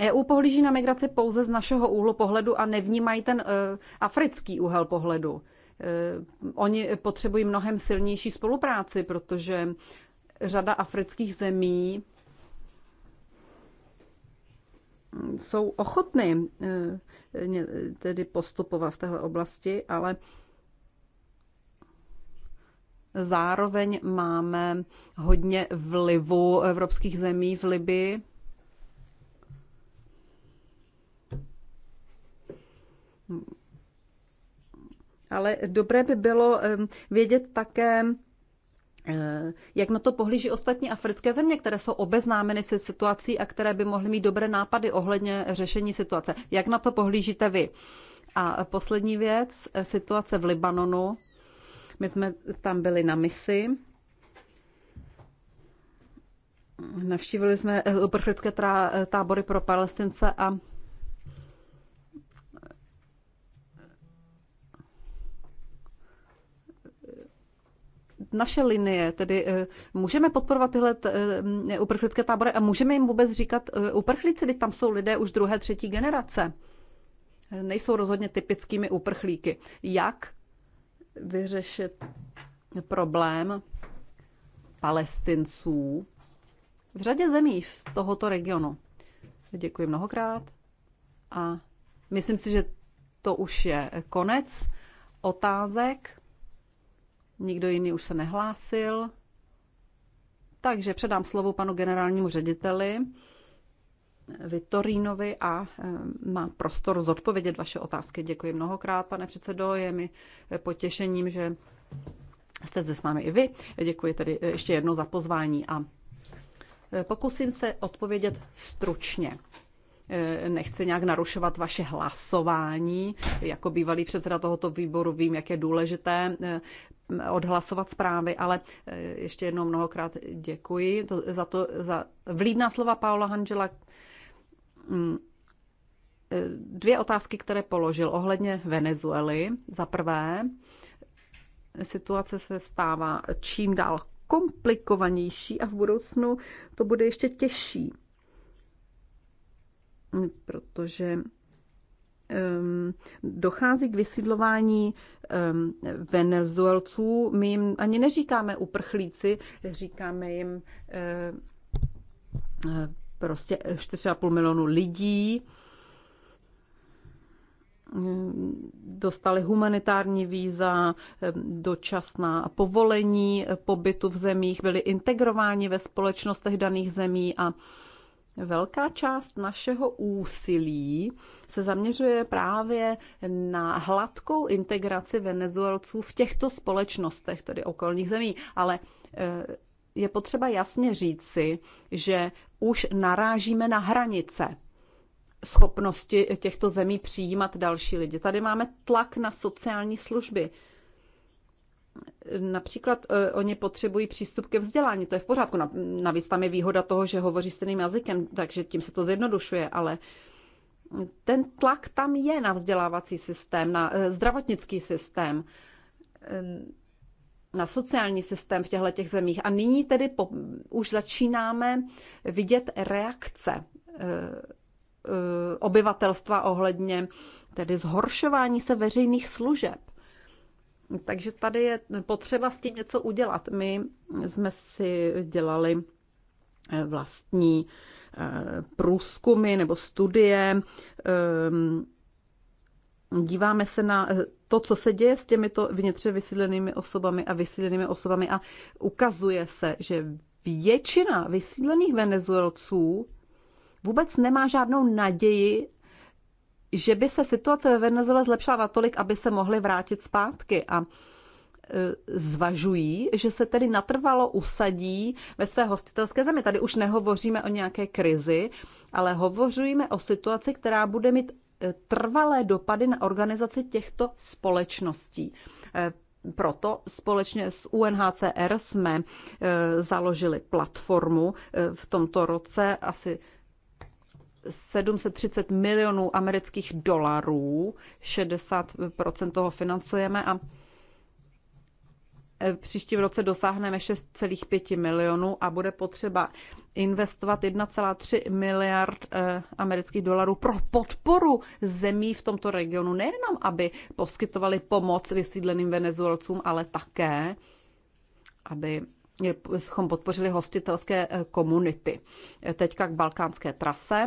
EU pohlíží na migraci pouze z našeho úhlu pohledu a nevnímají ten africký úhel pohledu. Oni potřebují mnohem silnější spolupráci, protože řada afrických zemí jsou ochotny eh, tedy postupovat v této oblasti, ale zároveň máme hodně vlivu evropských zemí v Libii. Ale dobré by bylo eh, vědět také, Eh, jak na to pohlíží ostatní africké země, které jsou obeznámeny se situací a které by mohly mít dobré nápady ohledně řešení situace? Jak na to pohlížíte vy? A poslední věc, eh, situace v Libanonu. My jsme tam byli na misi. Navštívili jsme eh, uprchlické tábory pro palestince a naše linie, tedy eh, můžeme podporovat tyhle eh, uprchlické tábory a můžeme jim vůbec říkat eh, uprchlíci, když tam jsou lidé už druhé, třetí generace. Nejsou rozhodně typickými uprchlíky. Jak vyřešit problém palestinců v řadě zemí v tohoto regionu? Děkuji mnohokrát a myslím si, že to už je konec otázek. Nikdo jiný už se nehlásil. Takže předám slovo panu generálnímu řediteli Vitorínovi a e, má prostor zodpovědět vaše otázky. Děkuji mnohokrát, pane předsedo. Je mi e, potěšením, že jste zde s námi i vy. Děkuji tedy e, ještě jedno za pozvání a pokusím se odpovědět stručně. Eh, nechci nějak narušovat vaše hlasování. Jako bývalý předseda tohoto výboru vím, jak je důležité eh, odhlasovat zprávy, ale eh, ještě jednou mnohokrát děkuji za to, za vlídná slova Paula Hanžela. Mm, dvě otázky, které položil ohledně Venezuely. Za prvé, situace se stává čím dál komplikovanější a v budoucnu to bude ještě těžší protože um, dochází k vysídlování um, Venezuelců. My jim ani neříkáme uprchlíci, říkáme jim uh, prostě 4,5 milionu lidí. Dostali humanitární víza, dočasná povolení pobytu v zemích, byli integrováni ve společnostech daných zemí a Velká část našeho úsilí se zaměřuje právě na hladkou integraci Venezuelců v těchto společnostech, tedy okolních zemí, ale e, je potřeba jasně říci, že už narážíme na hranice schopnosti těchto zemí přijímat další lidi. Tady máme tlak na sociální služby. Například e, oni potřebují přístup ke vzdělání, to je v pořádku. Navíc tam je výhoda toho, že hovoří stejným jazykem, takže tím se to zjednodušuje, ale ten tlak tam je na vzdělávací systém, na e, zdravotnický systém, e, na sociální systém v těchto těch zemích. A nyní tedy po, už začínáme vidět reakce obyvatelstva ohledně tedy zhoršování se veřejných služeb. Takže tady je potřeba s tím něco udělat. My jsme si dělali eh, vlastní eh, průzkumy nebo studie. Ehm, díváme se na eh, to, co se děje s těmito vnitře vysídlenými osobami a vysídlenými osobami a ukazuje se, že většina vysídlených venezuelců vůbec nemá žádnou naději že by se situace ve Venezuele zlepšila natolik, aby se mohli vrátit zpátky. A e, zvažují, že se tedy natrvalo usadí ve své hostitelské zemi. Tady už nehovoříme o nějaké krizi, ale hovoříme o situaci, která bude mít e, trvalé dopady na organizaci těchto společností. E, proto společně s UNHCR jsme založili platformu v tomto roce. Asi 730 milionů amerických dolarů, 60% toho financujeme a e, v příštím roce dosáhneme 6,5 milionů a bude potřeba investovat 1,3 miliard e, amerických dolarů pro podporu zemí v tomto regionu. Nejenom, aby poskytovali pomoc vysídleným Venezuelcům, ale také, aby jsme podpořili hostitelské e, komunity. Teďka k balkánské trase.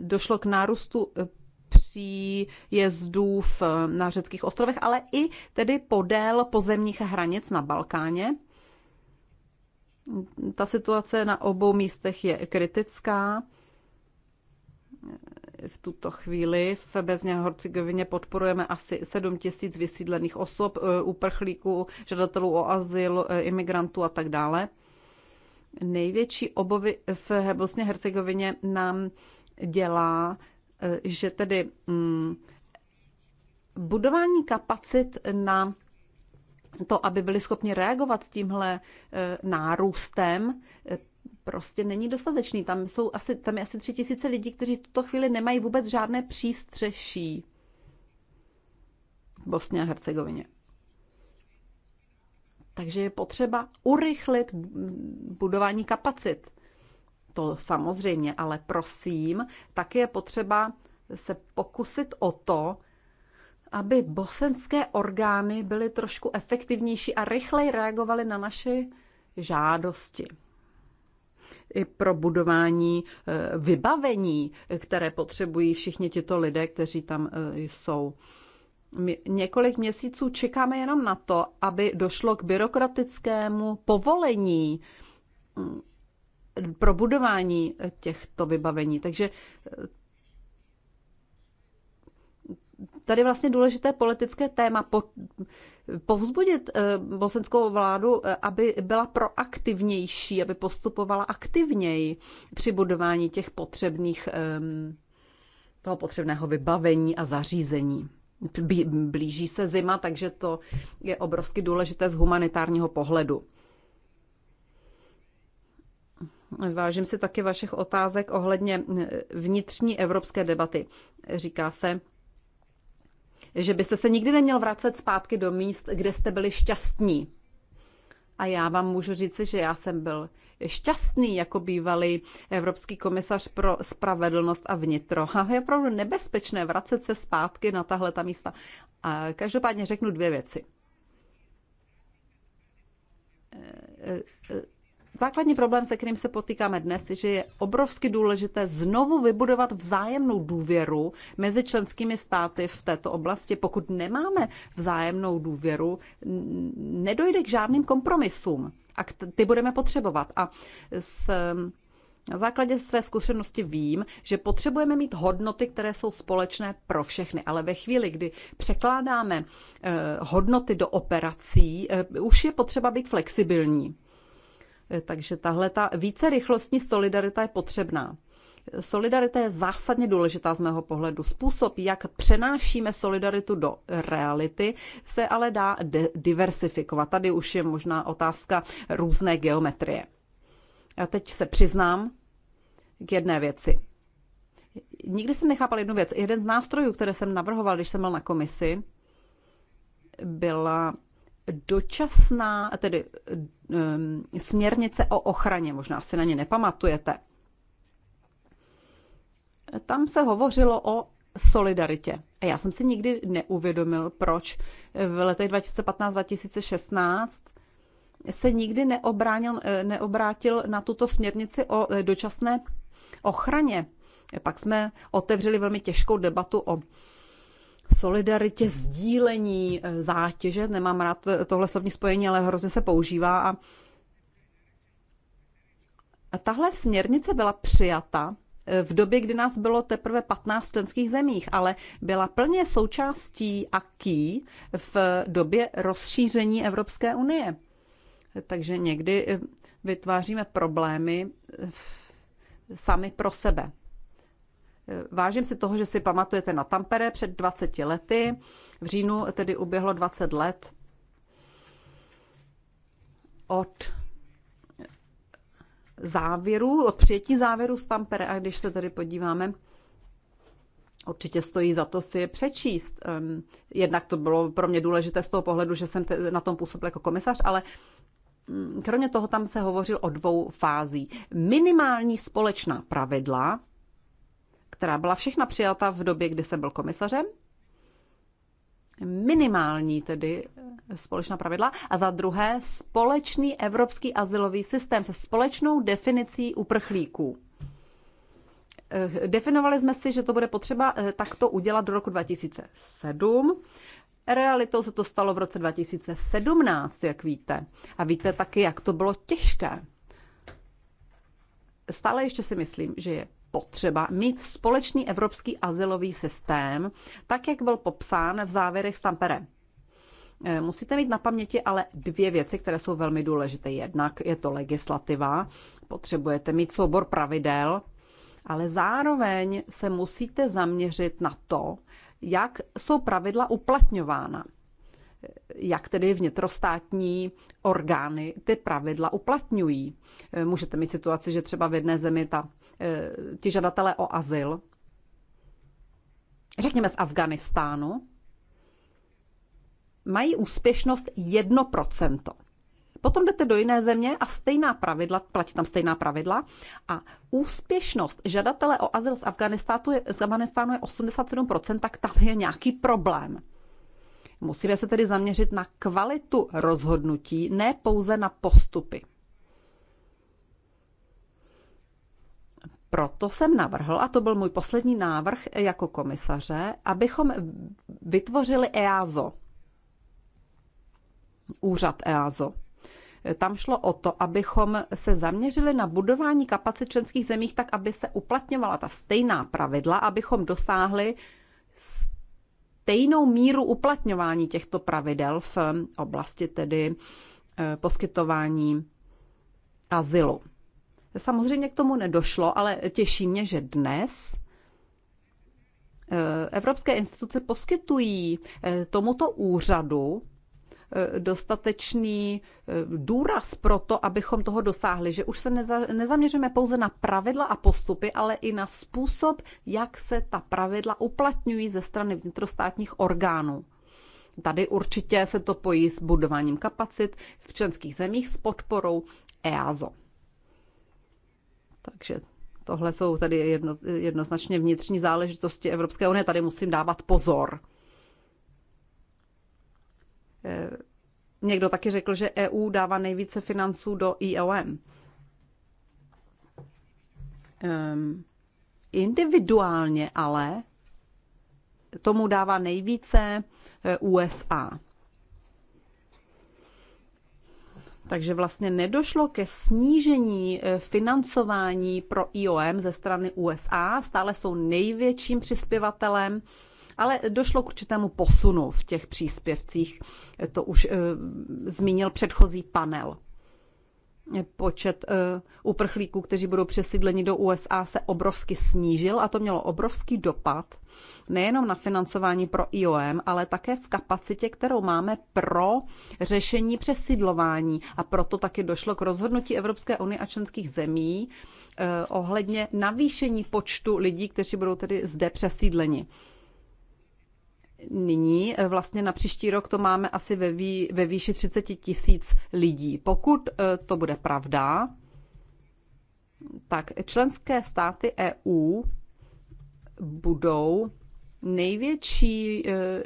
došlo k nárůstu eh, příjezdů eh, na řeckých ostrovech, ale i tedy podél pozemních hranic na Balkáně. Ta situace na obou místech je kritická. V tuto chvíli v Bezně Horcigovině podporujeme asi 7 tisíc vysídlených osob, eh, uprchlíků, žadatelů o azyl, imigrantů a tak dále největší obovy v Bosně Hercegovině nám dělá, eh, že tedy mm, budování kapacit na to, aby byli schopni reagovat s tímhle eh, nárůstem, eh, prostě není dostatečný. Tam, jsou asi, tam je asi tři tisíce lidí, kteří v tuto chvíli nemají vůbec žádné přístřeší v Bosně a Hercegovině. Takže je potřeba urychlit budování kapacit. To samozřejmě, ale prosím, také je potřeba se pokusit o to, aby bosenské orgány byly trošku efektivnější a rychleji reagovaly na naše žádosti. I pro budování e, vybavení, které potřebují všichni tito lidé, kteří tam e, jsou my několik měsíců čekáme jenom na to, aby došlo k byrokratickému povolení mm, pro budování těchto vybavení. Takže eh, tady vlastně důležité politické téma po, povzbudit eh, bosenskou vládu, eh, aby byla proaktivnější, aby postupovala aktivněji při budování těch potřebných, ehm, toho potřebného vybavení a zařízení blíží se zima, takže to je obrovsky důležité z humanitárního pohledu. Vážím si taky vašich otázek ohledně vnitřní evropské debaty. Říká se, že byste se nikdy neměl vracet zpátky do míst, kde jste byli šťastní. A já vám můžu říci, že já jsem byl šťastný jako bývalý evropský komisař pro spravedlnost a vnitro. A je opravdu nebezpečné vracet se zpátky na tahle ta místa. A každopádně řeknu dvě věci. Základní problém, se kterým se potýkáme dnes, je, že je obrovsky důležité znovu vybudovat vzájemnou důvěru mezi členskými státy v této oblasti. Pokud nemáme vzájemnou důvěru, nedojde k žádným kompromisům a ty budeme potřebovat. A s, na základě své zkušenosti vím, že potřebujeme mít hodnoty, které jsou společné pro všechny, ale ve chvíli, kdy překládáme eh, hodnoty do operací, eh, už je potřeba být flexibilní. Eh, takže tahle ta více rychlostní solidarita je potřebná. Solidarita je zásadně důležitá z mého pohledu. Způsob, jak přenášíme solidaritu do reality, se ale dá diversifikovat. Tady už je možná otázka různé geometrie. A teď se přiznám k jedné věci. Nikdy jsem nechápal jednu věc. Jeden z nástrojů, které jsem navrhoval, když jsem byl na komisi, byla dočasná, tedy um, směrnice o ochraně. Možná si na ně nepamatujete tam se hovořilo o solidaritě. A já jsem si nikdy neuvědomil, proč v letech 2015-2016 se nikdy neobránil, eh, neobrátil na tuto směrnici o eh, dočasné ochraně. Pak jsme otevřeli velmi těžkou debatu o solidaritě, sdílení eh, zátěže. Nemám rád tohle slovní spojení, ale hrozně se používá. A tahle směrnice byla přijata v době, kdy nás bylo teprve 15 členských zemích, ale byla plně součástí AKI v době rozšíření Evropské unie. Takže někdy eh, vytváříme problémy eh, sami pro sebe. Eh, vážím si toho, že si pamatujete na Tampere před 20 lety. V říjnu tedy uběhlo 20 let od závěru od přijetí závěru z Tampere. A když se tady podíváme, určitě stojí za to si je přečíst. Jednak to bylo pro mě důležité z toho pohledu, že jsem na tom působil jako komisař, ale mm, kromě toho tam se hovořil o dvou fází. Minimální společná pravidla, která byla všechna přijata v době, kdy jsem byl komisařem, minimální tedy společná pravidla a za druhé společný evropský asilový systém se společnou definicí uprchlíků. Eh, definovali jsme si, že to bude potřeba eh, takto udělat do roku 2007. Realitou se to stalo v roce 2017, jak víte. A víte taky, jak to bylo těžké. Stále ještě si myslím, že je potřeba mít společný evropský azylový systém, tak jak byl popsán v závěrech z eh, Musíte mít na paměti ale dvě věci, které jsou velmi důležité. Jednak je to legislativa, potřebujete mít soubor pravidel, ale zároveň se musíte zaměřit na to, jak jsou pravidla uplatňována. Eh, jak tedy vnitrostátní orgány ty pravidla uplatňují. Eh, můžete mít situaci, že třeba v jedné zemi ta Eh, ti žadatelé o azyl, řekněme z Afganistánu, mají úspěšnost 1%. Potom jdete do jiné země a stejná pravidla, platí tam stejná pravidla a úspěšnost žadatele o azyl z Afganistánu je, z Afganistánu je 87%, tak tam je nějaký problém. Musíme se tedy zaměřit na kvalitu rozhodnutí, ne pouze na postupy. Proto jsem navrhl, a to byl můj poslední návrh jako komisaře, abychom vytvořili EASO. Úřad EASO. Tam šlo o to, abychom se zaměřili na budování kapacit členských zemích tak, aby se uplatňovala ta stejná pravidla, abychom dosáhli stejnou míru uplatňování těchto pravidel v oblasti tedy eh, poskytování azylu. Samozřejmě k tomu nedošlo, ale těší mě, že dnes eh, evropské instituce poskytují eh, tomuto úřadu eh, dostatečný důraz pro to, abychom toho dosáhli, že už se nezaměřujeme pouze na pravidla a postupy, ale i na způsob, jak se ta pravidla uplatňují ze strany vnitrostátních orgánů. Tady určitě se to pojí s budováním kapacit v členských zemích s podporou EASO. Takže tohle jsou tady jedno, jednoznačně vnitřní záležitosti Evropské unie. Tady musím dávat pozor. Eh, někdo taky řekl, že EU dává nejvíce financů do IOM. Um, ehm, individuálně ale tomu dává nejvíce eh, USA. Takže vlastně nedošlo ke snížení eh, financování pro IOM ze strany USA, stále jsou největším přispěvatelem, ale došlo k určitému posunu v těch příspěvcích, to už e, zmínil předchozí panel počet eh, uprchlíků, kteří budou přesídleni do USA, se obrovsky snížil a to mělo obrovský dopad nejenom na financování pro IOM, ale také v kapacitě, kterou máme pro řešení přesídlování. A proto taky došlo k rozhodnutí Evropské unie a členských zemí eh, ohledně navýšení počtu lidí, kteří budou tedy zde přesídleni nyní eh, vlastně na příští rok to máme asi ve, vý, ve výši 30 tisíc lidí. Pokud eh, to bude pravda, tak členské státy EU budou největší eh,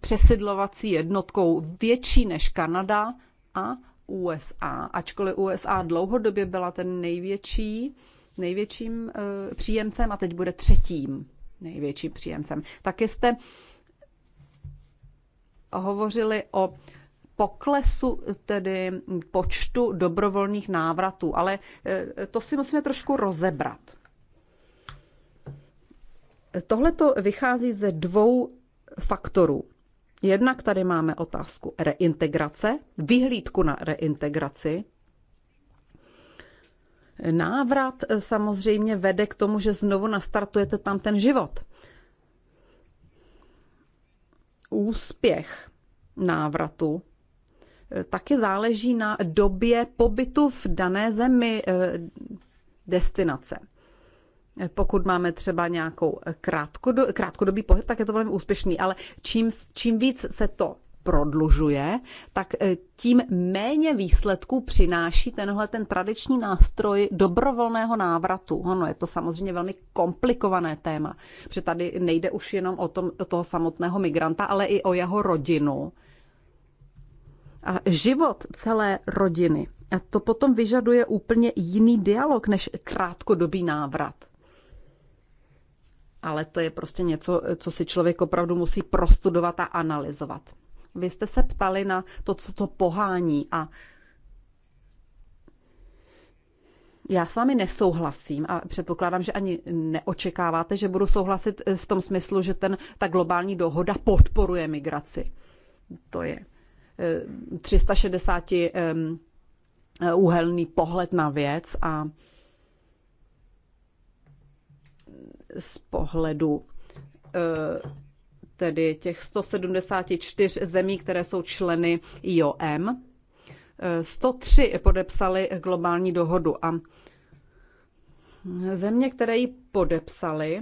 přesidlovací jednotkou větší než Kanada a USA, ačkoliv USA dlouhodobě byla ten největší největším eh, příjemcem a teď bude třetím největším příjemcem. Taky jste hovořili o poklesu tedy počtu dobrovolných návratů, ale eh, to si musíme trošku rozebrat. Tohle to vychází ze dvou faktorů. Jednak tady máme otázku reintegrace, vyhlídku na reintegraci, návrat eh, samozřejmě vede k tomu, že znovu nastartujete tam ten život. Úspěch návratu eh, taky záleží na době pobytu v dané zemi eh, destinace. Pokud máme třeba nějakou krátkodobý pohyb, tak je to velmi úspěšný, ale čím, čím víc se to prodlužuje, tak e, tím méně výsledků přináší tenhle ten tradiční nástroj dobrovolného návratu. Ono je to samozřejmě velmi komplikované téma, protože tady nejde už jenom o, tom, o toho samotného migranta, ale i o jeho rodinu. A život celé rodiny. A to potom vyžaduje úplně jiný dialog než krátkodobý návrat. Ale to je prostě něco, co si člověk opravdu musí prostudovat a analyzovat. Vy jste se ptali na to, co to pohání a já s vámi nesouhlasím a předpokládám, že ani neočekáváte, že budu souhlasit eh, v tom smyslu, že ten, ta globální dohoda podporuje migraci. To je 360 eh, eh, úhelný pohled na věc a z pohledu tedy těch 174 zemí, které jsou členy IOM. 103 podepsali globální dohodu a země, které ji podepsali,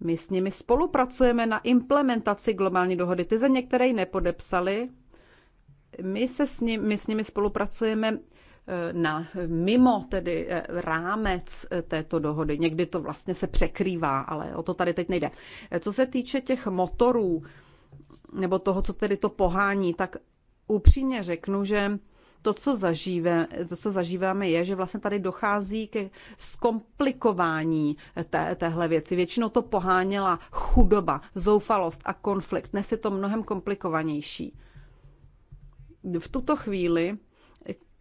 my s nimi spolupracujeme na implementaci globální dohody. Ty země, které ji nepodepsali, my, se s nimi, my s nimi spolupracujeme Eh, na mimo tedy eh, rámec eh, této dohody. Někdy to vlastně se překrývá, ale o to tady teď nejde. Co se týče těch motorů, nebo toho, co tedy to pohání, tak upřímně řeknu, že to, co, zažíve, to, co zažíváme, je, že vlastně tady dochází ke zkomplikování té, téhle věci. Většinou to poháněla chudoba, zoufalost a konflikt. Dnes je to mnohem komplikovanější. V tuto chvíli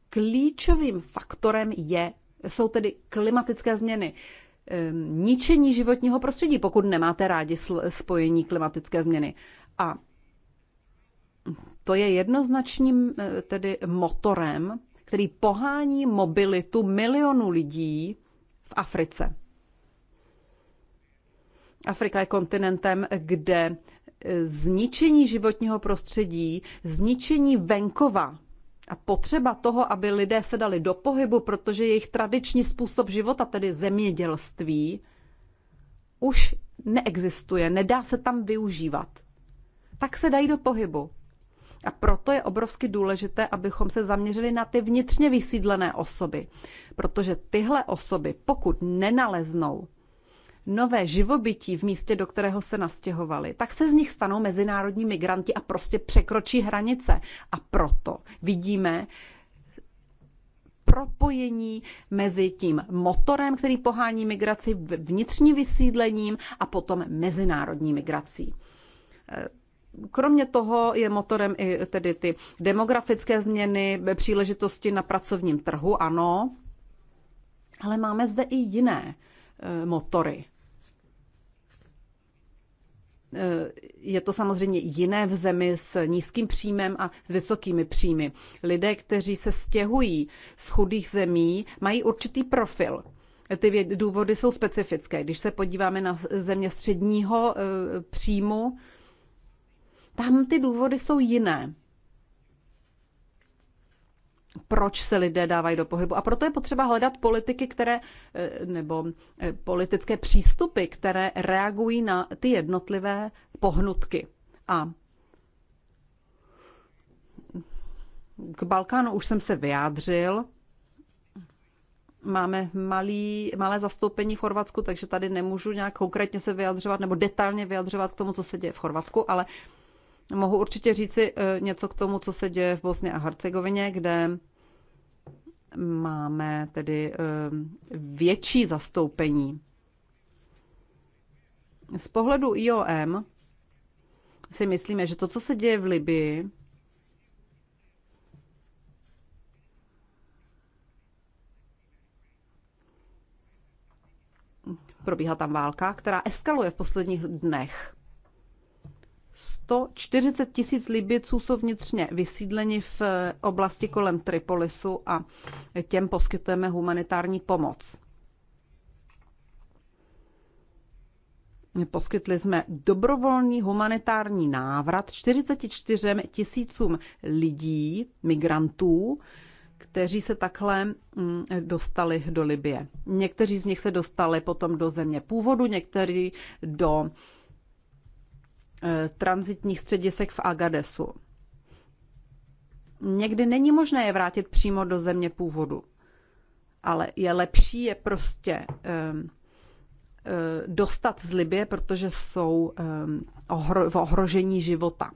Klíčovým faktorem je, jsou tedy klimatické změny. Ehm, ničení životního prostředí, pokud nemáte rádi spojení klimatické změny. A to je jednoznačným eh, tedy motorem, který pohání mobilitu milionů lidí v Africe. Afrika je kontinentem, kde eh, zničení životního prostředí, zničení venkova a potřeba toho, aby lidé se dali do pohybu, protože jejich tradiční způsob života, tedy zemědělství, už neexistuje, nedá se tam využívat. Tak se dají do pohybu. A proto je obrovsky důležité, abychom se zaměřili na ty vnitřně vysídlené osoby, protože tyhle osoby, pokud nenaleznou nové živobytí v místě, do kterého se nastěhovali, tak se z nich stanou mezinárodní migranti a prostě překročí hranice. A proto vidíme propojení mezi tím motorem, který pohání migraci, vnitřní vysídlením a potom mezinárodní migrací. Eh, kromě toho je motorem i eh, tedy ty demografické změny, eh, příležitosti na pracovním trhu, ano, ale máme zde i jiné motory. Eh, je to samozřejmě jiné v zemi s nízkým příjmem a s vysokými příjmy. Lidé, kteří se stěhují z chudých zemí, mají určitý profil. Ty důvody jsou specifické. Když se podíváme na země středního eh, příjmu, tam ty důvody jsou jiné proč se lidé dávají do pohybu. A proto je potřeba hledat politiky, které, eh, nebo eh, politické přístupy, které reagují na ty jednotlivé pohnutky. A k Balkánu už jsem se vyjádřil. Máme malý, malé zastoupení v Chorvatsku, takže tady nemůžu nějak konkrétně se vyjadřovat nebo detailně vyjadřovat k tomu, co se děje v Chorvatsku, ale Mohu určitě říci eh, něco k tomu, co se děje v Bosně a Hercegovině, kde máme tedy eh, větší zastoupení. Z pohledu IOM si myslíme, že to, co se děje v Libii, probíhá tam válka, která eskaluje v posledních dnech. 140 tisíc Libiců jsou vnitřně vysídleni v eh, oblasti kolem Tripolisu a těm poskytujeme humanitární pomoc. Poskytli jsme dobrovolný humanitární návrat 44 tisícům lidí, migrantů, kteří se takhle mm, dostali do Libie. Někteří z nich se dostali potom do země původu, někteří do Eh, transitních středisek v Agadesu. Někdy není možné je vrátit přímo do země původu, ale je lepší je prostě eh, eh, dostat z Libie, protože jsou v ohrožení života.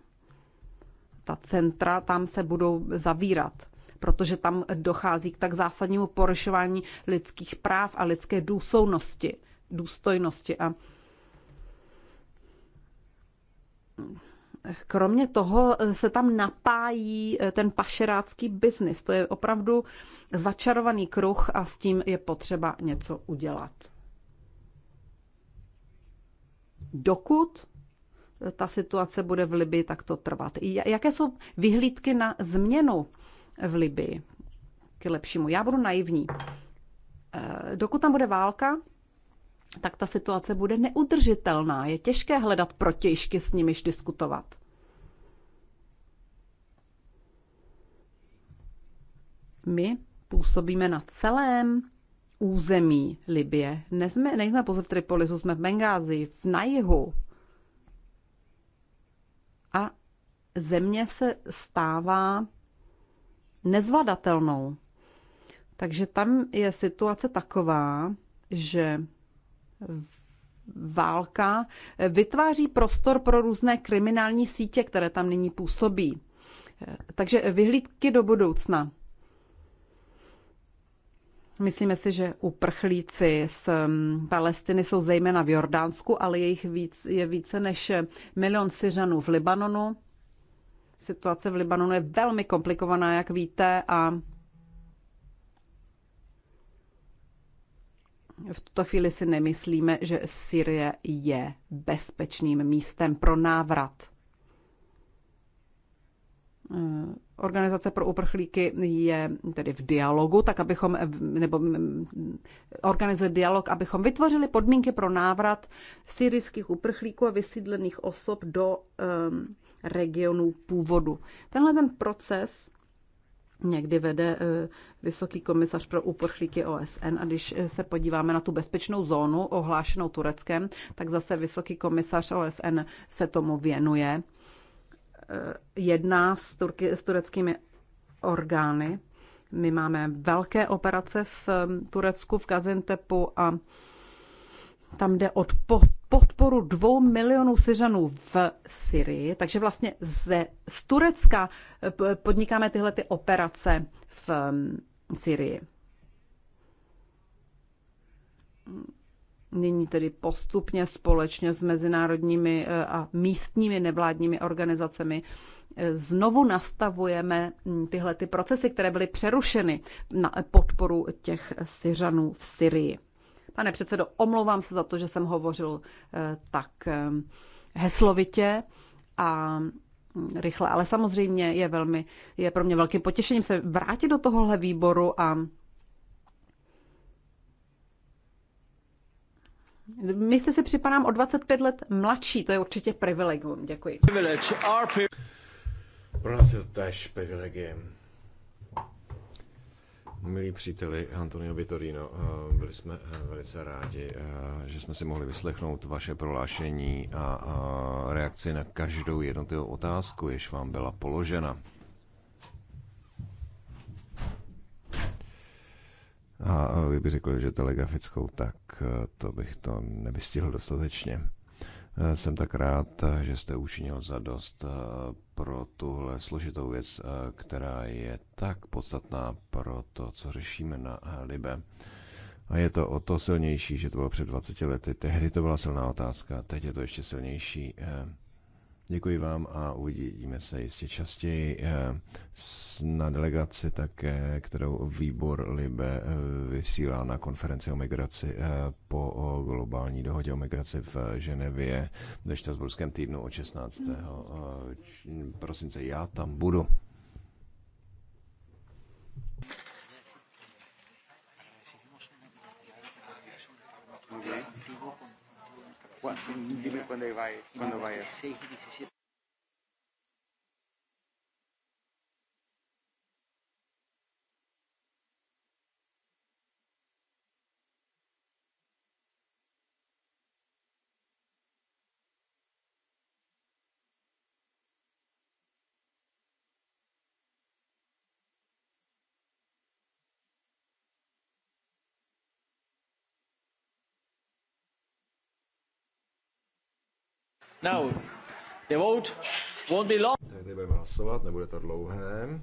Ta centra tam se budou zavírat, protože tam dochází k tak zásadnímu porušování lidských práv a lidské důstojnosti. důstojnosti. A Kromě toho se tam napájí eh, ten pašerácký biznis. To je opravdu začarovaný kruh a s tím je potřeba něco udělat. Dokud eh, ta situace bude v Libii takto trvat. Jaké jsou vyhlídky na změnu v Libii k lepšímu? Já budu naivní. Eh, dokud tam bude válka, tak ta situace bude neudržitelná. Je těžké hledat protějšky s nimiž diskutovat. My působíme na celém území Libie. Nejsme, nejsme pouze v Tripolisu, jsme v Bengázi, na jihu. A země se stává nezvladatelnou. Takže tam je situace taková, že válka vytváří prostor pro různé kriminální sítě, které tam nyní působí. Takže vyhlídky do budoucna. Myslíme si, že uprchlíci z mm, Palestiny jsou zejména v Jordánsku, ale jejich víc, je více než milion Syřanů v Libanonu. Situace v Libanonu je velmi komplikovaná, jak víte, a V tuto chvíli si nemyslíme, že Syrie je bezpečným místem pro návrat. Eh, Organizace pro uprchlíky je tedy v dialogu, tak abychom, nebo mm, mm, organizuje dialog, abychom vytvořili podmínky pro návrat syrijských uprchlíků a vysídlených osob do um, ehm, regionů původu. Tenhle ten proces někdy vede eh, vysoký komisař pro úprchlíky OSN. A když eh, se podíváme na tu bezpečnou zónu ohlášenou Tureckem, tak zase vysoký komisař OSN se tomu věnuje. Eh, jedná s, Turky, s tureckými orgány. My máme velké operace v Turecku, v Gazentepu a tam jde od podporu dvou milionů Syřanů v Syrii, takže vlastně ze, z Turecka eh, podnikáme tyhle ty operace v mm, Syrii. Nyní tedy postupně společně s mezinárodními eh, a místními nevládními organizacemi eh, znovu nastavujeme mm, tyhle ty procesy, které byly přerušeny na podporu těch Syřanů v Syrii. Pane předsedo, omlouvám se za to, že jsem hovořil eh, tak eh, heslovitě a mm, rychle, ale samozřejmě je, velmi, je pro mě velkým potěšením se vrátit do tohohle výboru a My jste si připadám o 25 let mladší, to je určitě privilegium. Děkuji. Pro nás je to tež privilegium. Milí příteli Antonio Vitorino, eh, byli jsme eh, velice rádi, eh, že jsme si mohli vyslechnout vaše prohlášení a reakci na každou jednotlivou otázku, jež vám byla položena. A vy by řekli, že telegrafickou, tak to bych to nevystihl dostatečně. Eh, jsem tak rád, eh, že jste učinil zadost eh, pro tuhle složitou věc, která je tak podstatná pro to, co řešíme na Libe. A je to o to silnější, že to bylo před 20 lety. Tehdy to byla silná otázka, teď je to ještě silnější. Děkuji vám a uvidíme se jistě častěji eh, na delegaci také, kterou výbor Libe eh, vysílá na konferenci o migraci eh, po globální dohodě o migraci v Ženevě ve Štrasburském týdnu o 16. prosince. Já tam budu. Dime cuándo vai. Cuándo 16 y 17. Now, the vote won't be long. tady budeme hlasovat, nebude to dlouhé,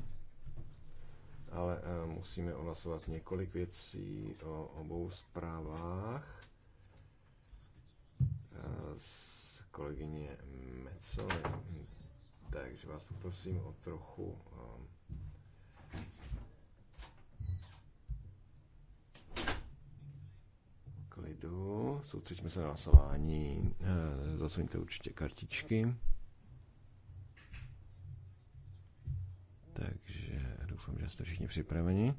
ale eh, musíme hlasovat několik věcí o obou zprávách s eh, kolegyně Mecové. Takže vás poprosím o trochu eh, dopředu. soustředíme se na hlasování. Eh, zasuňte určitě kartičky. Takže doufám, že jste všichni připraveni.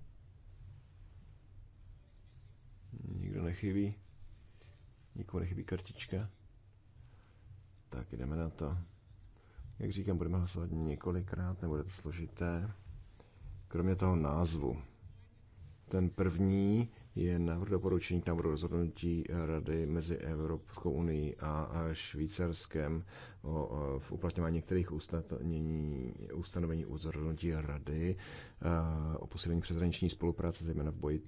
Nikdo nechybí. Nikomu nechybí kartička. Tak jdeme na to. Jak říkám, budeme hlasovat několikrát, nebude to složité. Kromě toho názvu. Ten první je návrh doporučení k návrhu rozhodnutí Rady mezi Evropskou unii a Švýcarskem o, o v uplatňování některých ustanovení ustanovení rozhodnutí Rady o posílení přeshraniční spolupráce, zejména v boji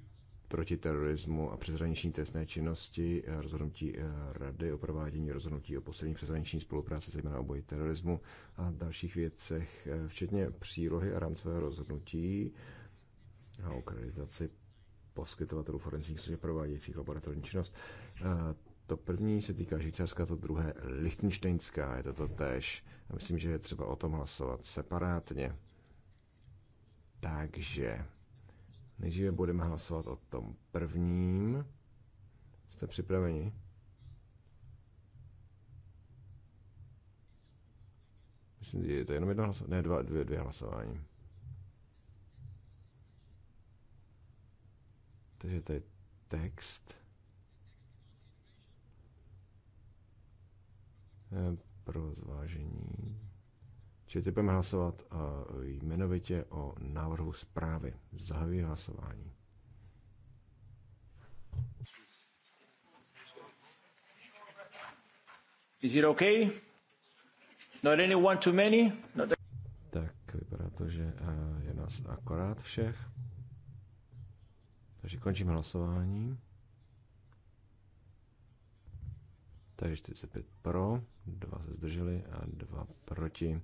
proti terorismu a přeshraniční trestné činnosti, rozhodnutí e, Rady o provádění rozhodnutí o posílení přeshraniční spolupráce, zejména o boji terorismu a dalších věcech, e, včetně přílohy a rámcového rozhodnutí a o poskytovatelů forenzních služeb provádějících laboratorní činnost. To první se týká Švýcarska, to druhé Lichtensteinská, je to to tež. A myslím, že je třeba o tom hlasovat separátně. Takže nejdříve budeme hlasovat o tom prvním. Jste připraveni? Myslím, že je to jenom jedno hlasování. Ne, dva, dvě, dvě hlasování. Takže to je text. Eh, pro zvážení. Čili teď budeme hlasovat eh, jmenovitě o návrhu zprávy. Zahajuji hlasování. Is it okay? Not any one too many? Not... Tak vypadá to, že eh, je nás akorát všech. Takže končím hlasování. Takže 45 pro, 2 se zdrželi a 2 proti.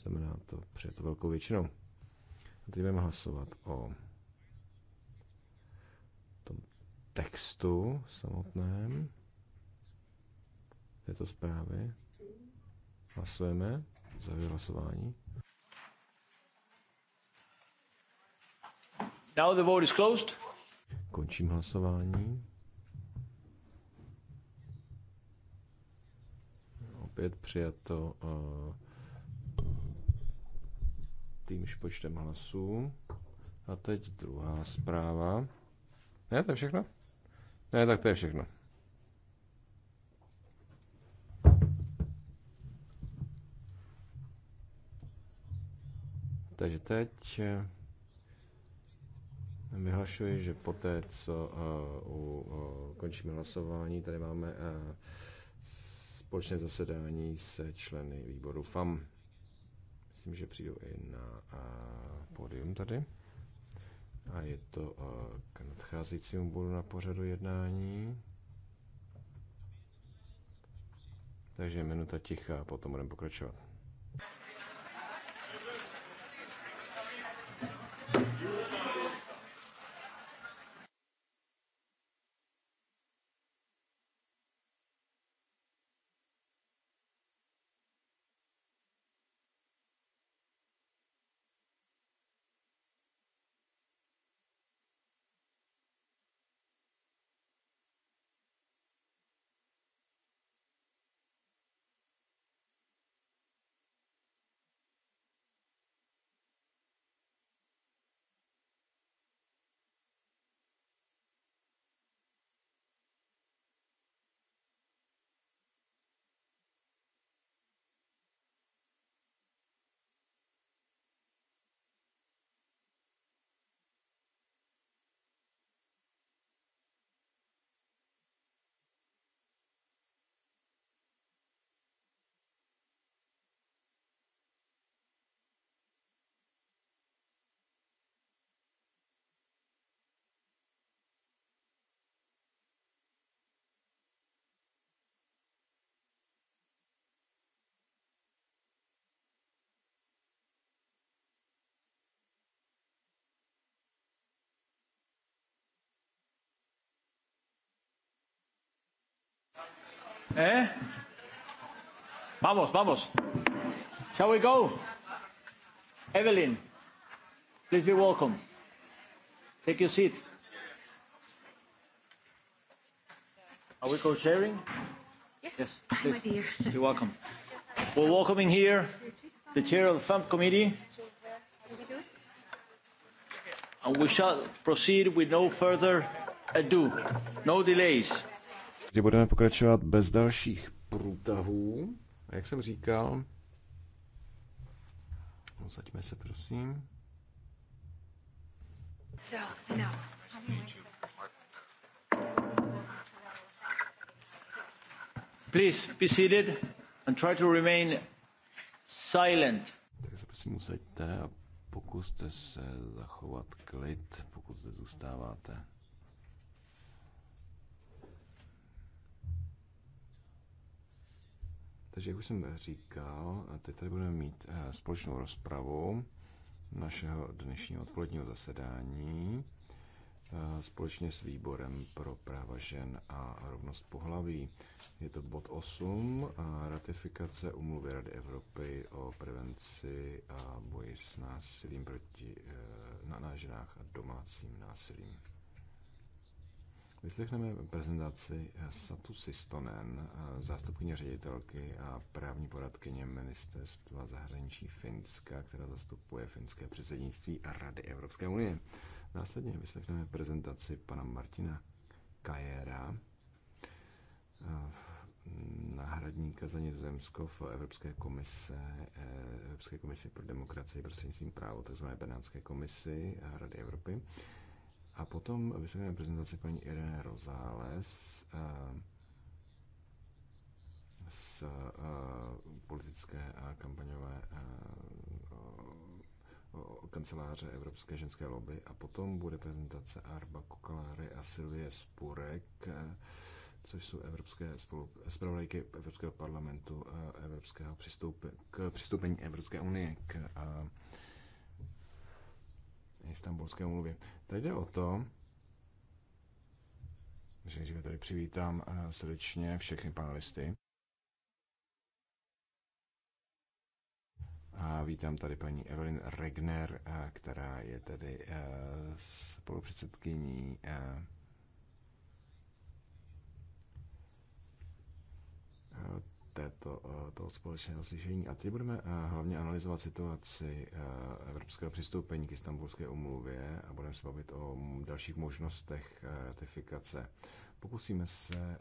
Znamená to přijato velkou většinou. A teď budeme hlasovat o tom textu samotném této zprávy. Hlasujeme, zahajuji hlasování. Now the vote is closed. Končím hlasování. Opět přijato eh, týmž počtem hlasů. A teď druhá zpráva. Ne, to je všechno? Ne, tak to je všechno. Takže teď eh, Vyhlašuji, že poté, co eh, ukončíme eh, hlasování, tady máme eh, společné zasedání se členy výboru FAM. Myslím, že přijdu i na pódium tady. A je to k nadcházejícímu bodu na pořadu jednání. Takže minuta ticha a potom budeme pokračovat. ¿Eh? Vamos, vamos. Shall we go? Evelyn, please be welcome. Take your seat. Are we co-chairing? Yes, yes please. my dear. You're welcome. We're welcoming here the chair of the FAMP committee. And we shall proceed with no further ado, no delays. Prostě budeme pokračovat bez dalších průtahů. A jak jsem říkal, zaďme se prosím. Please be seated and try to remain silent. Tak se prosím usaďte a pokuste se zachovat klid, pokud zde zůstáváte. Takže jak už jsem říkal, teď tady budeme mít eh, společnou rozpravu našeho dnešního odpoledního zasedání eh, společně s výborem pro práva žen a rovnost pohlaví. Je to bod 8, eh, ratifikace umluvy Rady Evropy o prevenci a boji s násilím proti, na, na ženách a domácím násilím. Vyslechneme prezentaci Satu Sistonen, zástupkyně ředitelky a právní poradkyně ministerstva zahraničí Finska, která zastupuje finské předsednictví a Rady Evropské unie. Následně vyslechneme prezentaci pana Martina Kajera, náhradníka za Nizozemsko v Evropské komise, Evropské komisi pro demokracii prostřednictvím právo, tzv. Benátské komisi Rady Evropy. A potom vysvětlíme prezentaci paní Irene Rosales eh, z eh, politické a kampaňové eh, kanceláře Evropské ženské lobby a potom bude prezentace Arba Kokaláry a Silvie Spurek, což jsou evropské spolu, Evropského parlamentu evropského přistoupe, k přistoupení Evropské unie k uh, Istanbulské umluvě. Teď jde o to, že nejdříve tady přivítám eh, srdečně všechny panelisty. A vítám tady paní Evelyn Regner, eh, která je tedy eh, spolupředsedkyní této, eh, toho společného slyšení. A teď budeme eh, hlavně analyzovat situaci eh, evropského přistoupení k Istanbulské umluvě a budeme se bavit o dalších možnostech ratifikace. Pokusíme se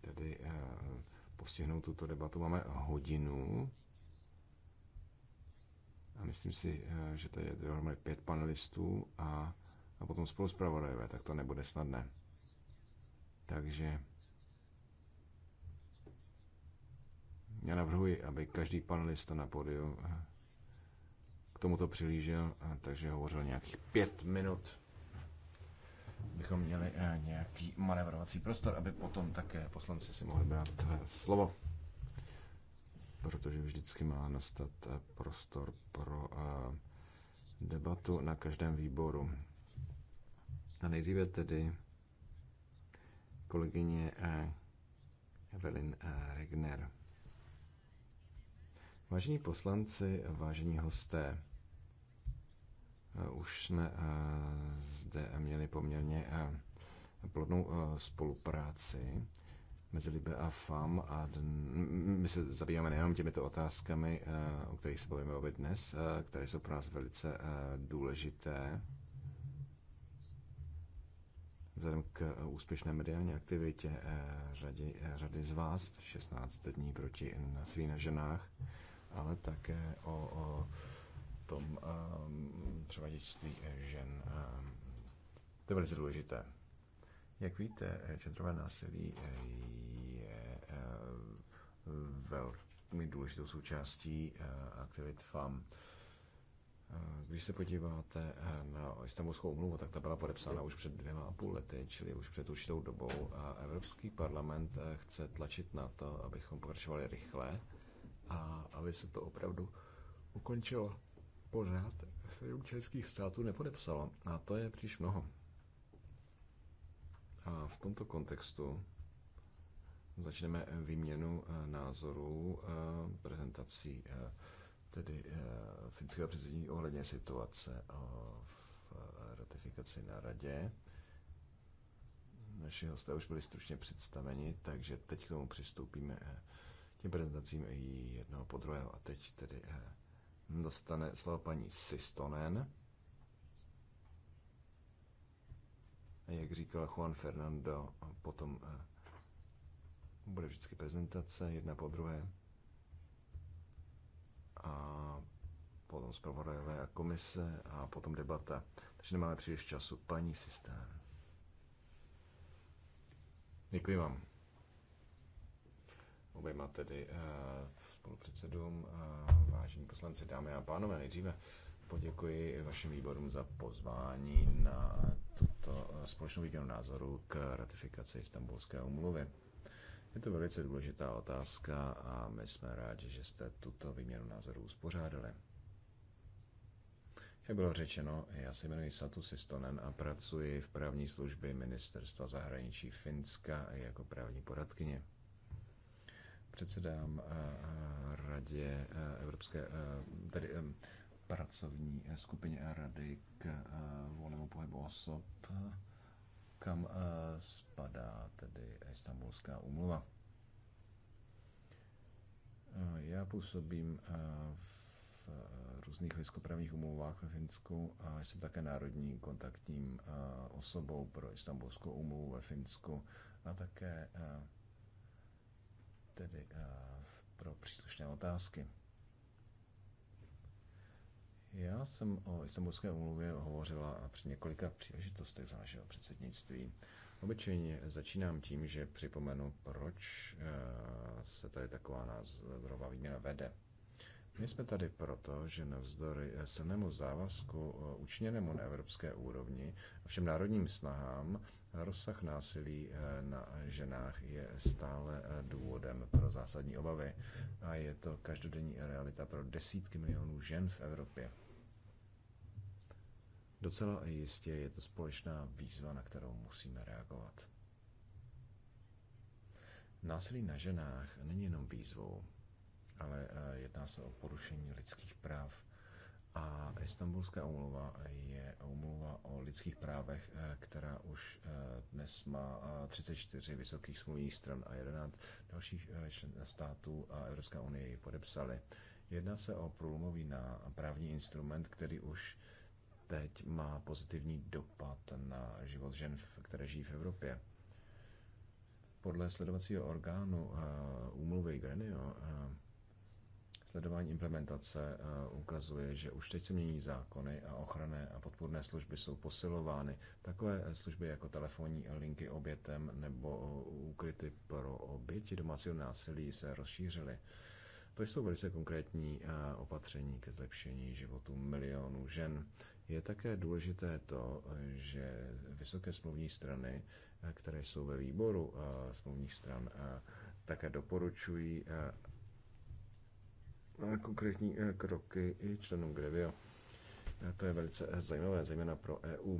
tedy postihnout tuto debatu. Máme hodinu a myslím si, že tady je dohromady pět panelistů a, a potom spolu zpravodajové, tak to nebude snadné. Takže Já navrhuji, aby každý panelista na pódiu eh, k tomuto přilížel, eh, takže hovořil nějakých pět minut. Bychom měli eh, nějaký manevrovací prostor, aby potom také poslanci si mohli brát slovo. Protože vždycky má nastat prostor pro debatu na každém výboru. A nejdříve tedy kolegyně Evelyn Regner. Vážení poslanci, vážení hosté, eh, už jsme eh, zde měli poměrně eh, plodnou spolupráci mezi Libe a FAM a my se zabýváme nejenom těmito otázkami, o kterých se bavíme obě dnes, které jsou pro nás velice důležité vzhledem k úspěšné mediální aktivitě řady, řady z vás, 16 dní proti násilí na ženách, ale také o, o tom um, dětství žen. Um, to je velice důležité. Jak víte, genderové násilí je uh, velmi důležitou součástí uh, aktivit FAM. Uh, když se podíváte na Istanbulskou umluvu, tak ta byla podepsána už před dvěma a půl lety, čili už před určitou dobou. A Evropský parlament chce tlačit na to, abychom pokračovali rychle a aby se to opravdu ukončilo. Pořád u českých států nepodepsalo a to je příliš mnoho. A v tomto kontextu začneme výměnu eh, názorů eh, prezentací eh, tedy finského předsední ohledně situace v ratifikaci na radě. Naši hosté už byli stručně představeni, takže teď k tomu přistoupíme těm prezentacím jednoho po druhého. A teď tedy eh, dostane slovo paní Sistonen. A jak říkal Juan Fernando, potom eh, bude vždycky prezentace jedna po druhé. A potom zpravodajové a komise a potom debata. Takže nemáme příliš času. Paní systém. Děkuji vám oběma tedy eh, spolupředsedům, eh, vážení poslanci, dámy a pánové, nejdříve poděkuji vašim výborům za pozvání na tuto společnou výměnu názoru k ratifikaci Istanbulské umluvy. Je to velice důležitá otázka a my jsme rádi, že jste tuto výměnu názorů uspořádali. Jak bylo řečeno, já se jmenuji Satu Sistonen a pracuji v právní službě Ministerstva zahraničí Finska jako právní poradkyně předsedám eh, eh, radě eh, Evropské, tedy pracovní skupině a rady k volnému pohybu osob, kam spadá tedy Istanbulská úmluva. Já působím v různých lidskoprávních umluvách ve Finsku a jsem také národní kontaktním osobou pro Istanbulskou umluvu ve Finsku a také tedy eh, pro příslušné otázky. Já jsem o Istanbulské umluvě hovořila při několika příležitostech za našeho předsednictví. Obyčejně začínám tím, že připomenu, proč eh, se tady taková názorová výměna vede. My jsme tady proto, že navzdory eh, silnému závazku učiněnému na evropské úrovni a všem národním snahám Rozsah násilí eh, na ženách je stále eh, důvodem pro zásadní obavy a je to každodenní realita pro desítky milionů žen v Evropě. Docela jistě je to společná výzva, na kterou musíme reagovat. Násilí na ženách není jenom výzvou, ale eh, jedná se o porušení lidských práv a Istanbulská umluva je umluva o lidských právech, eh, která už eh, dnes má 34 eh, vysokých smluvních stran a 11 dalších států a Evropská unie ji podepsali. Jedná se o průlomový na právní instrument, který už teď má pozitivní dopad na život žen, které žijí v Evropě. Podle sledovacího orgánu úmluvy Grenio Sledování implementace eh, ukazuje, že už teď se mění zákony a ochranné a podpůrné služby jsou posilovány. Takové eh, služby jako telefonní linky obětem nebo eh, úkryty pro oběti domácího násilí se rozšířily. To jsou velice konkrétní opatření ke zlepšení životu milionů žen. Je také důležité to, že vysoké smluvní strany, které jsou ve výboru smluvních stran, také doporučují, konkrétní eh, kroky i členům Grevio. To je velice eh, zajímavé, zejména pro EU.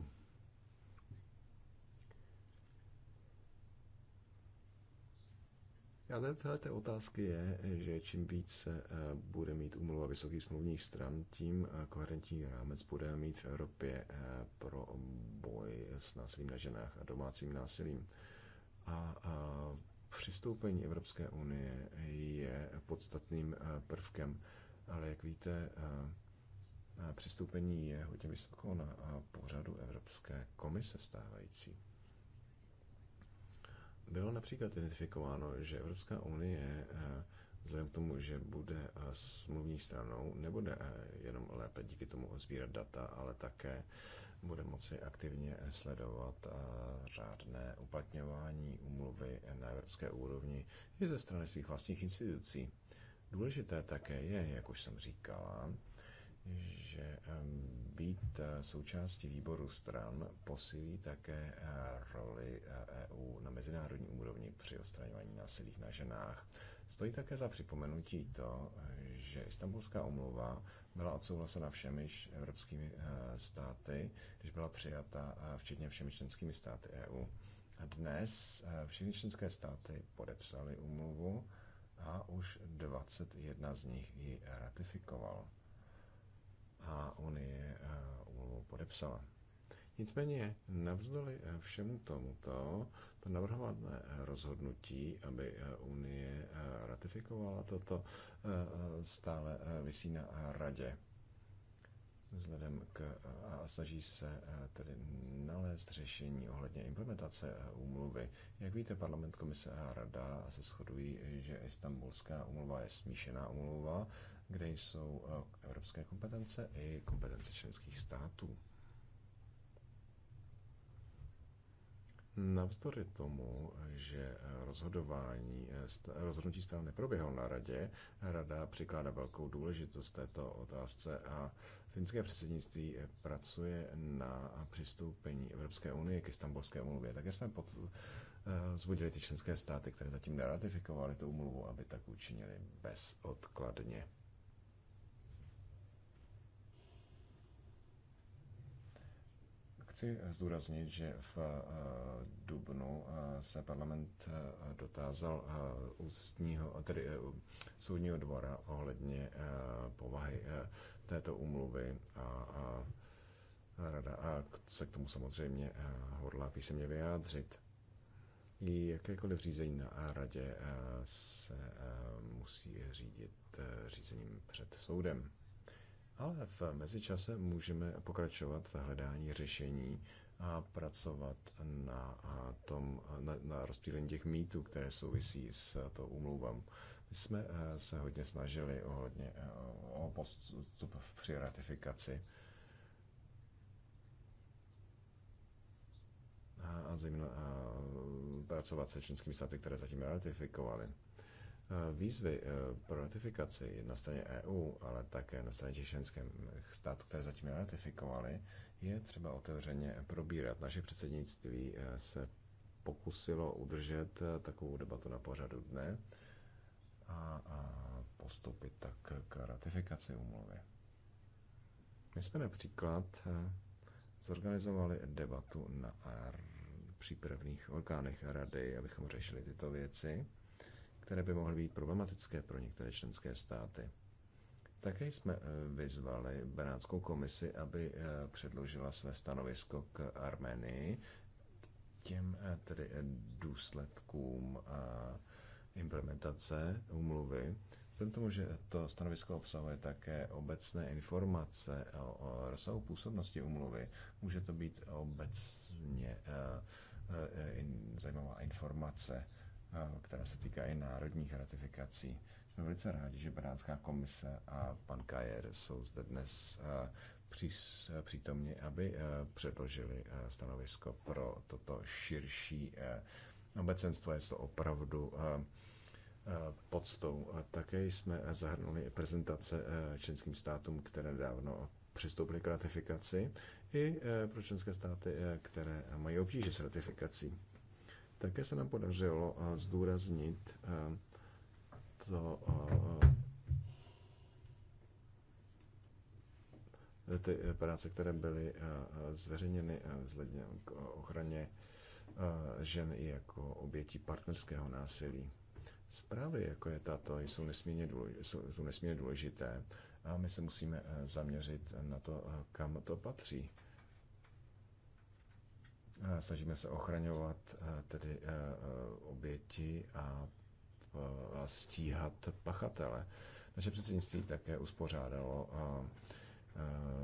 Jádrem celé té otázky je, že čím více eh, bude mít umluva vysokých smluvních stran, tím koherentní rámec bude mít v Evropě pro boj s násilím na ženách a domácím násilím. a přistoupení Evropské unie je podstatným eh, prvkem, ale jak víte, eh, eh, přistoupení je hodně vysoko na pořadu Evropské komise stávající. Bylo například identifikováno, že Evropská unie vzhledem k tomu, že bude smluvní stranou, nebude jenom lépe díky tomu sbírat data, ale také bude moci aktivně sledovat eh, řádné uplatňování umluvy na evropské úrovni i ze strany svých vlastních institucí. Důležité také je, jak už jsem říkala, že ehm, být eh, součástí výboru stran posílí také eh, roli EU e na mezinárodní úrovni při odstraňování násilí na ženách. Stojí také za připomenutí to, že Istanbulská omluva byla odsouhlasena všemi evropskými eh, státy, když byla přijata eh, včetně všemi členskými státy EU. A dnes eh, všechny členské státy podepsaly umluvu a už 21 z nich ji ratifikoval. A Unie umluvu podepsala. Nicméně navzdory eh, všemu tomuto, to navrhované eh, rozhodnutí, aby eh, Unie ratifikovala toto, stále vysí na radě. Vzhledem k a snaží se tedy nalézt řešení ohledně implementace úmluvy. Jak víte, parlament, komise a rada se shodují, že Istanbulská úmluva je smíšená úmluva, kde jsou evropské kompetence i kompetence členských států. Navzdory tomu, že rozhodování, rozhodnutí stále neproběhlo na radě, rada přikládá velkou důležitost této otázce a finské předsednictví pracuje na přistoupení Evropské unie k Istanbulské umluvě. Také jsme pod, eh, zbudili ty členské státy, které zatím neratifikovaly tu umluvu, aby tak učinili bezodkladně. chci zdůraznit, že v eh, Dubnu eh, se parlament eh, dotázal ústního, tedy soudního dvora ohledně povahy této úmluvy a rada a se k tomu samozřejmě hodlá písemně vyjádřit. I jakékoliv řízení na radě se musí řídit řízením před soudem. Ale v mezičase můžeme pokračovat v hledání řešení a pracovat na, tom, na, na rozptýlení těch mýtů, které souvisí s tou umlouvám. My jsme eh, se hodně snažili ohledně, eh, o postup při ratifikaci. A, a zejména eh, pracovat se členskými státy, které zatím ratifikovaly. Eh, výzvy eh, pro ratifikaci na straně EU, ale také na straně těch členských států, které zatím ratifikovaly, je třeba otevřeně probírat. Naše předsednictví eh, se pokusilo udržet takovou debatu na pořadu dne a, a postupit tak k ratifikaci umluvy. My jsme například zorganizovali debatu na přípravných orgánech rady, abychom řešili tyto věci které by mohly být problematické pro některé členské státy. Také jsme eh, vyzvali Benátskou komisi, aby eh, předložila své stanovisko k Armenii, těm eh, tedy důsledkům implementace umluvy. Vzhledem tomu, že to stanovisko obsahuje také obecné informace o rozsahu působnosti umluvy, může to být obecně zajímavá informace která se týká i národních ratifikací. Jsme velice rádi, že Benátská komise a pan Kajer jsou zde dnes přítomni, aby předložili stanovisko pro toto širší obecenstvo. Je to opravdu podstou. A také jsme zahrnuli prezentace členským státům, které dávno přistoupily k ratifikaci, i pro členské státy, které mají obtíže s ratifikací. Také se nám podařilo eh, zdůraznit eh, to, eh, ty práce, které byly zveřejněny vzhledně k ochraně žen i jako obětí partnerského násilí. Zprávy, jako je tato, jsou nesmírně, důležité, jsou, jsou nesmírně důležité a my se musíme zaměřit na to, kam to patří. Eh, snažíme se ochraňovat eh, tedy eh, oběti a stíhat pachatele. Naše předsednictví také uspořádalo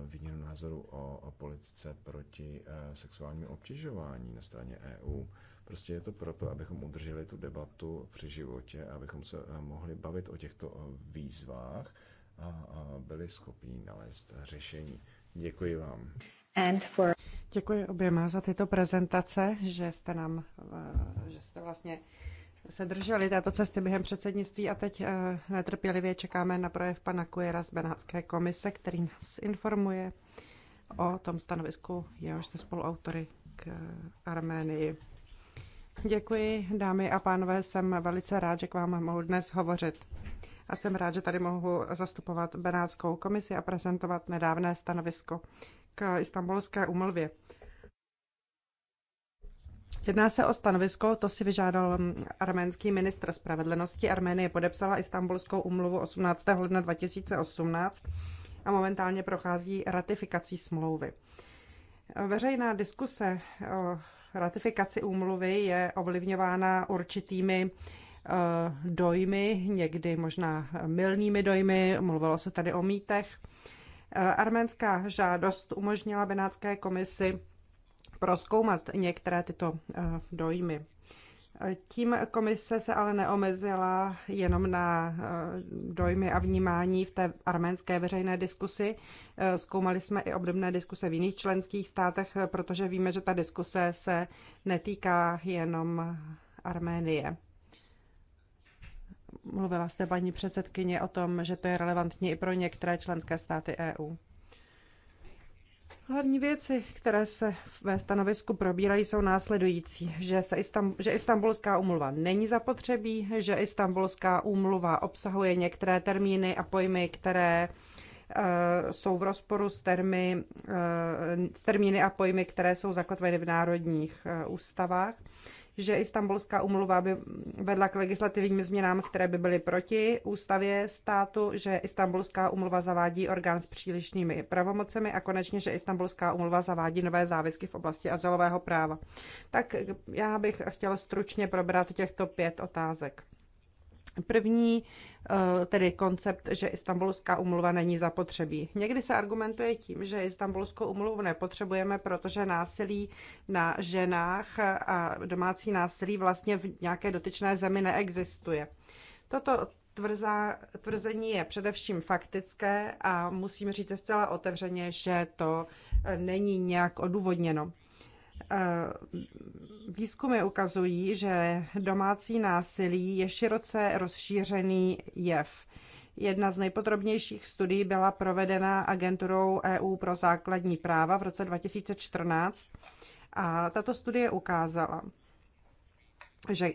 výměnu názoru o politice proti sexuálnímu obtěžování na straně EU. Prostě je to proto, abychom udrželi tu debatu při životě, abychom se mohli bavit o těchto výzvách a byli schopni nalézt řešení. Děkuji vám and for... Děkuji oběma za tyto prezentace, že jste nám, eh, že jste vlastně se drželi této cesty během předsednictví a teď eh, netrpělivě čekáme na projev pana Kujera z Benátské komise, který nás informuje o tom stanovisku, jehož jste spoluautory k eh, Arménii. Děkuji, dámy a pánové, jsem velice rád, že k vám mohu dnes hovořit. A jsem rád, že tady mohu zastupovat Benátskou komisi a prezentovat nedávné stanovisko k istambulské umlvě. Jedná se o stanovisko, to si vyžádal mm, arménský ministr spravedlnosti. Arménie podepsala istambulskou umluvu 18. ledna 2018 a momentálně prochází ratifikací smlouvy. Veřejná diskuse o ratifikaci úmluvy je ovlivňována určitými e, dojmy, někdy možná milnými dojmy, mluvilo se tady o mýtech. Eh, arménská žádost umožnila Benátské komisi proskoumat některé tyto eh, dojmy. Eh, tím komise se ale neomezila jenom na dojmy a vnímání v té arménské veřejné diskusi. Zkoumali jsme i obdobné diskuse v jiných členských státech, protože víme, že ta diskuse se netýká jenom Arménie. Mluvila jste, paní předsedkyně, o tom, že to je relevantní i pro některé členské státy EU. Hlavní věci, které se ve stanovisku probírají, jsou následující. Že, se Istam, že Istanbulská úmluva není zapotřebí, že Istanbulská úmluva obsahuje některé termíny a pojmy, které eh, jsou v rozporu s, termy, uh, termíny a pojmy, které jsou zakotveny v národních eh, ústavách že Istanbulská umluva by vedla k legislativním změnám, které by byly proti ústavě státu, že Istanbulská umluva zavádí orgán s přílišnými pravomocemi a konečně, že Istanbulská umluva zavádí nové závisky v oblasti azylového práva. Tak já bych chtěla stručně probrat těchto pět otázek. První eh, tedy koncept, že Istanbulská umluva není zapotřebí. Někdy se argumentuje tím, že Istanbulskou umluvu nepotřebujeme, protože násilí na ženách a domácí násilí vlastně v nějaké dotyčné zemi neexistuje. Toto tvrzá, tvrzení je především faktické a musím říct zcela otevřeně, že to eh, není nějak odůvodněno. Eh, výzkumy ukazují, že domácí násilí je široce rozšířený jev. Jedna z nejpodrobnějších studií byla provedena agenturou EU pro základní práva v roce 2014 a tato studie ukázala, že eh,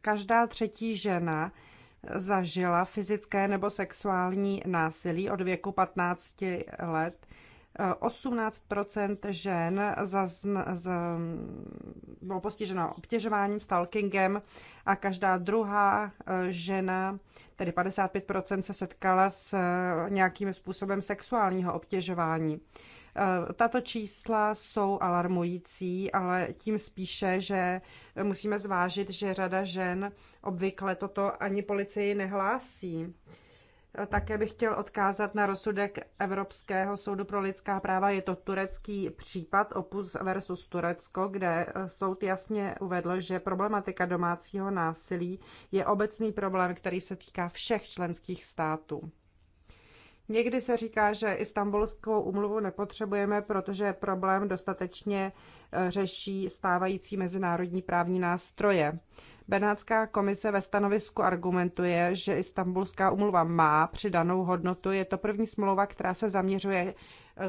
každá třetí žena zažila fyzické nebo sexuální násilí od věku 15 let 18 žen zazn, z, bylo postiženo obtěžováním, stalkingem a každá druhá eh, žena, tedy 55 se setkala s eh, nějakým způsobem sexuálního obtěžování. Eh, tato čísla jsou alarmující, ale tím spíše, že musíme zvážit, že řada žen obvykle toto ani policii nehlásí. Také bych chtěl odkázat na rozsudek Evropského soudu pro lidská práva. Je to turecký případ Opus versus Turecko, kde eh, soud jasně uvedl, že problematika domácího násilí je obecný problém, který se týká všech členských států. Někdy se říká, že istambulskou umluvu nepotřebujeme, protože problém dostatečně e, řeší stávající mezinárodní právní nástroje. Benátská komise ve stanovisku argumentuje, že Istanbulská umluva má přidanou hodnotu. Je to první smlouva, která se zaměřuje e,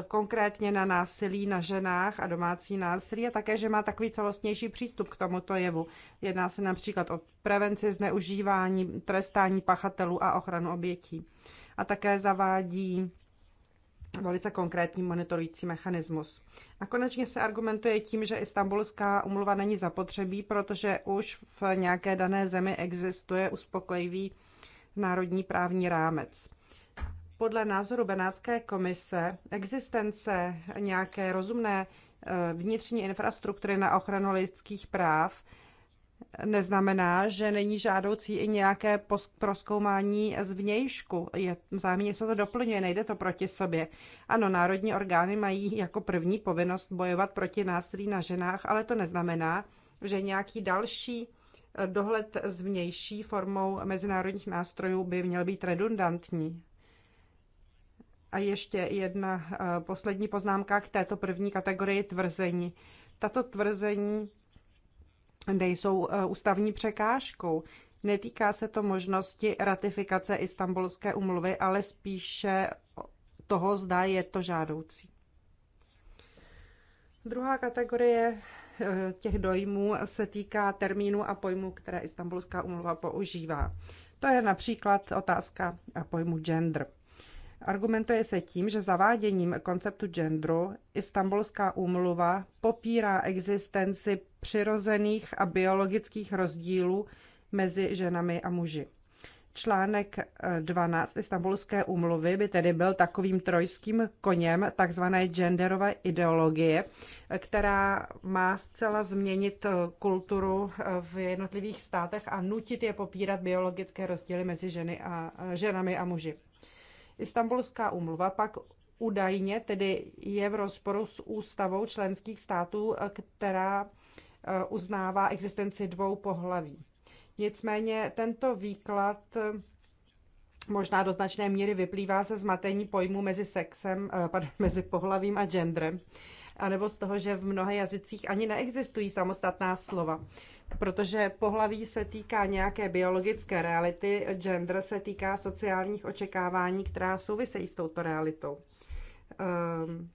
konkrétně na násilí na ženách a domácí násilí a také, že má takový celostnější přístup k tomuto jevu. Jedná se například o prevenci zneužívání, trestání pachatelů a ochranu obětí a také zavádí velice konkrétní monitorující mechanismus. A konečně se argumentuje tím, že istambulská umluva není zapotřebí, protože už v nějaké dané zemi existuje uspokojivý národní právní rámec. Podle názoru Benátské komise existence nějaké rozumné eh, vnitřní infrastruktury na ochranu lidských práv neznamená, že není žádoucí i nějaké proskoumání zvnějšku. Je, vzájemně se to doplňuje, nejde to proti sobě. Ano, národní orgány mají jako první povinnost bojovat proti násilí na ženách, ale to neznamená, že nějaký další eh, dohled zvnější formou mezinárodních nástrojů by měl být redundantní. A ještě jedna eh, poslední poznámka k této první kategorii tvrzení. Tato tvrzení nejsou eh, ústavní překážkou. Netýká se to možnosti ratifikace Istanbulské umluvy, ale spíše toho, zda je to žádoucí. Druhá kategorie eh, těch dojmů se týká termínu a pojmů, které Istanbulská umluva používá. To je například otázka pojmu gender. Argumentuje se tím, že zaváděním konceptu genderu Istanbulská úmluva popírá existenci přirozených a biologických rozdílů mezi ženami a muži. Článek 12 eh, Istanbulské úmluvy by tedy byl takovým trojským koněm takzvané genderové ideologie, která má zcela změnit eh, kulturu eh, v jednotlivých státech a nutit je popírat biologické rozdíly mezi ženy a, ženami a muži. Istanbulská umluva pak údajně tedy je v rozporu s ústavou členských států, která eh, uznává existenci dvou pohlaví. Nicméně tento výklad eh, možná do značné míry vyplývá ze zmatení pojmů mezi sexem, eh, pardon, mezi pohlavím a genderem anebo z toho, že v mnoha jazycích ani neexistují samostatná slova. Protože pohlaví se týká nějaké biologické reality, gender se týká sociálních očekávání, která souvisejí s touto realitou. Um,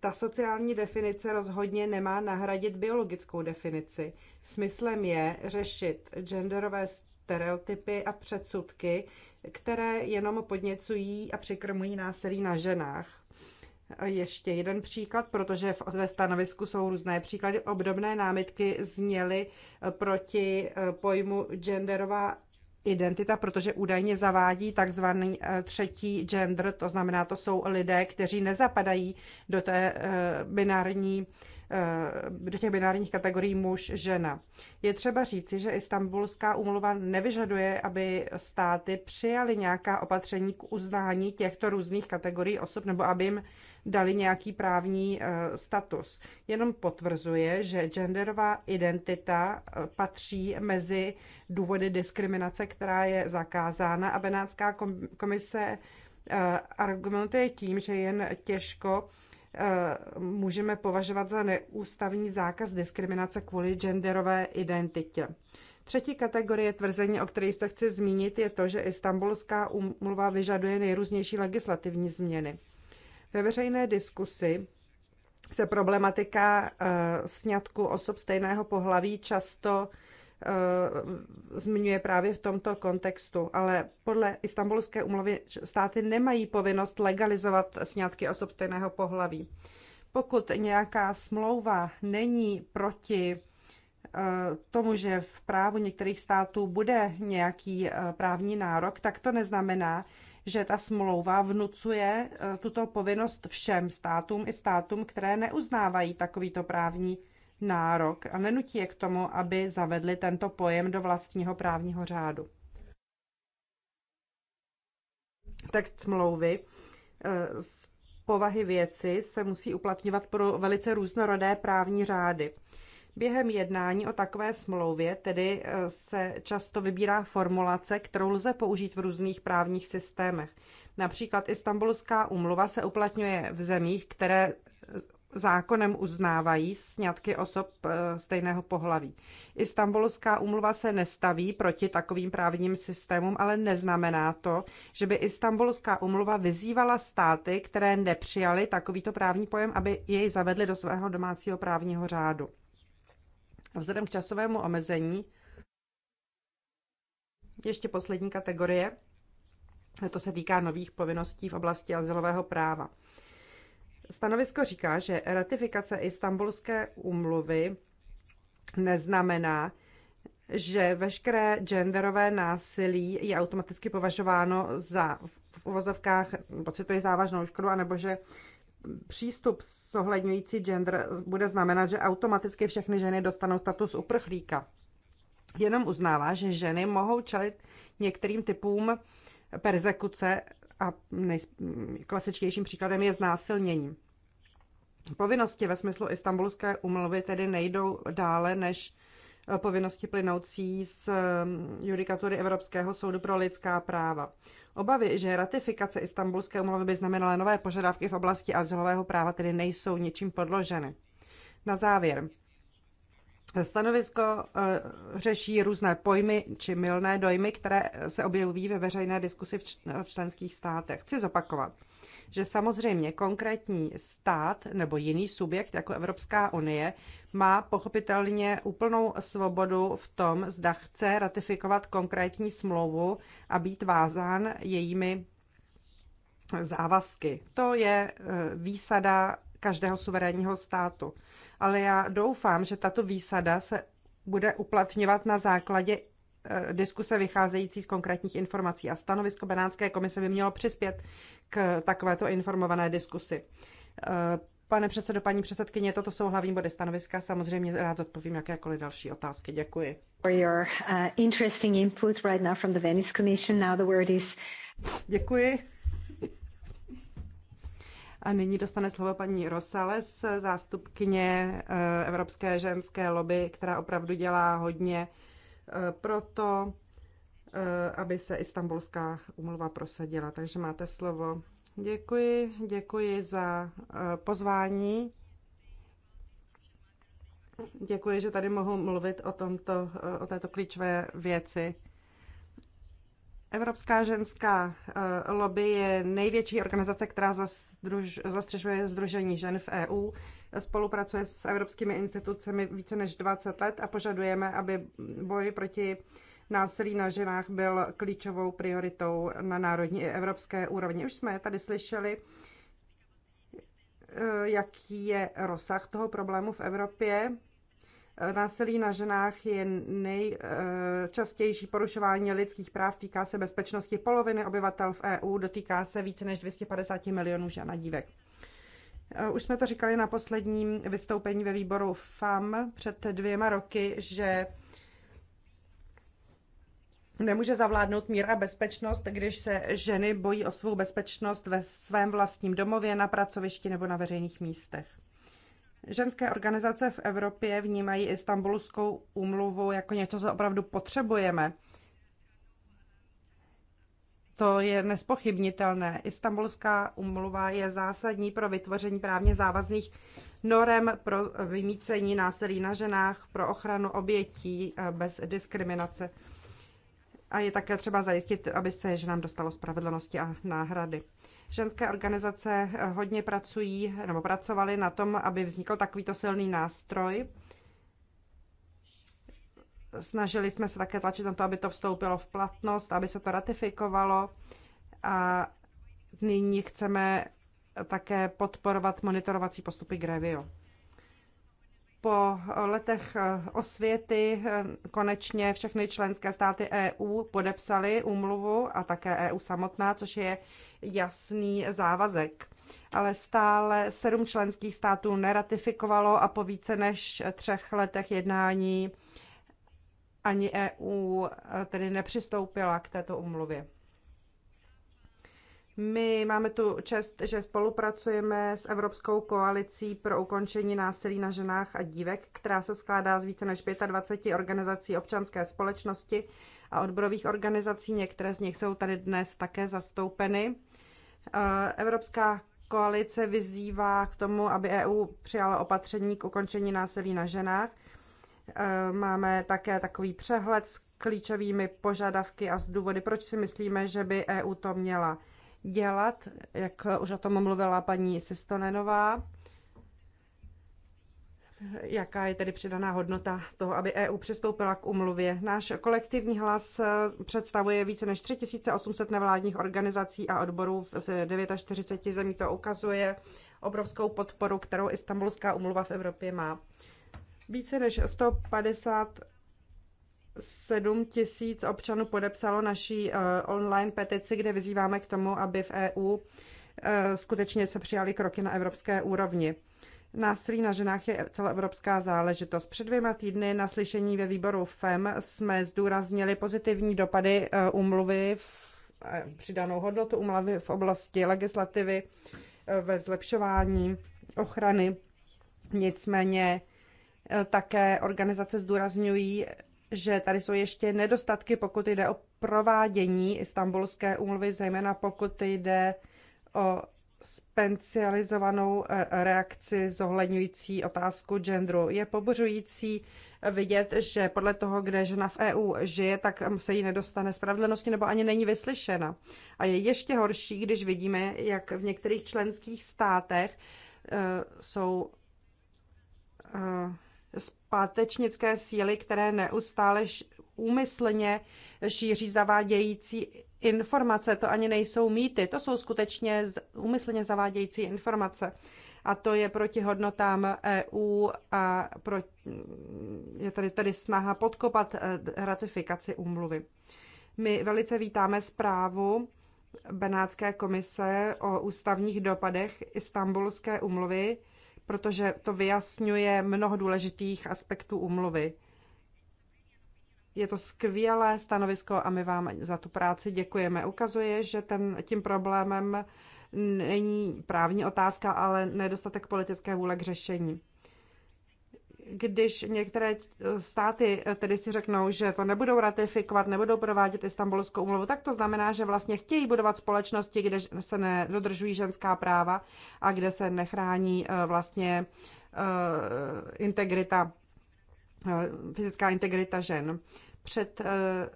ta sociální definice rozhodně nemá nahradit biologickou definici. Smyslem je řešit genderové stereotypy a předsudky, které jenom podněcují a přikrmují násilí na ženách. Ještě jeden příklad, protože v ve stanovisku jsou různé příklady. Obdobné námitky zněly eh, proti eh, pojmu genderová identita, protože údajně zavádí takzvaný eh, třetí gender, to znamená, to jsou lidé, kteří nezapadají do té binární Eh, do těch binárních kategorií muž, žena. Je třeba říci, že Istanbulská umluva nevyžaduje, aby státy přijaly nějaká opatření k uznání těchto různých kategorií osob nebo aby jim dali nějaký právní eh, status. Jenom potvrzuje, že genderová identita eh, patří mezi důvody diskriminace, která je zakázána a Benátská komise argumentuje tím, že jen těžko Eh, můžeme považovat za neústavní zákaz diskriminace kvůli genderové identitě. Třetí kategorie tvrzení, o které se chci zmínit, je to, že Istanbulská úmluva vyžaduje nejrůznější legislativní změny. Ve veřejné diskusi se problematika eh, sňatku osob stejného pohlaví často Eh, zmiňuje právě v tomto kontextu. Ale podle Istanbulské umluvy státy nemají povinnost legalizovat sňatky osob stejného pohlaví. Pokud nějaká smlouva není proti eh, tomu, že v právu některých států bude nějaký eh, právní nárok, tak to neznamená, že ta smlouva vnucuje tuto povinnost všem státům i státům, které neuznávají takovýto právní nárok a nenutí je k tomu, aby zavedli tento pojem do vlastního právního řádu. Text smlouvy eh, z povahy věci se musí uplatňovat pro velice různorodé právní řády. Během jednání o takové smlouvě tedy eh, se často vybírá formulace, kterou lze použít v různých právních systémech. Například Istanbulská umluva se uplatňuje v zemích, které zákonem uznávají sňatky osob eh, stejného pohlaví. Istanbulská úmluva se nestaví proti takovým právním systémům, ale neznamená to, že by Istanbulská úmluva vyzývala státy, které nepřijaly takovýto právní pojem, aby jej zavedly do svého domácího právního řádu. Vzhledem k časovému omezení, ještě poslední kategorie, to se týká nových povinností v oblasti azylového práva. Stanovisko říká, že ratifikace istambulské úmluvy neznamená, že veškeré genderové násilí je automaticky považováno za v uvozovkách pocituje závažnou škodu, anebo že přístup zohledňující gender bude znamenat, že automaticky všechny ženy dostanou status uprchlíka. Jenom uznává, že ženy mohou čelit některým typům persekuce a nejklasičtějším mm, příkladem je znásilnění. Povinnosti ve smyslu istambulské umluvy tedy nejdou dále než eh, povinnosti plynoucí z mm, judikatury Evropského soudu pro lidská práva. Obavy, že ratifikace istambulské umluvy by znamenala nové požadavky v oblasti azylového práva, tedy nejsou ničím podloženy. Na závěr, Stanovisko eh, řeší různé pojmy či milné dojmy, které se objevují ve veřejné diskusi v členských státech. Chci zopakovat, že samozřejmě konkrétní stát nebo jiný subjekt jako Evropská unie má pochopitelně úplnou svobodu v tom, zda chce ratifikovat konkrétní smlouvu a být vázán jejími závazky. To je eh, výsada každého suverénního státu. Ale já doufám, že tato výsada se bude uplatňovat na základě eh, diskuse vycházející z konkrétních informací a stanovisko Benátské komise by mělo přispět k takovéto informované diskusi. Eh, pane předsedo, paní předsedkyně, toto jsou hlavní body stanoviska. Samozřejmě rád odpovím jakékoliv další otázky. Děkuji. Eh, Děkuji a nyní dostane slovo paní Rosales, zástupkyně eh, Evropské ženské lobby, která opravdu dělá hodně eh, pro to, eh, aby se istambulská umluva prosadila. Takže máte slovo. Děkuji, děkuji za pozvání. Děkuji, že tady mohu mluvit o, tomto, o této klíčové věci. Evropská ženská eh, lobby je největší organizace, která zastřešuje Združení žen v EU. Spolupracuje s evropskými institucemi více než 20 let a požadujeme, aby boj proti násilí na ženách byl klíčovou prioritou na národní i evropské úrovni. Už jsme tady slyšeli, eh, jaký je rozsah toho problému v Evropě. Násilí na ženách je nejčastější porušování lidských práv, týká se bezpečnosti poloviny obyvatel v EU, dotýká se více než 250 milionů žen a dívek. Eh, už jsme to říkali na posledním vystoupení ve výboru FAM před dvěma roky, že nemůže zavládnout mír a bezpečnost, když se ženy bojí o svou bezpečnost ve svém vlastním domově, na pracovišti nebo na veřejných místech. Ženské organizace v Evropě vnímají Istanbulskou úmluvu jako něco, co opravdu potřebujeme. To je nespochybnitelné. Istanbulská umluva je zásadní pro vytvoření právně závazných norem pro vymícení násilí na ženách, pro ochranu obětí eh, bez diskriminace. A je také třeba zajistit, aby se ženám dostalo spravedlnosti a náhrady. Ženské organizace eh, hodně pracují nebo pracovaly na tom, aby vznikl takovýto silný nástroj. Snažili jsme se také tlačit na to, aby to vstoupilo v platnost, aby se to ratifikovalo a nyní chceme také podporovat monitorovací postupy Grevio. Po letech eh, osvěty eh, konečně všechny členské státy EU podepsaly úmluvu a také EU samotná, což je jasný závazek. Ale stále sedm členských států neratifikovalo a po více než třech letech jednání ani EU eh, tedy nepřistoupila k této umluvě. My máme tu čest, že spolupracujeme s Evropskou koalicí pro ukončení násilí na ženách a dívek, která se skládá z více než 25 organizací občanské společnosti a odborových organizací. Některé z nich jsou tady dnes také zastoupeny. Eh, Evropská koalice vyzývá k tomu, aby EU přijala opatření k ukončení násilí na ženách. Eh, Máme také takový přehled s klíčovými požadavky a z důvody, proč si myslíme, že by EU to měla dělat, jak už o tom mluvila paní Sistonenová jaká je tedy přidaná hodnota toho, aby EU přistoupila k umluvě. Náš kolektivní hlas eh, představuje více než 3800 nevládních organizací a odborů z 49 zemí. To ukazuje obrovskou podporu, kterou Istanbulská umluva v Evropě má. Více než 150 7 tisíc občanů podepsalo naší eh, online petici, kde vyzýváme k tomu, aby v EU eh, skutečně se přijali kroky na evropské úrovni. Násilí na ženách je celoevropská záležitost. Před dvěma týdny na slyšení ve výboru FEM jsme zdůraznili pozitivní dopady umluvy eh, eh, přidanou hodnotu umluvy v oblasti legislativy eh, ve zlepšování ochrany. Nicméně také organizace zdůrazňují, že tady jsou ještě nedostatky, pokud jde o provádění Istanbulské umluvy, zejména pokud jde o specializovanou eh, reakci zohledňující otázku genderu. Je pobořující vidět, že podle toho, kde žena v EU žije, tak se jí nedostane spravedlnosti nebo ani není vyslyšena. A je ještě horší, když vidíme, jak v některých členských státech eh, jsou eh, zpátečnické síly, které neustále úmyslně šíří zavádějící informace, to ani nejsou mýty, to jsou skutečně úmyslně zavádějící informace. A to je proti hodnotám EU a pro, je tady, tady snaha podkopat eh, ratifikaci úmluvy. My velice vítáme zprávu Benátské komise o ústavních dopadech Istanbulské umluvy, protože to vyjasňuje mnoho důležitých aspektů umluvy. Je to skvělé stanovisko a my vám za tu práci děkujeme. Ukazuje, že ten, tím problémem není právní otázka, ale nedostatek politické vůle k řešení. Když některé státy tedy si řeknou, že to nebudou ratifikovat, nebudou provádět Istanbulskou umluvu, tak to znamená, že vlastně chtějí budovat společnosti, kde se nedodržují ženská práva a kde se nechrání eh, vlastně eh, integrita Eh, fyzická integrita žen. Před eh,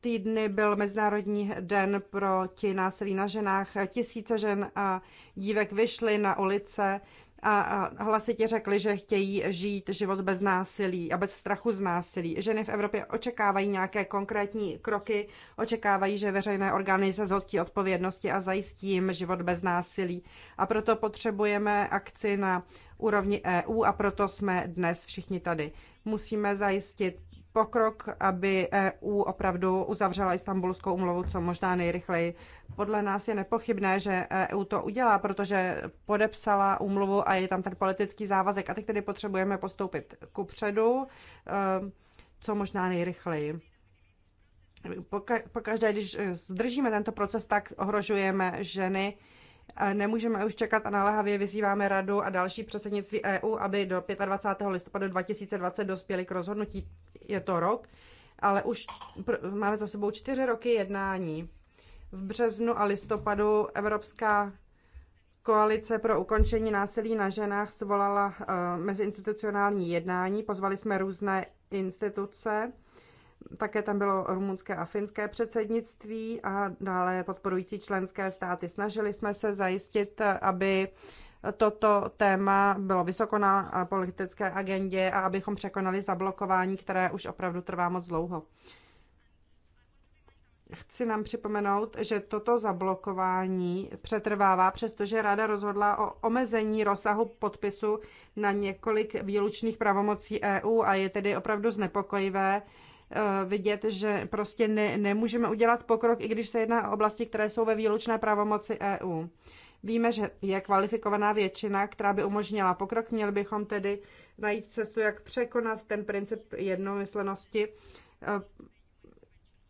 týdny byl Mezinárodní den proti násilí na ženách. Tisíce žen a dívek vyšly na ulice a hlasitě řekli, že chtějí žít život bez násilí a bez strachu z násilí. Ženy v Evropě očekávají nějaké konkrétní kroky, očekávají, že veřejné orgány se zhostí odpovědnosti a zajistí jim život bez násilí. A proto potřebujeme akci na úrovni EU a proto jsme dnes všichni tady. Musíme zajistit pokrok, aby EU opravdu uzavřela Istanbulskou umluvu co možná nejrychleji. Podle nás je nepochybné, že EU to udělá, protože podepsala umluvu a je tam ten politický závazek. A teď tedy potřebujeme postoupit ku předu ehm, co možná nejrychleji. Pokaždé, když zdržíme tento proces, tak ohrožujeme ženy, Nemůžeme už čekat a naléhavě vyzýváme radu a další předsednictví EU, aby do 25. listopadu 2020 dospěli k rozhodnutí. Je to rok, ale už máme za sebou čtyři roky jednání. V březnu a listopadu Evropská Koalice pro ukončení násilí na ženách svolala eh, meziinstitucionální jednání. Pozvali jsme různé instituce také tam bylo rumunské a finské předsednictví a dále podporující členské státy. Snažili jsme se zajistit, aby toto téma bylo vysoko na politické agendě a abychom překonali zablokování, které už opravdu trvá moc dlouho. Chci nám připomenout, že toto zablokování přetrvává, přestože Rada rozhodla o omezení rozsahu podpisu na několik výlučných pravomocí EU a je tedy opravdu znepokojivé, Eh, vidět, že prostě ne, nemůžeme udělat pokrok, i když se jedná o oblasti, které jsou ve výlučné pravomoci EU. Víme, že je kvalifikovaná většina, která by umožnila pokrok. Měli bychom tedy najít cestu, jak překonat ten princip jednomyslenosti. Eh,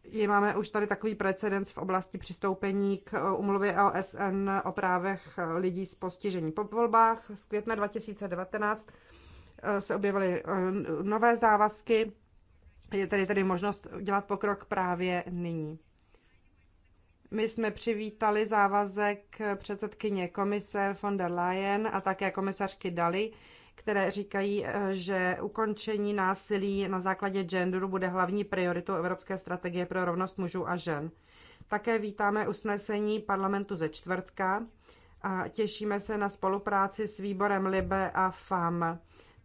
je, máme už tady takový precedens v oblasti přistoupení k umluvě eh, OSN o právech lidí s postižení. Po volbách z května 2019 se objevily nové závazky je tady tedy možnost dělat pokrok právě nyní. My jsme přivítali závazek předsedkyně komise von der Leyen a také komisařky Daly, které říkají, eh, že ukončení násilí na základě genderu bude hlavní prioritou Evropské strategie pro rovnost mužů a žen. Také vítáme usnesení parlamentu ze čtvrtka a těšíme se na spolupráci s výborem Libe a FAM.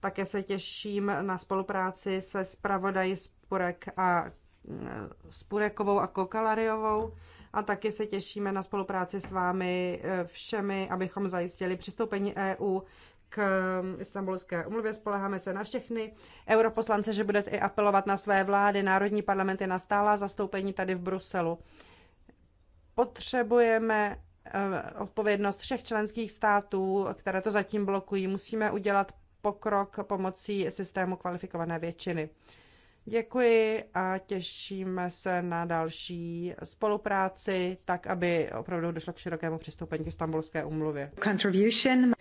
Také se těším na spolupráci se zpravodají Spurek a eh, Spurekovou a Kokalariovou a taky se těšíme na spolupráci s vámi eh, všemi, abychom zajistili přistoupení EU k Istanbulské umluvě. Spoleháme se na všechny europoslance, že budete i apelovat na své vlády, národní parlamenty, na stálá zastoupení tady v Bruselu. Potřebujeme eh, odpovědnost všech členských států, které to zatím blokují. Musíme udělat pokrok pomocí systému kvalifikované většiny. Děkuji a těšíme se na další spolupráci, tak aby opravdu došlo k širokému přistoupení k Istanbulské umluvě. Contribution.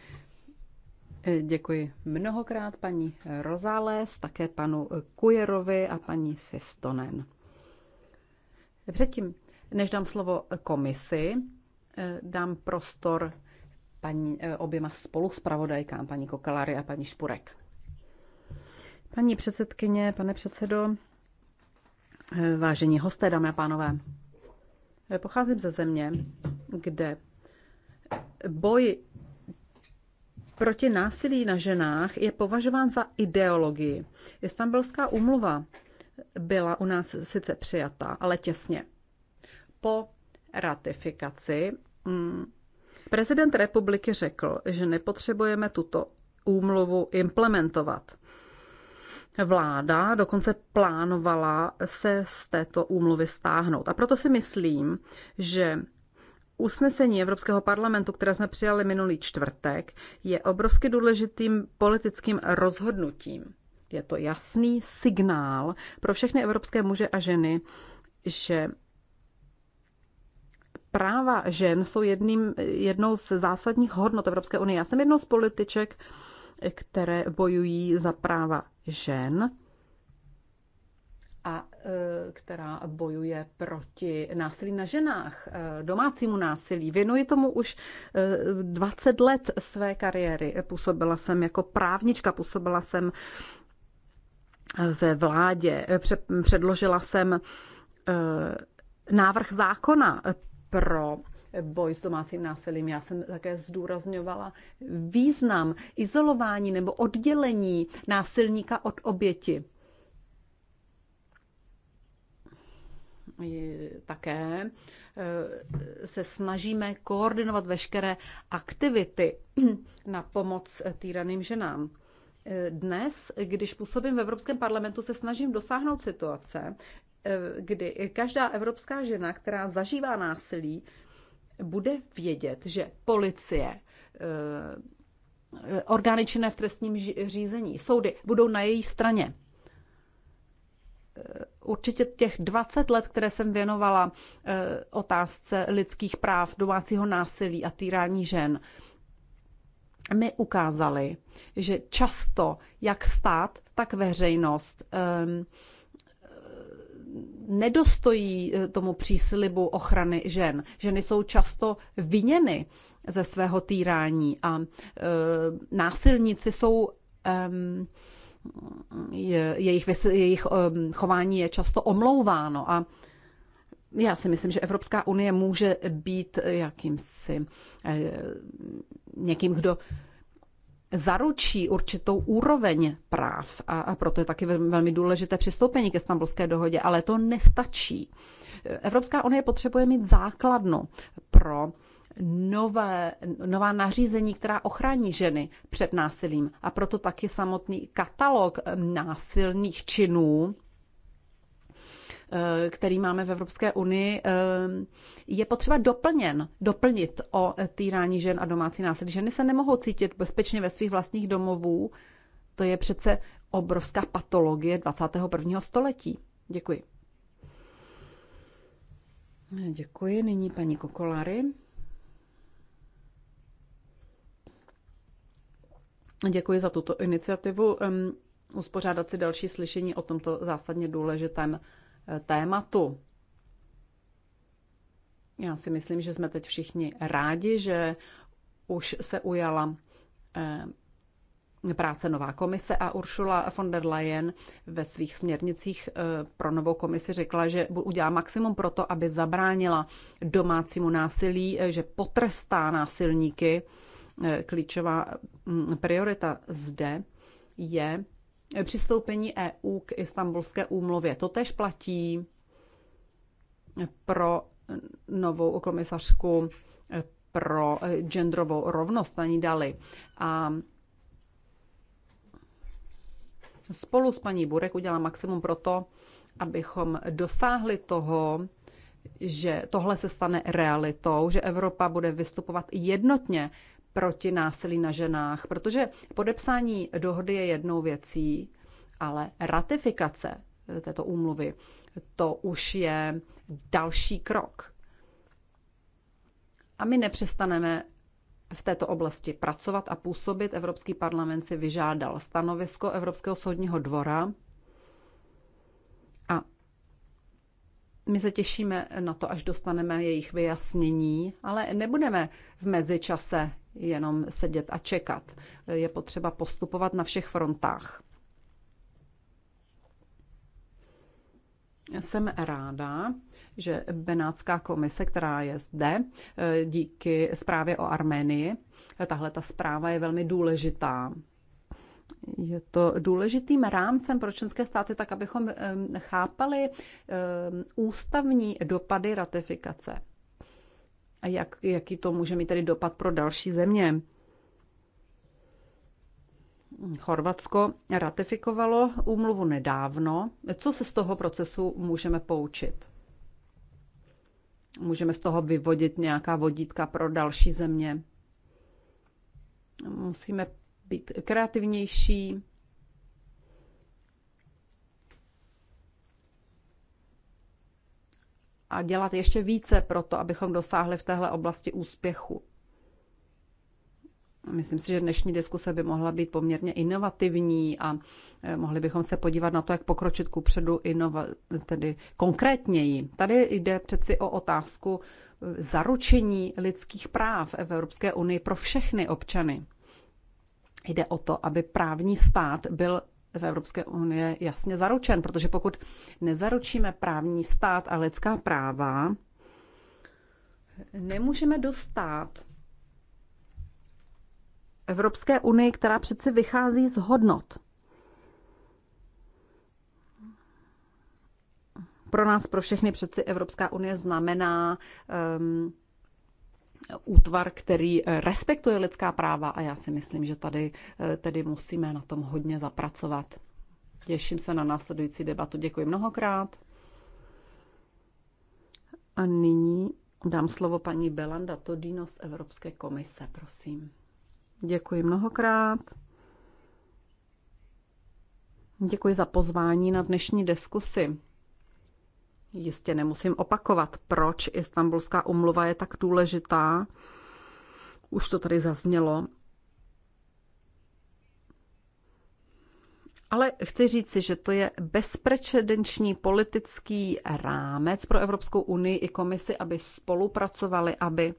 E, děkuji mnohokrát paní Rozales, také panu Kujerovi a paní Sistonen. Předtím, než dám slovo komisi, e, dám prostor paní, eh, oběma spoluspravodajkám, paní Kokalary a paní Špurek. Paní předsedkyně, pane předsedo, eh, vážení hosté, dámy a pánové, eh, pocházím ze země, kde boj proti násilí na ženách je považován za ideologii. Istanbulská úmluva byla u nás sice přijata, ale těsně. Po ratifikaci mm, Prezident republiky řekl, že nepotřebujeme tuto úmluvu implementovat. Vláda dokonce plánovala se z této úmluvy stáhnout. A proto si myslím, že Usnesení Evropského parlamentu, které jsme přijali minulý čtvrtek, je obrovsky důležitým politickým rozhodnutím. Je to jasný signál pro všechny evropské muže a ženy, že práva žen jsou jedným, jednou z zásadních hodnot Evropské unie. Já jsem jednou z političek, které bojují za práva žen a eh, která bojuje proti násilí na ženách, eh, domácímu násilí. Věnuji tomu už 20 eh, let své kariéry. Působila jsem jako právnička, působila jsem ve vládě, předložila jsem návrh zákona pro boj s domácím násilím. Já jsem také zdůrazňovala význam izolování nebo oddělení násilníka od oběti. Také eh, se snažíme koordinovat veškeré aktivity na pomoc týraným ženám. Eh, dnes, když působím v Evropském parlamentu, se snažím dosáhnout situace, kdy každá evropská žena, která zažívá násilí, bude vědět, že policie, eh, orgány činné v trestním řízení, soudy budou na její straně. Eh, určitě těch 20 let, které jsem věnovala eh, otázce lidských práv, domácího násilí a týrání žen, mi ukázali, že často jak stát, tak veřejnost um, nedostojí eh, tomu příslibu ochrany žen. Ženy jsou často viněny ze svého týrání a e, násilníci jsou e, jejich, jejich chování je často omlouváno a já si myslím, že Evropská unie může být eh, jakýmsi někým, kdo zaručí určitou úroveň práv a, a proto je taky velmi důležité přistoupení ke Stambulské dohodě, ale to nestačí. Evropská unie potřebuje mít základnu pro nové, nová nařízení, která ochrání ženy před násilím. A proto taky samotný katalog násilných činů Eh, který máme v Evropské unii, eh, je potřeba doplněn, doplnit o týrání žen a domácí násilí. Ženy se nemohou cítit bezpečně ve svých vlastních domovů. To je přece obrovská patologie 21. století. Děkuji. Děkuji. Nyní paní Kokolary. Děkuji za tuto iniciativu. Um, uspořádat si další slyšení o tomto zásadně důležitém uh, tématu. Já si myslím, že jsme teď všichni rádi, že už se ujala eh, práce nová komise a Ursula von der Leyen ve svých směrnicích eh, pro novou komisi řekla, že udělá maximum pro to, aby zabránila domácímu násilí, eh, že potrestá násilníky. Klíčová mm, priorita zde je přistoupení EU k Istanbulské úmluvě. To tež platí pro novou komisařku pro genderovou rovnost, paní Dali. A spolu s paní Burek udělá maximum pro to, abychom dosáhli toho, že tohle se stane realitou, že Evropa bude vystupovat jednotně proti násilí na ženách, protože podepsání dohody je jednou věcí, ale ratifikace této úmluvy, to už je další krok. A my nepřestaneme v této oblasti pracovat a působit. Evropský parlament si vyžádal stanovisko Evropského soudního dvora a my se těšíme na to, až dostaneme jejich vyjasnění, ale nebudeme v mezičase jenom sedět a čekat. Je potřeba postupovat na všech frontách. Jsem ráda, že Benátská komise, která je zde, díky zprávě o Arménii, tahle ta zpráva je velmi důležitá. Je to důležitým rámcem pro členské státy, tak abychom chápali ústavní dopady ratifikace a jak, jaký to může mít tedy dopad pro další země. Chorvatsko ratifikovalo úmluvu nedávno. Co se z toho procesu můžeme poučit? Můžeme z toho vyvodit nějaká vodítka pro další země. Musíme být kreativnější, a dělat ještě více pro to, abychom dosáhli v téhle oblasti úspěchu. Myslím si, že dnešní diskuse by mohla být poměrně inovativní a eh, mohli bychom se podívat na to, jak pokročit ku předu inova- tedy konkrétněji. Tady jde přeci o otázku eh, zaručení lidských práv v Evropské unii pro všechny občany. Jde o to, aby právní stát byl v Evropské unie jasně zaručen, protože pokud nezaručíme právní stát a lidská práva, nemůžeme dostat Evropské unii, která přece vychází z hodnot. Pro nás, pro všechny přeci Evropská unie znamená um, útvar, který eh, respektuje lidská práva a já si myslím, že tady eh, tedy musíme na tom hodně zapracovat. Těším se na následující debatu. Děkuji mnohokrát. A nyní dám slovo paní Belanda Todino z Evropské komise, prosím. Děkuji mnohokrát. Děkuji za pozvání na dnešní diskusi. Jistě nemusím opakovat, proč Istanbulská umluva je tak důležitá. Už to tady zaznělo. Ale chci říci, že to je bezprecedenční politický rámec pro Evropskou unii i komisi, aby spolupracovali, aby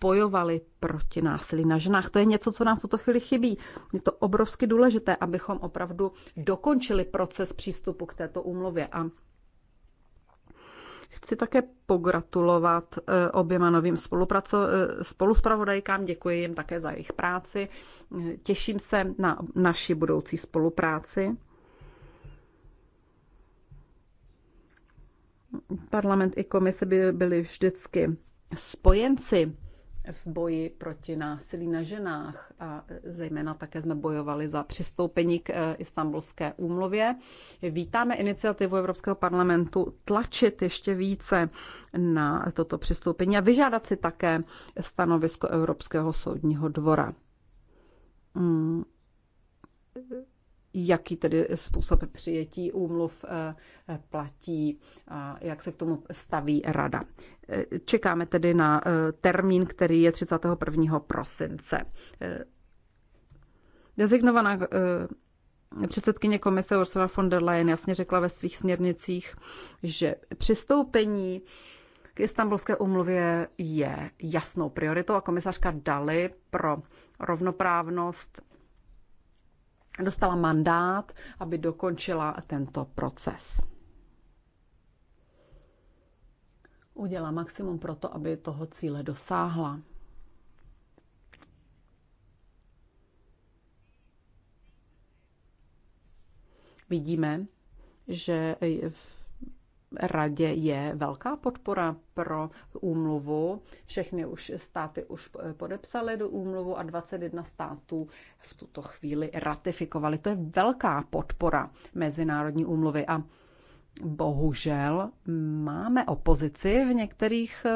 bojovali proti násilí na ženách. To je něco, co nám v tuto chvíli chybí. Je to obrovsky důležité, abychom opravdu dokončili proces přístupu k této úmluvě. A Chci také pogratulovat eh, oběma novým eh, spoluspravodajkám, děkuji jim také za jejich práci. Eh, těším se na naši budoucí spolupráci. Parlament i komise by byly vždycky spojenci v boji proti násilí na ženách a zejména také jsme bojovali za přistoupení k eh, istambulské úmluvě. Vítáme iniciativu Evropského parlamentu tlačit ještě více na toto přistoupení a vyžádat si také stanovisko Evropského soudního dvora. Hmm jaký tedy způsob přijetí úmluv eh, eh, platí a jak se k tomu staví rada. Eh, čekáme tedy na termín, který je 31. prosince. Dezignovaná Předsedkyně komise Ursula von der Leyen jasně řekla ve svých směrnicích, že přistoupení k istambulské umluvě je jasnou prioritou a komisařka Dali pro rovnoprávnost dostala mandát, aby dokončila tento proces. Udělá maximum pro to, aby toho cíle dosáhla. Vidíme, že radě je velká podpora pro úmluvu. Všechny už státy už podepsaly do úmluvu a 21 států v tuto chvíli ratifikovali. To je velká podpora mezinárodní úmluvy a bohužel máme opozici v některých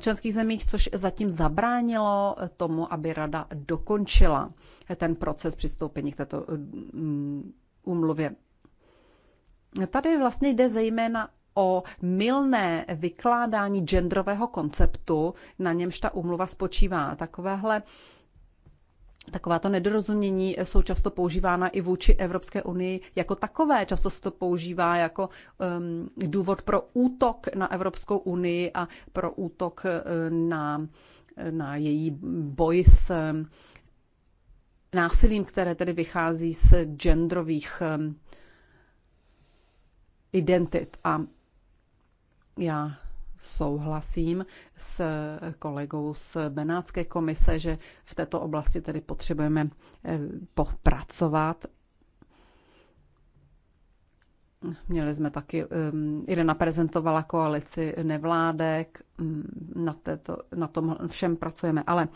členských zemích, což zatím zabránilo tomu, aby rada dokončila ten proces přistoupení k této úmluvě. Tady vlastně jde zejména o milné vykládání genderového konceptu, na němž ta umluva spočívá. Takovéhle Takováto nedorozumění jsou často používána i vůči Evropské unii jako takové. Často se to používá jako um, důvod pro útok na Evropskou unii a pro útok uh, na, na její boj s um, násilím, které tedy vychází z genderových um, identit. A já souhlasím s kolegou z Benátské komise, že v této oblasti tedy potřebujeme eh, popracovat. Měli jsme taky, eh, Irena prezentovala koalici nevládek, mm, na, této, na tom všem pracujeme, ale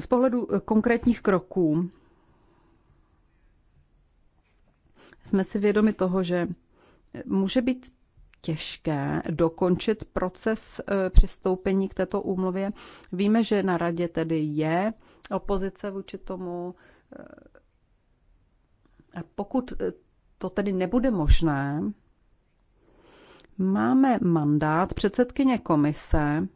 z pohledu konkrétních kroků jsme si vědomi toho, že eh, může být těžké dokončit proces eh, přistoupení k této úmluvě. Víme, že na radě tedy je opozice vůči tomu. Eh, a pokud to tedy nebude možné, máme mandát předsedkyně komise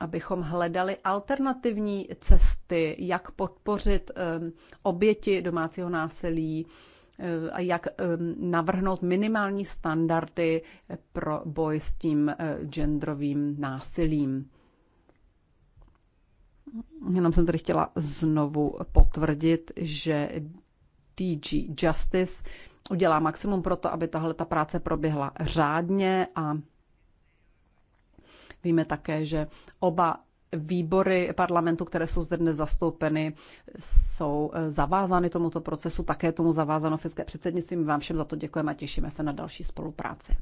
abychom hledali alternativní cesty, jak podpořit ehm, oběti domácího násilí eh, a jak ehm, navrhnout minimální standardy pro boj s tím eh, genderovým násilím. Jenom jsem tady chtěla znovu potvrdit, že DG Justice udělá maximum pro to, aby tahle ta práce proběhla řádně a Víme také, že oba výbory parlamentu, které jsou zde dnes zastoupeny, jsou eh, zavázány tomuto procesu, také tomu zavázáno finské předsednictví. My vám všem za to děkujeme a těšíme se na další spolupráci.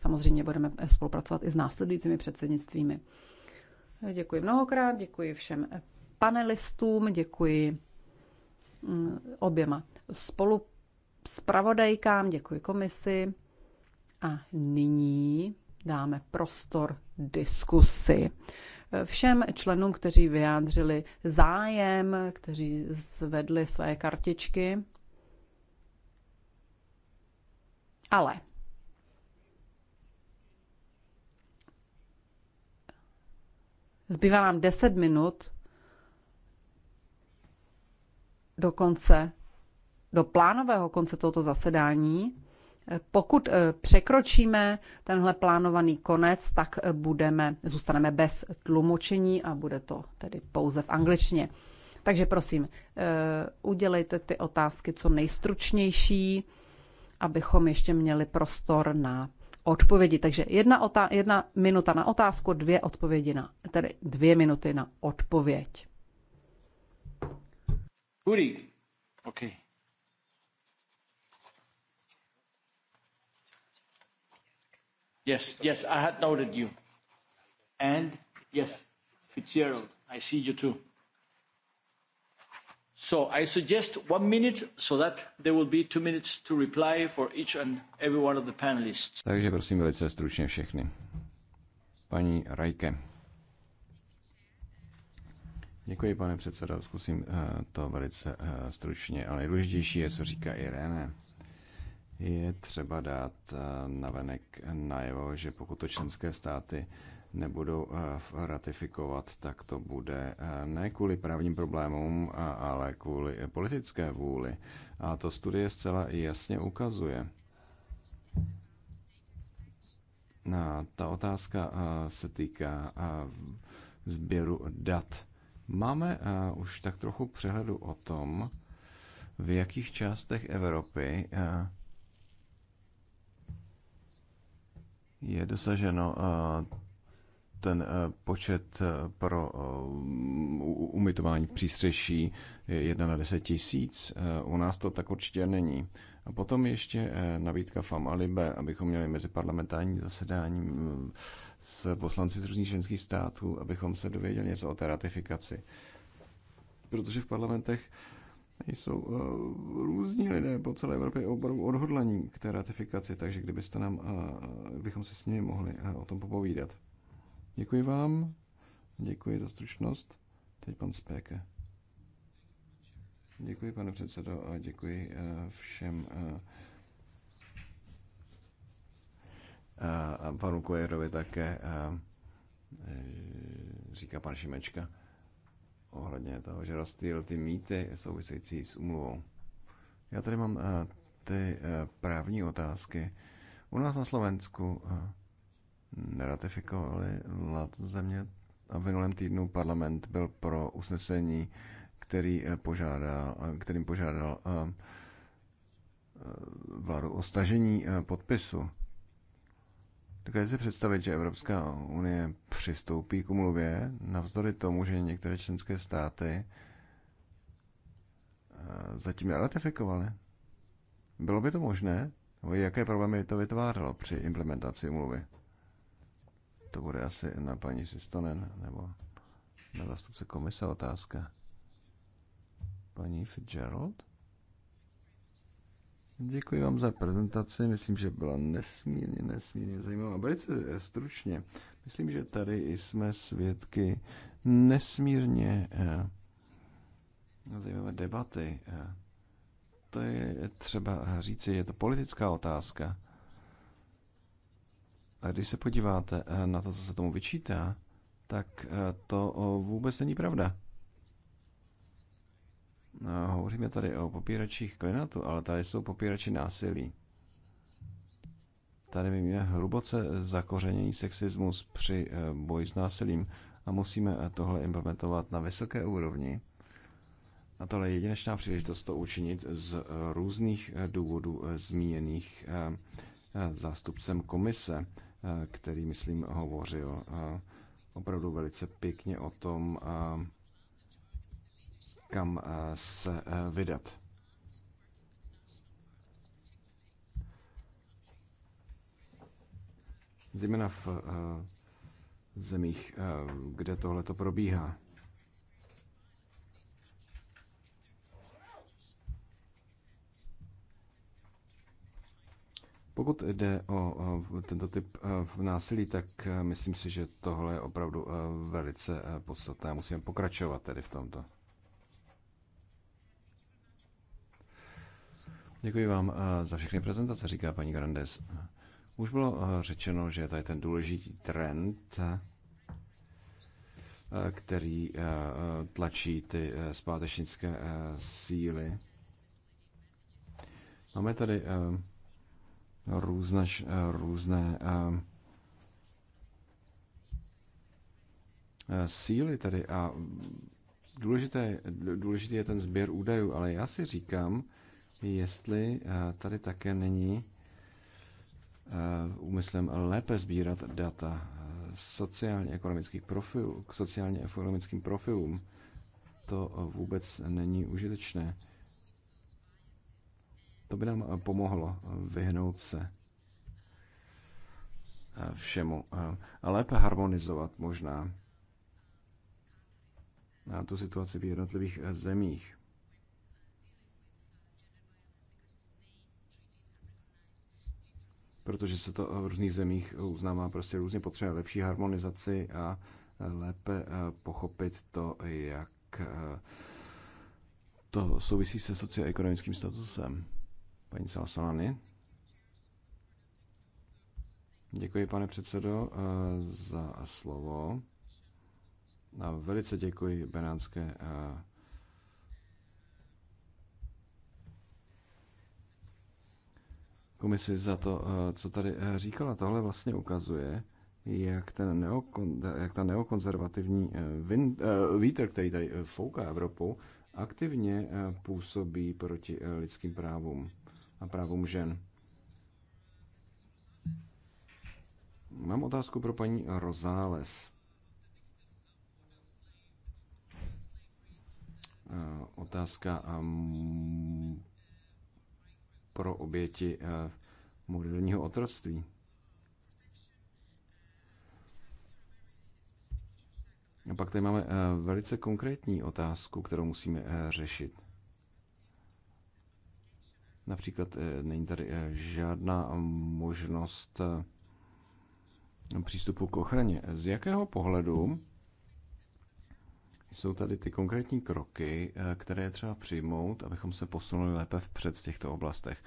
Samozřejmě budeme eh, spolupracovat i s následujícími předsednictvími. Eh, děkuji mnohokrát, děkuji všem panelistům, děkuji mm, oběma spolu pravodajkám, děkuji komisi. A nyní dáme prostor diskusi všem členům, kteří vyjádřili zájem, kteří zvedli své kartičky. Ale zbývá nám 10 minut do konce, do plánového konce tohoto zasedání. Pokud eh, překročíme tenhle plánovaný konec, tak eh, budeme, zůstaneme bez tlumočení a bude to tedy pouze v angličtině. Takže prosím, eh, udělejte ty otázky co nejstručnější, abychom ještě měli prostor na odpovědi. Takže jedna, otá- jedna minuta na otázku, dvě odpovědi na, tedy dvě minuty na odpověď. Uri. Okay. Yes, yes, I had noted you. And yes, Fitzgerald, I see you too. So I suggest one minute, so that there will be two minutes to reply for each and every one of the panelists. Takže prosím velice stručně všechny. Paní Rajke. Děkuji, pane předsedo. Zkusím eh, to velice eh, stručně, ale nejdůležitější je, co říká Irene je třeba dát eh, navenek najevo, že pokud to členské státy nebudou eh, ratifikovat, tak to bude eh, ne kvůli právním problémům, ale kvůli politické vůli. A to studie zcela jasně ukazuje. A ta otázka se týká sběru dat. Máme už tak trochu přehledu o tom, v jakých částech Evropy je dosaženo ten počet pro umytování přístřeší je 1 na 10 tisíc. U nás to tak určitě není. A potom ještě e, nabídka FAM a LIBE, abychom měli meziparlamentární zasedání s poslanci z různých členských států, abychom se dověděli něco o té ratifikaci. Protože v parlamentech jsou eh, různí lidé po celé Evropě opravdu odhodlaní k té ratifikaci, takže kdybyste nám, eh, bychom se s nimi mohli eh, o tom popovídat. Děkuji vám, děkuji za stručnost. Teď pan Spéke. Děkuji, pane předsedo, a děkuji všem a panu Kojerovi také, říká pan Šimečka ohledně toho, že rozstýl ty mýty související s umluvou. Já tady mám eh, ty eh, právní otázky. U nás na Slovensku eh, neratifikovali vlád země a v minulém týdnu parlament byl pro usnesení, který požádal, kterým požádal vládu o stažení podpisu. Dokážete si představit, že Evropská unie přistoupí k umluvě, navzdory tomu, že některé členské státy eh, zatím neratifikovaly? Bylo by to možné? Nebo jaké problémy to vytvářelo při implementaci umluvy? To bude asi na paní Sistonen nebo na zastupce komise otázka. Paní Fitzgerald? Děkuji vám za prezentaci, myslím, že byla nesmírně, nesmírně zajímavá. Velice stručně, myslím, že tady jsme svědky nesmírně eh, zajímavé debaty. Eh, to je třeba říci, je to politická otázka. A když se podíváte eh, na to, co se tomu vyčítá, tak to vůbec není pravda. Eh, hovoříme tady o popíračích klinatu, ale tady jsou popírači násilí. Tady víme hluboce zakořenění sexismus při eh, boji s násilím a musíme eh, tohle implementovat na vysoké úrovni. A tohle je jedinečná příležitost to učinit z různých důvodů zmíněných zástupcem komise, který, myslím, hovořil opravdu velice pěkně o tom, kam eh, se eh, vydat. Zejména v eh, zemích, kde tohle to probíhá. Pokud jde o tento typ násilí, tak myslím si, že tohle je opravdu velice podstatné. Musíme pokračovat tedy v tomto. Děkuji vám eh, za všechny prezentace, říká paní Grandes. Už bylo eh, řečeno, že tady ten důležitý trend, eh, který tlačí ty zpátečnické síly. Máme tady různé, různé síly tady a důležité, důležitý je ten sběr údajů, ale já si říkám, jestli eh, tady také není eh, úmyslem lépe sbírat data eh, sociálně-ekonomických profilů, k sociálně-ekonomickým profilům. To vůbec není užitečné. To by nám pomohlo vyhnout se všemu a lépe harmonizovat možná na tu situaci v jednotlivých zemích. protože se to v různých zemích uznává prostě různě potřebuje lepší harmonizaci a lépe eh, pochopit to, jak eh, to souvisí se socioekonomickým statusem. Paní Salasalany. Děkuji, pane předsedo, eh, za slovo. A velice děkuji Benánské komisi za to, eh, co tady eh, říkala. Tohle vlastně ukazuje, jak, ten neokon, jak ta neokonzervativní eh, vin, vítr, který tady fouká Evropu, aktivně působí proti lidským právům a právům žen. Mám otázku pro paní Rozáles. Otázka pro oběti eh, moderního otroctví. A pak tady máme eh, velice konkrétní otázku, kterou musíme eh, řešit. Například není tady žádná možnost přístupu k ochraně. Z jakého pohledu jsou tady ty konkrétní kroky, eh, které je třeba přijmout, abychom se posunuli lépe vpřed v těchto oblastech,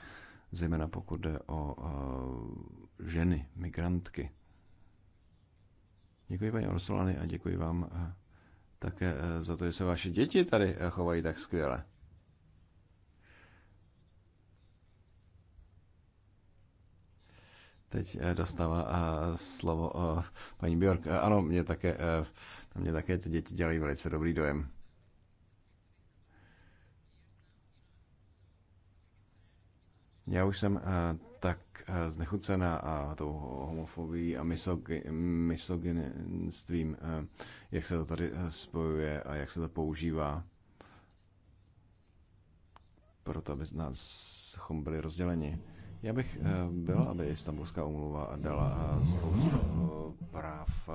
zejména pokud jde o eh, ženy, migrantky. Děkuji paní Orsolany a děkuji vám eh, také za to, že se vaše děti tady chovají tak skvěle. Teď eh, dostává eh, slovo eh, paní Bjork. Ano, mě také, mě také ty děti dělají velice dobrý dojem. Já už jsem tak znechucená a tou homofobií a misogynstvím, jak se to tady spojuje a jak se to používá, proto aby nás byli rozděleni. Já bych eh, byl, aby Istanbulská umluva dala eh, spoustu eh, práv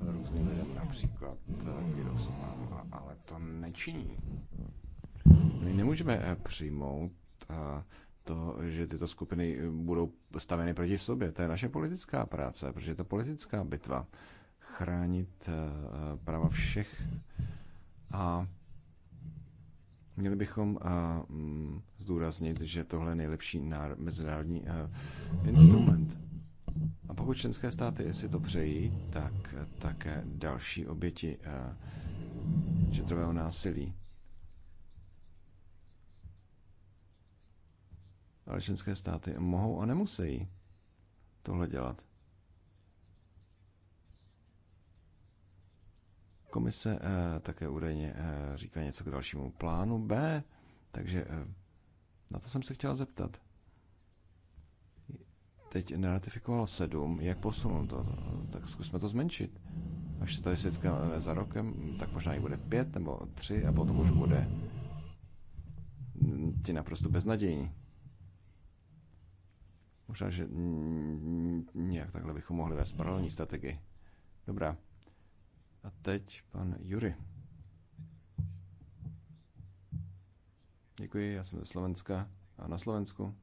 různým lidem, například Kyrosovám, ale to nečiní. My nemůžeme přijmout to, že tyto skupiny budou staveny proti sobě. To je naše politická práce, protože je to politická bitva. Chránit práva všech a Měli bychom mm, zdůraznit, že tohle je nejlepší mezinárodní instrument. A pokud členské státy si to přejí, tak také další oběti četrového násilí. Ale členské státy mohou a nemusí tohle dělat. Komise eh, také údajně eh, říká něco k dalšímu plánu B, takže eh, na to jsem se chtěla zeptat. Teď neratifikovala sedm, jak posunout to? Tak zkusme to zmenšit. Až se tady setkáme za rokem, tak možná i bude pět nebo tři a potom už bude ti naprosto beznadějní. Možná, že nějak takhle bychom mohli vést paralelní strategii. Dobrá. A teď pan Jury. Děkuji, já jsem ze Slovenska a na Slovensku.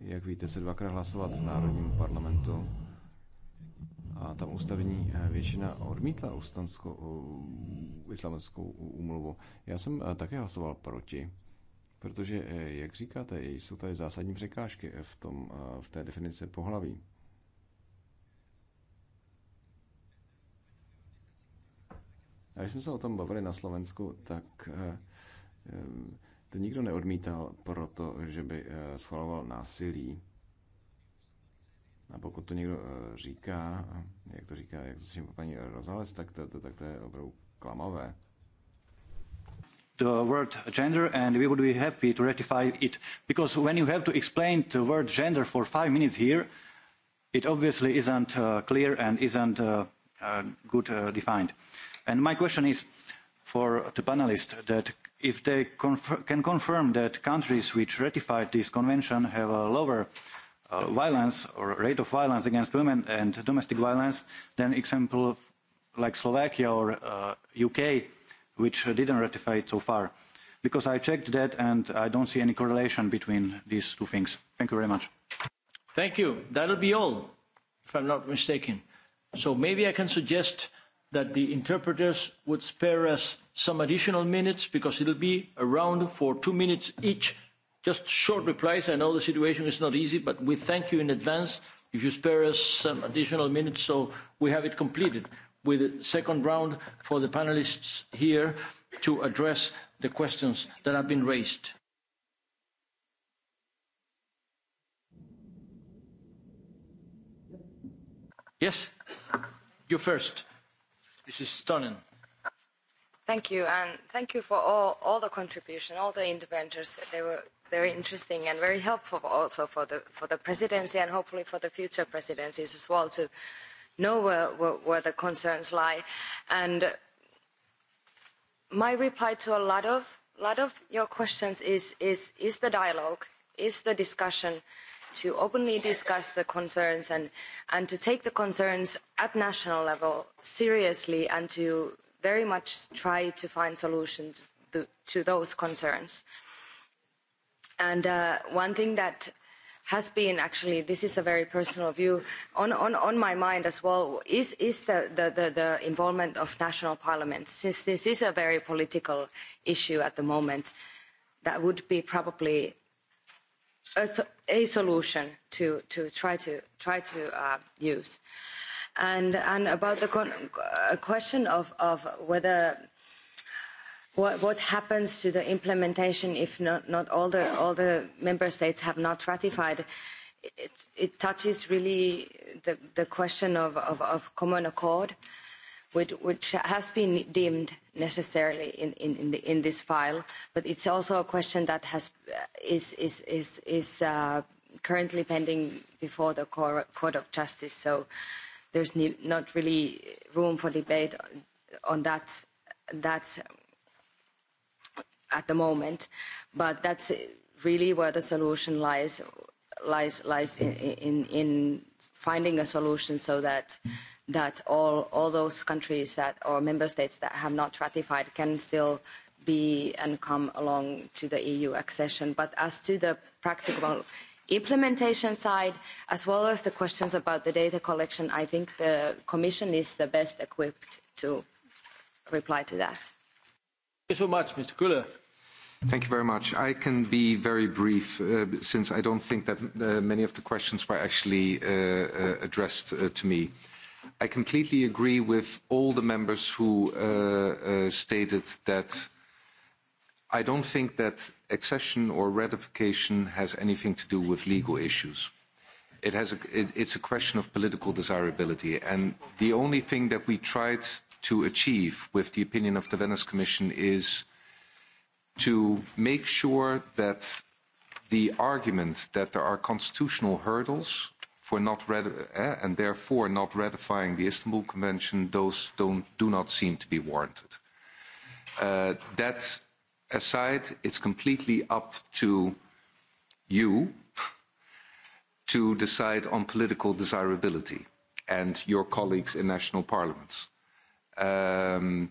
Jak víte, se dvakrát hlasovat v Národním parlamentu a tam ústavní eh, většina odmítla islamskou úmluvu. Já jsem eh, také hlasoval proti, protože, eh, jak říkáte, jsou tady zásadní překážky v, tom, v té definici pohlaví. A když jsme se o tom bavili na Slovensku, tak eh, eh, to nikdo neodmítal, protože by eh, schvaloval násilí. A pokud to někdo říká, jak to říká, jak to slyším paní Rozales, tak to, to, tak to je opravdu klamavé. The word gender, and we would be happy to ratify it. Because when you have to explain the word gender for five minutes here, it obviously isn't uh, clear and isn't uh, uh, good uh, defined. Uh, And my question is for the panelists that if they conf can confirm that countries which ratified this convention have a lower uh, violence or rate of violence against women and domestic violence than example like Slovakia or uh, UK which didn't ratify it so far. Because I checked that and I don't see any correlation between these two things. Thank you very much. Thank you. That'll be all, if I'm not mistaken. So maybe I can suggest that the interpreters would spare us some additional minutes because it'll be around for two minutes each. Just short replies. I know the situation is not easy, but we thank you in advance if you spare us some additional minutes so we have it completed with a second round for the panelists here to address the questions that have been raised. Yes, you first. Mrs. Stonen. Thank you, and thank you for all, all the contribution, all the interventors. They were very interesting and very helpful also for the, for the presidency and hopefully for the future presidencies as well to know where, where, where the concerns lie. And my reply to a lot of, lot of your questions is, is, is the dialogue, is the discussion, to openly discuss the concerns and, and to take the concerns at national level seriously and to very much try to find solutions to, to those concerns. And uh, one thing that has been actually this is a very personal view on, on, on my mind as well is, is the, the, the, the involvement of national parliaments since this is a very political issue at the moment that would be probably a, solution to, to try to, try to uh, use. And, and about the con uh, question of, of whether what, what happens to the implementation if not, not all, the, all the member states have not ratified, it, it touches really the, the question of, of, of common accord which, has been deemed necessarily in, in, in, the, in this file, but it's also a question that has, uh, is, is, is, is uh, currently pending before the Court of Justice, so there's not really room for debate on that, that at the moment, but that's really where the solution lies, lies, lies in, in, in finding a solution so that that all all those countries that or member states that have not ratified can still be and come along to the EU accession. But as to the practical implementation side, as well as the questions about the data collection, I think the Commission is the best equipped to reply to that. Thank you so much, Mr. Kuller. Thank you very much. I can be very brief, uh, since I don't think that uh, many of the questions were actually uh, uh addressed uh, to me. I completely agree with all the members who uh, stated that I don't think that accession or ratification has anything to do with legal issues. It has a, it, it's a question of political desirability, and the only thing that we tried to achieve with the opinion of the Venice Commission is to make sure that the argument that there are constitutional hurdles for not rati- eh, and therefore not ratifying the Istanbul Convention, those don't, do not seem to be warranted. Uh, that aside, it's completely up to you to decide on political desirability and your colleagues in national parliaments. Um,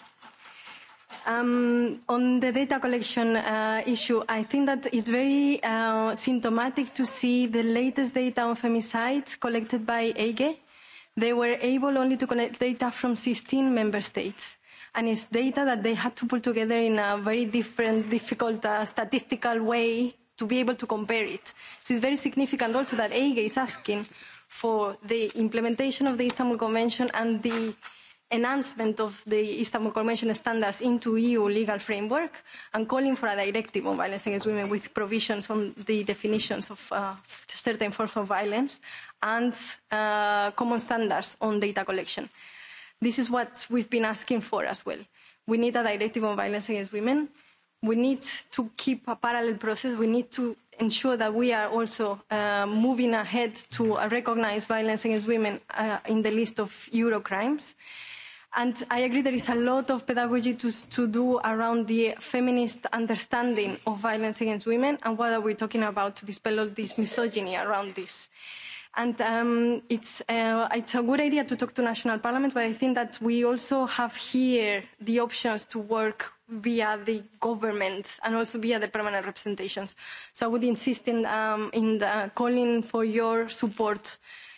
Um, on the data collection uh, issue, I think that it's very uh, symptomatic to see the latest data on femicides collected by EGE. They were able only to collect data from 16 member states. And it's data that they had to put together in a very different, difficult uh, statistical way to be able to compare it. So it's very significant also that EGE is asking for the implementation of the Istanbul Convention and the enhancement of the Istanbul Convention standards into EU legal framework and calling for a directive on violence against women with provisions on the definitions of uh, certain forms of violence and uh, common standards on data collection. This is what we've been asking for as well. We need a directive on violence against women. We need to keep a parallel process. We need to ensure that we are also uh, moving ahead to recognize violence against women uh, in the list of Euro crimes and i agree there is a lot of pedagogy to, to do around the feminist understanding of violence against women and what are we talking about to dispel all this misogyny around this and um, it's, uh, it's a good idea to talk to national parliaments but i think that we also have here the options to work via the government and also via the permanent representations so i would insist in, um, in the, uh, calling for your support uh,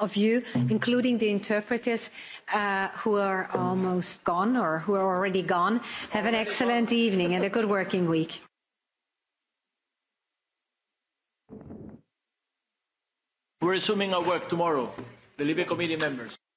of you, including the interpreters uh, who are almost gone or who are already gone. Have an excellent evening and a good working week. We're resuming our work tomorrow, the Libe Committee members.